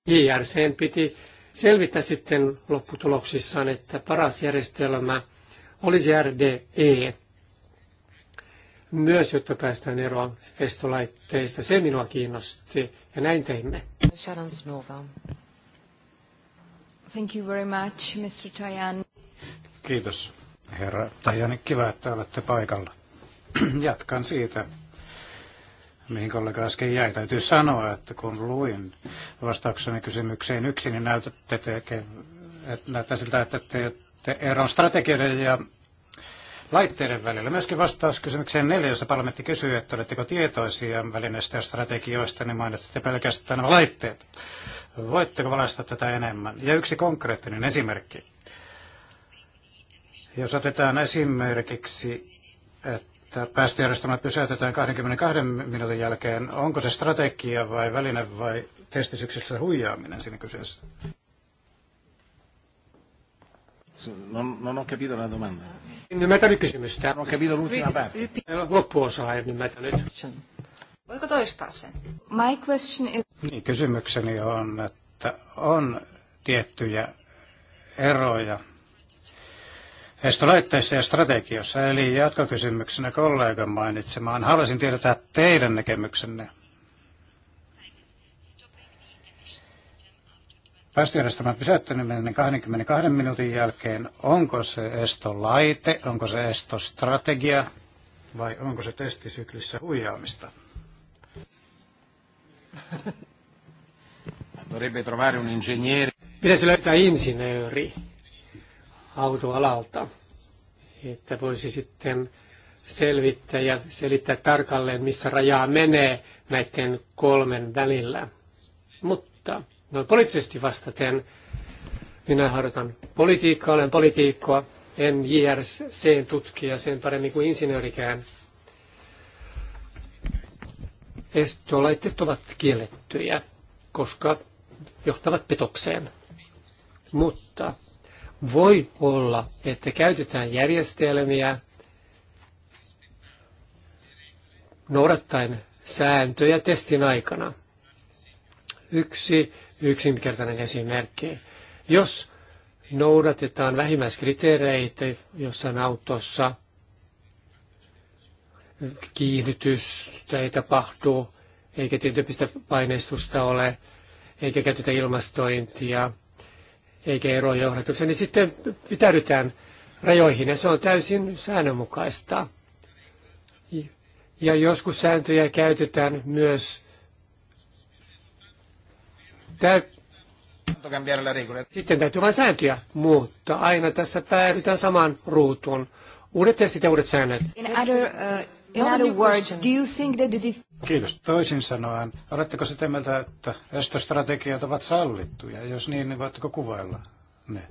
IRC piti selvittää sitten lopputuloksissaan, että paras järjestelmä olisi RDE, myös, jotta päästään eroon estolaitteista. Se minua kiinnosti ja näin teimme. Sharon Thank you very much, Mr. Tajani. Kiitos, herra Tajani. Kiva, että olette paikalla. <clears throat> Jatkan siitä, mihin kollega äsken jäi. Täytyy sanoa, että kun luin vastaukseni kysymykseen yksi, niin näytätte, että näyttää siltä, että te eron strategioiden ja laitteiden välillä. Myöskin vastaus kysymykseen neljä, jossa parlamentti kysyy, että oletteko tietoisia välineistä ja strategioista, niin mainitsette pelkästään nämä laitteet. Voitteko valaista tätä enemmän? Ja yksi konkreettinen esimerkki. Jos otetaan esimerkiksi, että päästöjärjestelmä pysäytetään 22 minuutin jälkeen, onko se strategia vai väline vai testisyksessä huijaaminen siinä kyseessä? Non, non ho capito la domanda. ymmärtänyt kysymystä. Non ho capito l'ultima parte. Voiko toistaa sen? My question is... Niin, kysymykseni on, että on tiettyjä eroja estolaitteissa ja strategiossa. Eli jatkokysymyksenä kollegan mainitsemaan. Haluaisin tietää teidän näkemyksenne päästöjärjestelmän pysäyttäminen 22 minuutin jälkeen, onko se estolaite, onko se estostrategia vai onko se testisyklissä huijaamista? <laughs> Pitäisi löytää insinööri autoalalta, että voisi sitten selvittää ja selittää tarkalleen, missä rajaa menee näiden kolmen välillä. Mutta noin poliittisesti vastaten. Minä harjoitan politiikkaa, olen politiikkoa, en JRCn tutkija sen paremmin kuin insinöörikään. Estolaitteet ovat kiellettyjä, koska johtavat petokseen. Mutta voi olla, että käytetään järjestelmiä noudattaen sääntöjä testin aikana. Yksi yksinkertainen esimerkki. Jos noudatetaan vähimmäiskriteereitä jossain autossa, kiihdytystä ei tapahdu, eikä tietyyppistä paineistusta ole, eikä käytetä ilmastointia, eikä erojohdatuksia, niin sitten pitäydytään rajoihin ja se on täysin säännönmukaista. Ja joskus sääntöjä käytetään myös sitten täytyy vain sääntöjä muuttaa. Aina tässä päädytään samaan ruutuun. Uudet testit ja uudet säännöt. In other, uh, in other words, do you think that it... Kiitos. Toisin sanoen, oletteko sitä mieltä, että estostrategiat ovat sallittuja? Jos niin, niin voitteko kuvailla ne?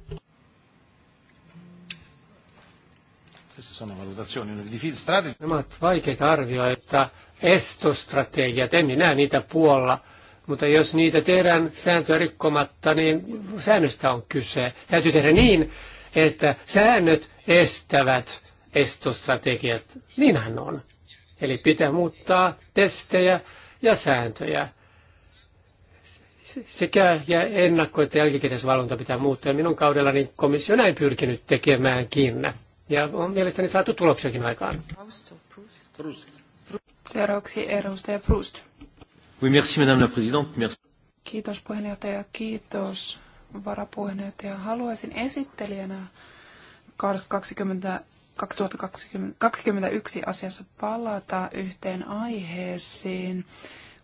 Nämä ovat vaikeita arvioita. Estostrategiat, en minä niitä puolla mutta jos niitä tehdään sääntöä rikkomatta, niin säännöstä on kyse. Täytyy tehdä niin, että säännöt estävät estostrategiat. Niinhän on. Eli pitää muuttaa testejä ja sääntöjä. Sekä ja ennakko- että jälkikäteisvalvonta pitää muuttua. Minun kaudellani komissio näin pyrkinyt kiinni. Ja on mielestäni saatu tuloksiakin aikaan. Seuraavaksi edustaja Proust. Oui, merci, madame la présidente. Merci. Kiitos puheenjohtaja, kiitos varapuheenjohtaja. Haluaisin esittelijänä KARS 20, 2021 asiassa palata yhteen aiheeseen.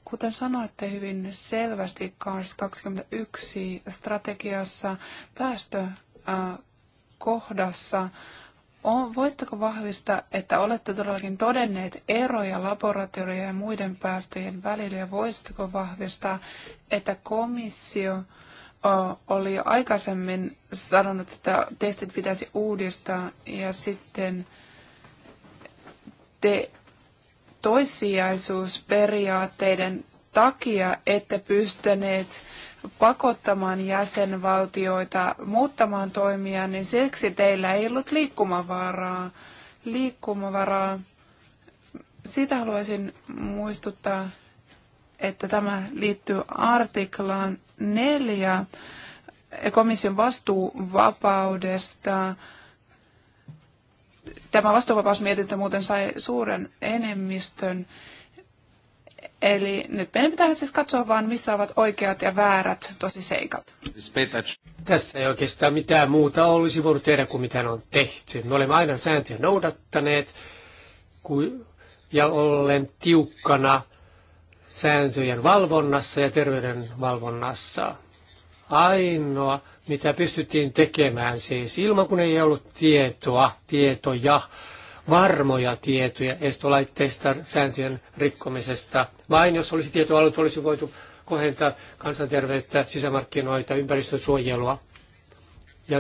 Kuten sanoitte hyvin selvästi KARS 21 strategiassa päästökohdassa on, voisitteko vahvistaa, että olette todellakin todenneet eroja laboratorioiden ja muiden päästöjen välillä ja voisitteko vahvistaa, että komissio oli aikaisemmin sanonut, että testit pitäisi uudistaa ja sitten te toissijaisuusperiaatteiden takia ette pystyneet pakottamaan jäsenvaltioita muuttamaan toimia, niin siksi teillä ei ollut liikkumavaraa. liikkumavaraa. Sitä haluaisin muistuttaa, että tämä liittyy artiklaan neljä komission vastuuvapaudesta. Tämä vastuuvapausmietintö muuten sai suuren enemmistön. Eli nyt meidän pitää siis katsoa vaan, missä ovat oikeat ja väärät seikat. Tässä ei oikeastaan mitään muuta olisi voinut tehdä kuin mitä on tehty. Me olemme aina sääntöjä noudattaneet ja ollen tiukkana sääntöjen valvonnassa ja terveyden valvonnassa. Ainoa, mitä pystyttiin tekemään siis ilman kun ei ollut tietoa, tietoja, varmoja tietoja estolaitteista sääntöjen rikkomisesta. Vain jos olisi tietoalut, olisi voitu kohentaa kansanterveyttä, sisämarkkinoita, ympäristönsuojelua. Ja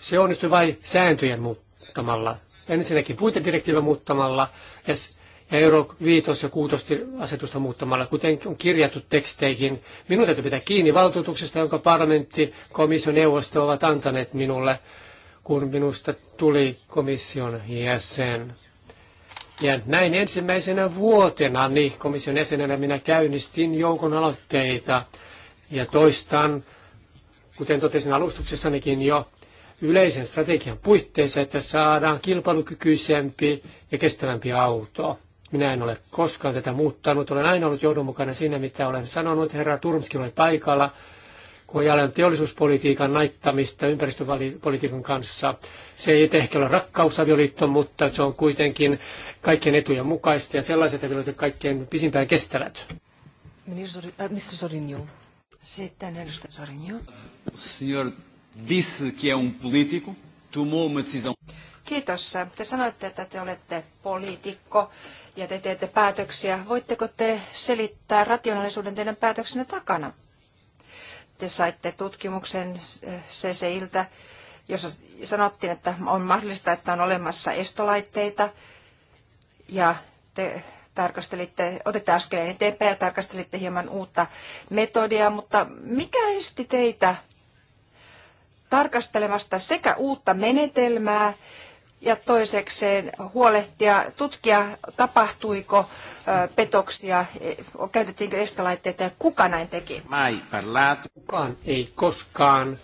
se onnistui vain sääntöjen muuttamalla. Ensinnäkin puitedirektiivä muuttamalla ja, ja euro 5 ja 6 asetusta muuttamalla, kuten on kirjattu teksteihin. Minun täytyy pitää kiinni valtuutuksesta, jonka parlamentti, komissio, neuvosto ovat antaneet minulle kun minusta tuli komission jäsen. Ja näin ensimmäisenä vuotena niin komission jäsenenä minä käynnistin joukon aloitteita ja toistan, kuten totesin alustuksessanikin jo, yleisen strategian puitteissa, että saadaan kilpailukykyisempi ja kestävämpi auto. Minä en ole koskaan tätä muuttanut, olen aina ollut johdonmukainen siinä, mitä olen sanonut. Herra Turmski oli paikalla, jälleen teollisuuspolitiikan naittamista ympäristöpolitiikan kanssa. Se ei ehkä ole rakkausavioliitto, mutta se on kuitenkin kaikkien etujen mukaista ja sellaiset avioliitot kaikkein pisimpään kestävät. Mr. Äh, Sorinio. Sitten edustaja Sorinio. Senior disse que é um político, tomou uma decisão. Kiitos. Te sanoitte, että te olette poliitikko ja te teette päätöksiä. Voitteko te selittää rationaalisuuden teidän päätöksenne takana? te saitte tutkimuksen CCiltä, jossa sanottiin, että on mahdollista, että on olemassa estolaitteita ja te tarkastelitte, otitte askeleen eteenpäin ja tarkastelitte hieman uutta metodia, mutta mikä esti teitä tarkastelemasta sekä uutta menetelmää ja toisekseen huolehtia, tutkia, tapahtuiko petoksia, e, käytettiinkö estolaitteita ja kuka näin teki. Kukaan ei koskaan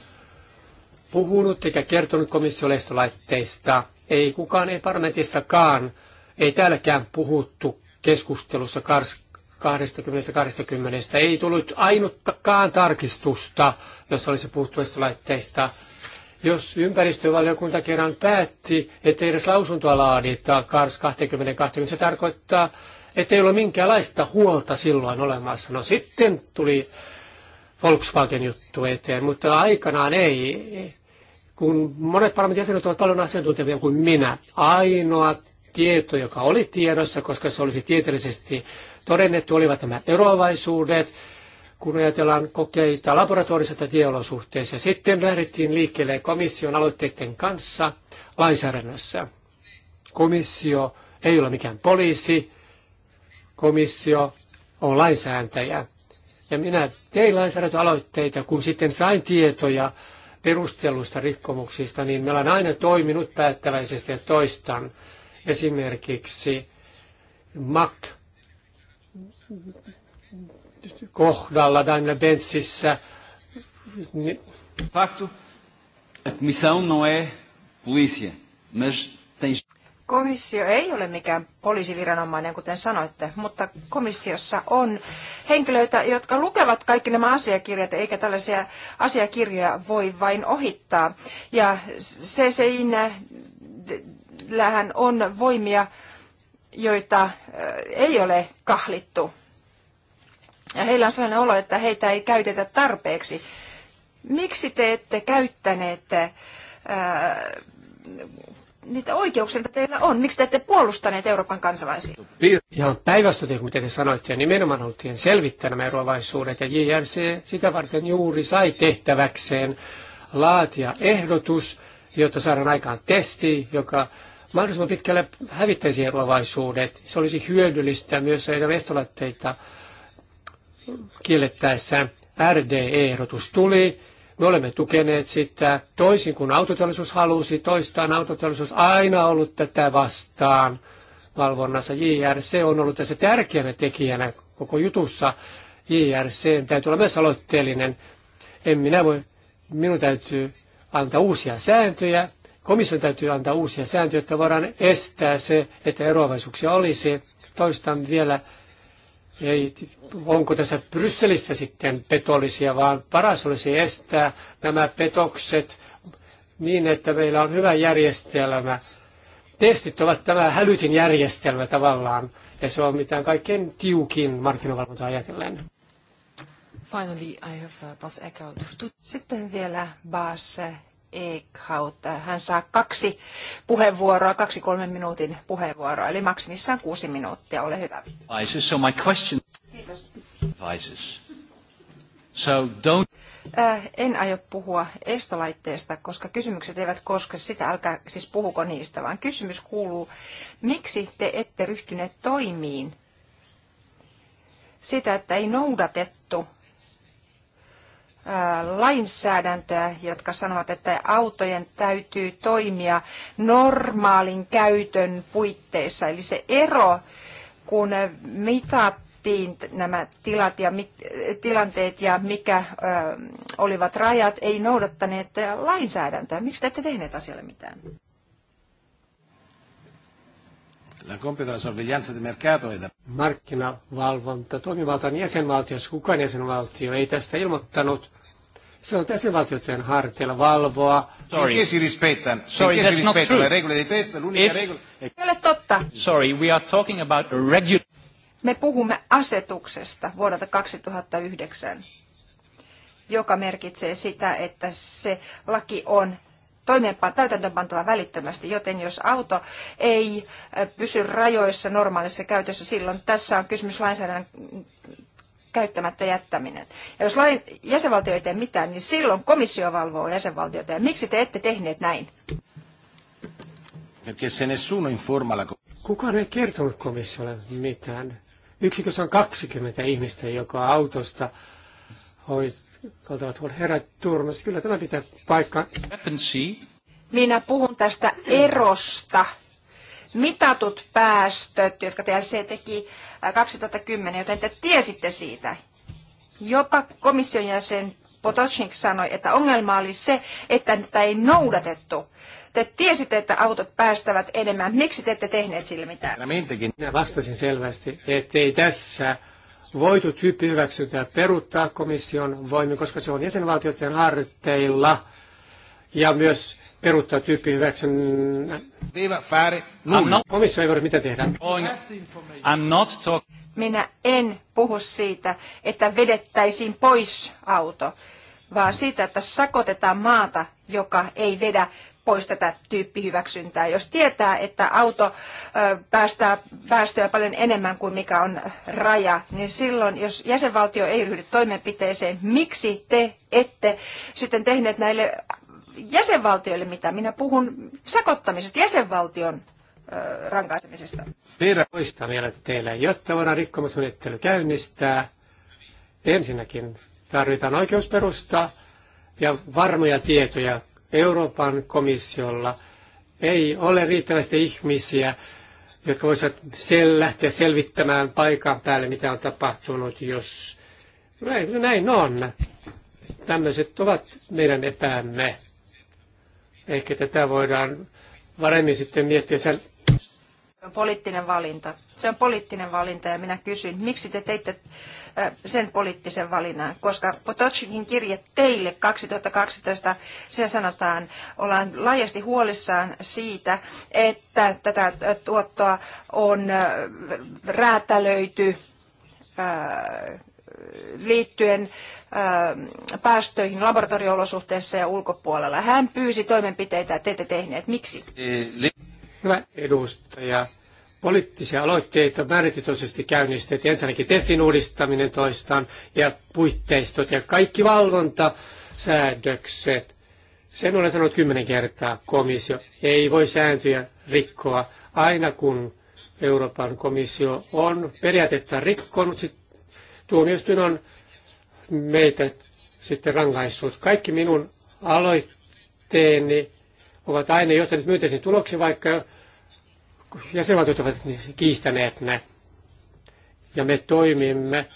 puhunut eikä kertonut komissiolle estolaitteista. Ei kukaan, ei parlamentissakaan, ei täälläkään puhuttu keskustelussa 20-20. Ei tullut ainuttakaan tarkistusta, jos olisi puhuttu estolaitteista. Jos ympäristövaliokunta kerran päätti, ettei edes lausuntoa laadita KARS 2020, se tarkoittaa, ettei ole minkäänlaista huolta silloin olemassa. No sitten tuli Volkswagen-juttu eteen, mutta aikanaan ei, kun monet parlamentin jäsenet ovat paljon asiantuntevia kuin minä. Ainoa tieto, joka oli tiedossa, koska se olisi tieteellisesti todennettu, olivat nämä eroavaisuudet, kun ajatellaan kokeita laboratoriossa tai tieolosuhteissa. Sitten lähdettiin liikkeelle komission aloitteiden kanssa lainsäädännössä. Komissio ei ole mikään poliisi, komissio on lainsääntäjä. Ja minä tein lainsäädäntöaloitteita, kun sitten sain tietoja perustellusta rikkomuksista, niin me on aina toiminut päättäväisesti ja toistan esimerkiksi MAC kohdalla Daimler bensissä. Faktu. Missão não é polícia, mas tem... Komissio ei ole mikään poliisiviranomainen, kuten sanoitte, mutta komissiossa on henkilöitä, jotka lukevat kaikki nämä asiakirjat, eikä tällaisia asiakirjoja voi vain ohittaa. Ja se seinä lähän on voimia, joita ei ole kahlittu ja heillä on sellainen olo, että heitä ei käytetä tarpeeksi. Miksi te ette käyttäneet ää, äh, niitä oikeuksia, mitä teillä on? Miksi te ette puolustaneet Euroopan kansalaisia? Ihan päinvastoin, kuten te sanoitte, ja nimenomaan haluttiin selvittää nämä eroavaisuudet, ja JRC sitä varten juuri sai tehtäväkseen laatia ehdotus, jotta saadaan aikaan testi, joka mahdollisimman pitkälle hävittäisi eroavaisuudet. Se olisi hyödyllistä myös näitä estolaitteita kiellettäessä RDE-ehdotus tuli. Me olemme tukeneet sitä toisin kuin autoteollisuus halusi. Toistaan autoteollisuus aina ollut tätä vastaan valvonnassa. JRC on ollut tässä tärkeänä tekijänä koko jutussa. JRC täytyy olla myös aloitteellinen. En minä voi, minun täytyy antaa uusia sääntöjä. Komission täytyy antaa uusia sääntöjä, että voidaan estää se, että eroavaisuuksia olisi. Toistan vielä ei, onko tässä Brysselissä sitten petollisia, vaan paras olisi estää nämä petokset niin, että meillä on hyvä järjestelmä. Testit ovat tämä hälytin järjestelmä tavallaan, ja se on mitään kaikkein tiukin markkinavalvonta ajatellen. Finally, I have uh, Bas Eckhout. Sitten vielä Bas Eichhaut. Hän saa kaksi puheenvuoroa, kaksi kolmen minuutin puheenvuoroa, eli maksimissaan kuusi minuuttia. Ole hyvä. So my question... Kiitos. So don't... Äh, en aio puhua estolaitteesta, koska kysymykset eivät koske sitä, älkää siis puhuko niistä, vaan kysymys kuuluu, miksi te ette ryhtyneet toimiin sitä, että ei noudatettu lainsäädäntöä, jotka sanovat, että autojen täytyy toimia normaalin käytön puitteissa. Eli se ero, kun mitattiin nämä tilat ja tilanteet ja mikä olivat rajat, ei noudattaneet lainsäädäntöä. Miksi te ette tehneet asialle mitään? La compito della sorveglianza di mercato è da... Markkina valvonta toimivaltaan jäsenvaltio, jos kukaan jäsenvaltio ei tästä ilmoittanut, se on jäsenvaltioiden harteilla valvoa. Sorry. Finché si rispettano, Sorry, that's si not true. le regole di testa, l'unica If... regola... Ei ole totta. Sorry, we are talking about a Me puhumme asetuksesta vuodelta 2009, joka merkitsee sitä, että se laki on täytäntöönpantava välittömästi, joten jos auto ei pysy rajoissa normaalissa käytössä, silloin tässä on kysymys lainsäädännön käyttämättä jättäminen. Ja jos lain, jäsenvaltio ei tee mitään, niin silloin komissio valvoo jäsenvaltiota. Ja miksi te ette tehneet näin? Kukaan ei kertonut komissiolle mitään. Yksikössä on 20 ihmistä, joka autosta hoitaa kaltavat huolen. Herra Turmas, kyllä tämä pitää paikka. Minä puhun tästä erosta. Mitatut päästöt, jotka TLC teki 2010, äh, joten te tiesitte siitä. Jopa komission jäsen Potocnik sanoi, että ongelma oli se, että tätä ei noudatettu. Te tiesitte, että autot päästävät enemmän. Miksi te ette tehneet sille mitään? Minä vastasin selvästi, että ei tässä voitu tyyppi hyväksyntää peruuttaa komission voimin, koska se on jäsenvaltioiden harteilla ja myös peruuttaa tyyppi hyväksynnän. Komissio ei voi mitä tehdä. I'm not talk- Minä en puhu siitä, että vedettäisiin pois auto, vaan siitä, että sakotetaan maata, joka ei vedä pois tätä tyyppihyväksyntää. Jos tietää, että auto päästää päästöjä paljon enemmän kuin mikä on raja, niin silloin, jos jäsenvaltio ei ryhdy toimenpiteeseen, miksi te ette sitten tehneet näille jäsenvaltioille mitä? Minä puhun sakottamisesta, jäsenvaltion rankaisemisesta. Piirrä muistaa vielä teille, jotta voidaan rikkomusmenettely käynnistää. Ensinnäkin tarvitaan oikeusperusta ja varmoja tietoja Euroopan komissiolla ei ole riittävästi ihmisiä, jotka voisivat sel lähteä selvittämään paikan päälle, mitä on tapahtunut, jos näin, näin on. Tämmöiset ovat meidän epäämme. Ehkä tätä voidaan paremmin sitten miettiä sen on poliittinen valinta. Se on poliittinen valinta ja minä kysyn, miksi te teitte äh, sen poliittisen valinnan? Koska Potocnikin kirje teille 2012, Sen sanotaan, ollaan laajasti huolissaan siitä, että tätä tuottoa on äh, räätälöity äh, liittyen päästöihin laboratorioolosuhteissa ja ulkopuolella. Hän pyysi toimenpiteitä, te ette tehneet. Miksi? Hyvä edustaja. Poliittisia aloitteita määrätietoisesti käynnistettiin. Ensinnäkin testin uudistaminen toistaan ja puitteistot ja kaikki valvontasäädökset. Sen olen sanonut kymmenen kertaa komissio. Ei voi sääntöjä rikkoa aina kun Euroopan komissio on periaatetta rikkonut. Sit tuomioistuin on meitä sitten rangaissut. Kaikki minun aloitteeni ovat aina johtaneet myönteisiin tuloksiin, vaikka jäsenvaltiot ovat kiistäneet ne. Ja me toimimme.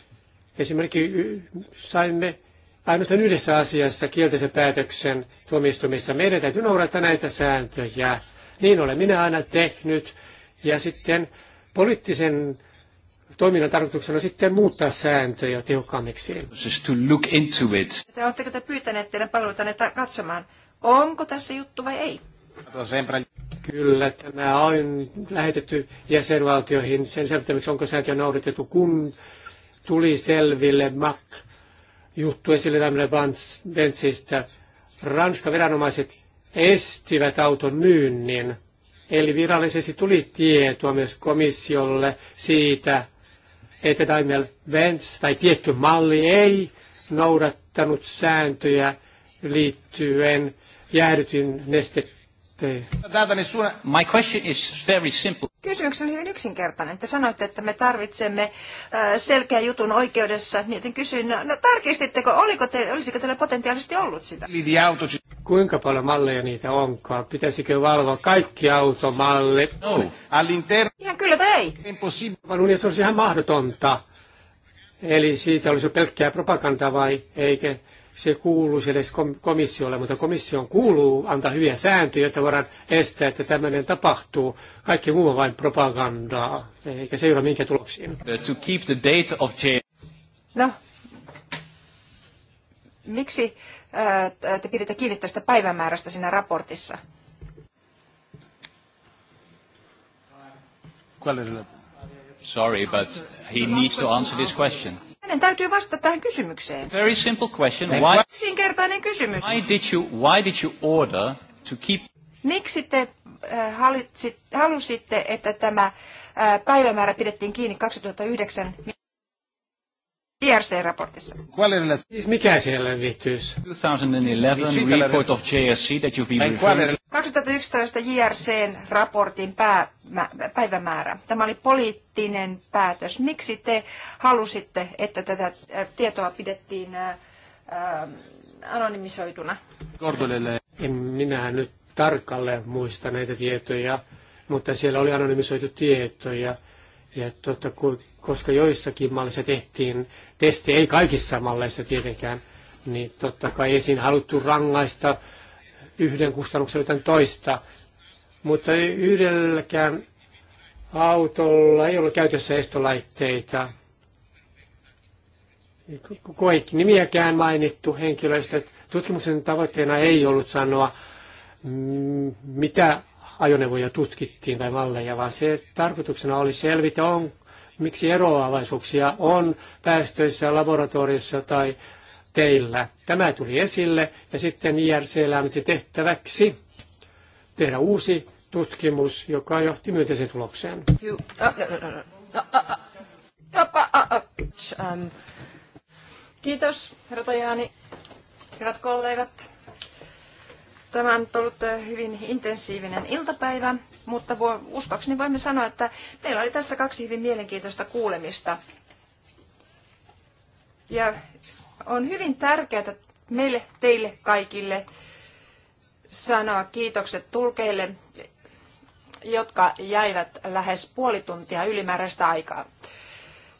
Esimerkiksi saimme ainoastaan yhdessä asiassa kielteisen päätöksen tuomioistuimissa. Meidän täytyy noudattaa näitä sääntöjä. Niin olen minä aina tehnyt. Ja sitten poliittisen toiminnan tarkoituksena on sitten muuttaa sääntöjä tehokkaammiksi. Just to look into it. Te oletteko te pyytäneet teidän palveluita katsomaan onko tässä juttu vai ei. Kyllä, tämä on lähetetty jäsenvaltioihin sen selvittämiseksi, onko sääntöjä noudatettu, kun tuli selville mak juttu esille tämmöinen Bensistä. Ranskan viranomaiset estivät auton myynnin, eli virallisesti tuli tietoa myös komissiolle siitä, että Daimler Benz tai tietty malli ei noudattanut sääntöjä liittyen – jäädytin nestetteen. My question is very simple. Kysymys on hyvin yksinkertainen. Te sanoitte, että me tarvitsemme äh, selkeän jutun oikeudessa. Niin kysyin, no, no tarkistitteko, oliko te, olisiko teillä potentiaalisesti ollut sitä? Kuinka paljon malleja niitä onkaan? Pitäisikö valvoa kaikki automalle? No. Ihan kyllä tai ei. Impossible. Se olisi ihan mahdotonta. Eli siitä olisi pelkkää propagandaa vai eikä se kuuluu edes komissiolle, mutta komission kuuluu antaa hyviä sääntöjä, jotta voidaan estää, että tämmöinen tapahtuu. Kaikki muu on vain propagandaa, eikä se ole minkä tuloksiin. Uh, to keep the date of no, miksi äh, te pidätte kiinni tästä päivämäärästä siinä raportissa? Sorry, but he needs to answer this question. Hänen täytyy vastata tähän kysymykseen. Very simple question. Why, Yksinkertainen kysymys. Why did you, why did you order to keep... Miksi te äh, halusitte, että tämä äh, päivämäärä pidettiin kiinni 2009? IRC-raportissa. E siis mikä siellä viittyys? 2011 niin, report of JRC that you've been 2011 JRCn raportin pää, päivämäärä. Tämä oli poliittinen päätös. Miksi te halusitte, että tätä äh, tietoa pidettiin ää, äh, äh, anonymisoituna? En minä nyt tarkalleen muista näitä tietoja, mutta siellä oli anonymisoitu tietoja. Ja totta, kun koska joissakin malleissa tehtiin testi, ei kaikissa malleissa tietenkään, niin totta kai ei siinä haluttu rangaista yhden kustannuksen jotain toista, mutta yhdelläkään autolla ei ollut käytössä estolaitteita. Koik nimiäkään mainittu henkilöistä. Tutkimuksen tavoitteena ei ollut sanoa, mm, mitä ajoneuvoja tutkittiin tai malleja, vaan se tarkoituksena oli selvitä, on, miksi eroavaisuuksia on päästöissä, laboratoriossa tai teillä. Tämä tuli esille ja sitten IRC lämmitti tehtäväksi tehdä uusi tutkimus, joka johti myönteiseen tulokseen. Kiitos, herra Tajani. Hyvät kollegat, tämä on ollut äh, hyvin intensiivinen iltapäivä mutta vo, uskoakseni voimme sanoa, että meillä oli tässä kaksi hyvin mielenkiintoista kuulemista. Ja on hyvin tärkeää meille, teille kaikille sanoa kiitokset tulkeille, jotka jäivät lähes puoli tuntia ylimääräistä aikaa.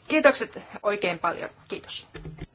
Kiitokset oikein paljon. Kiitos.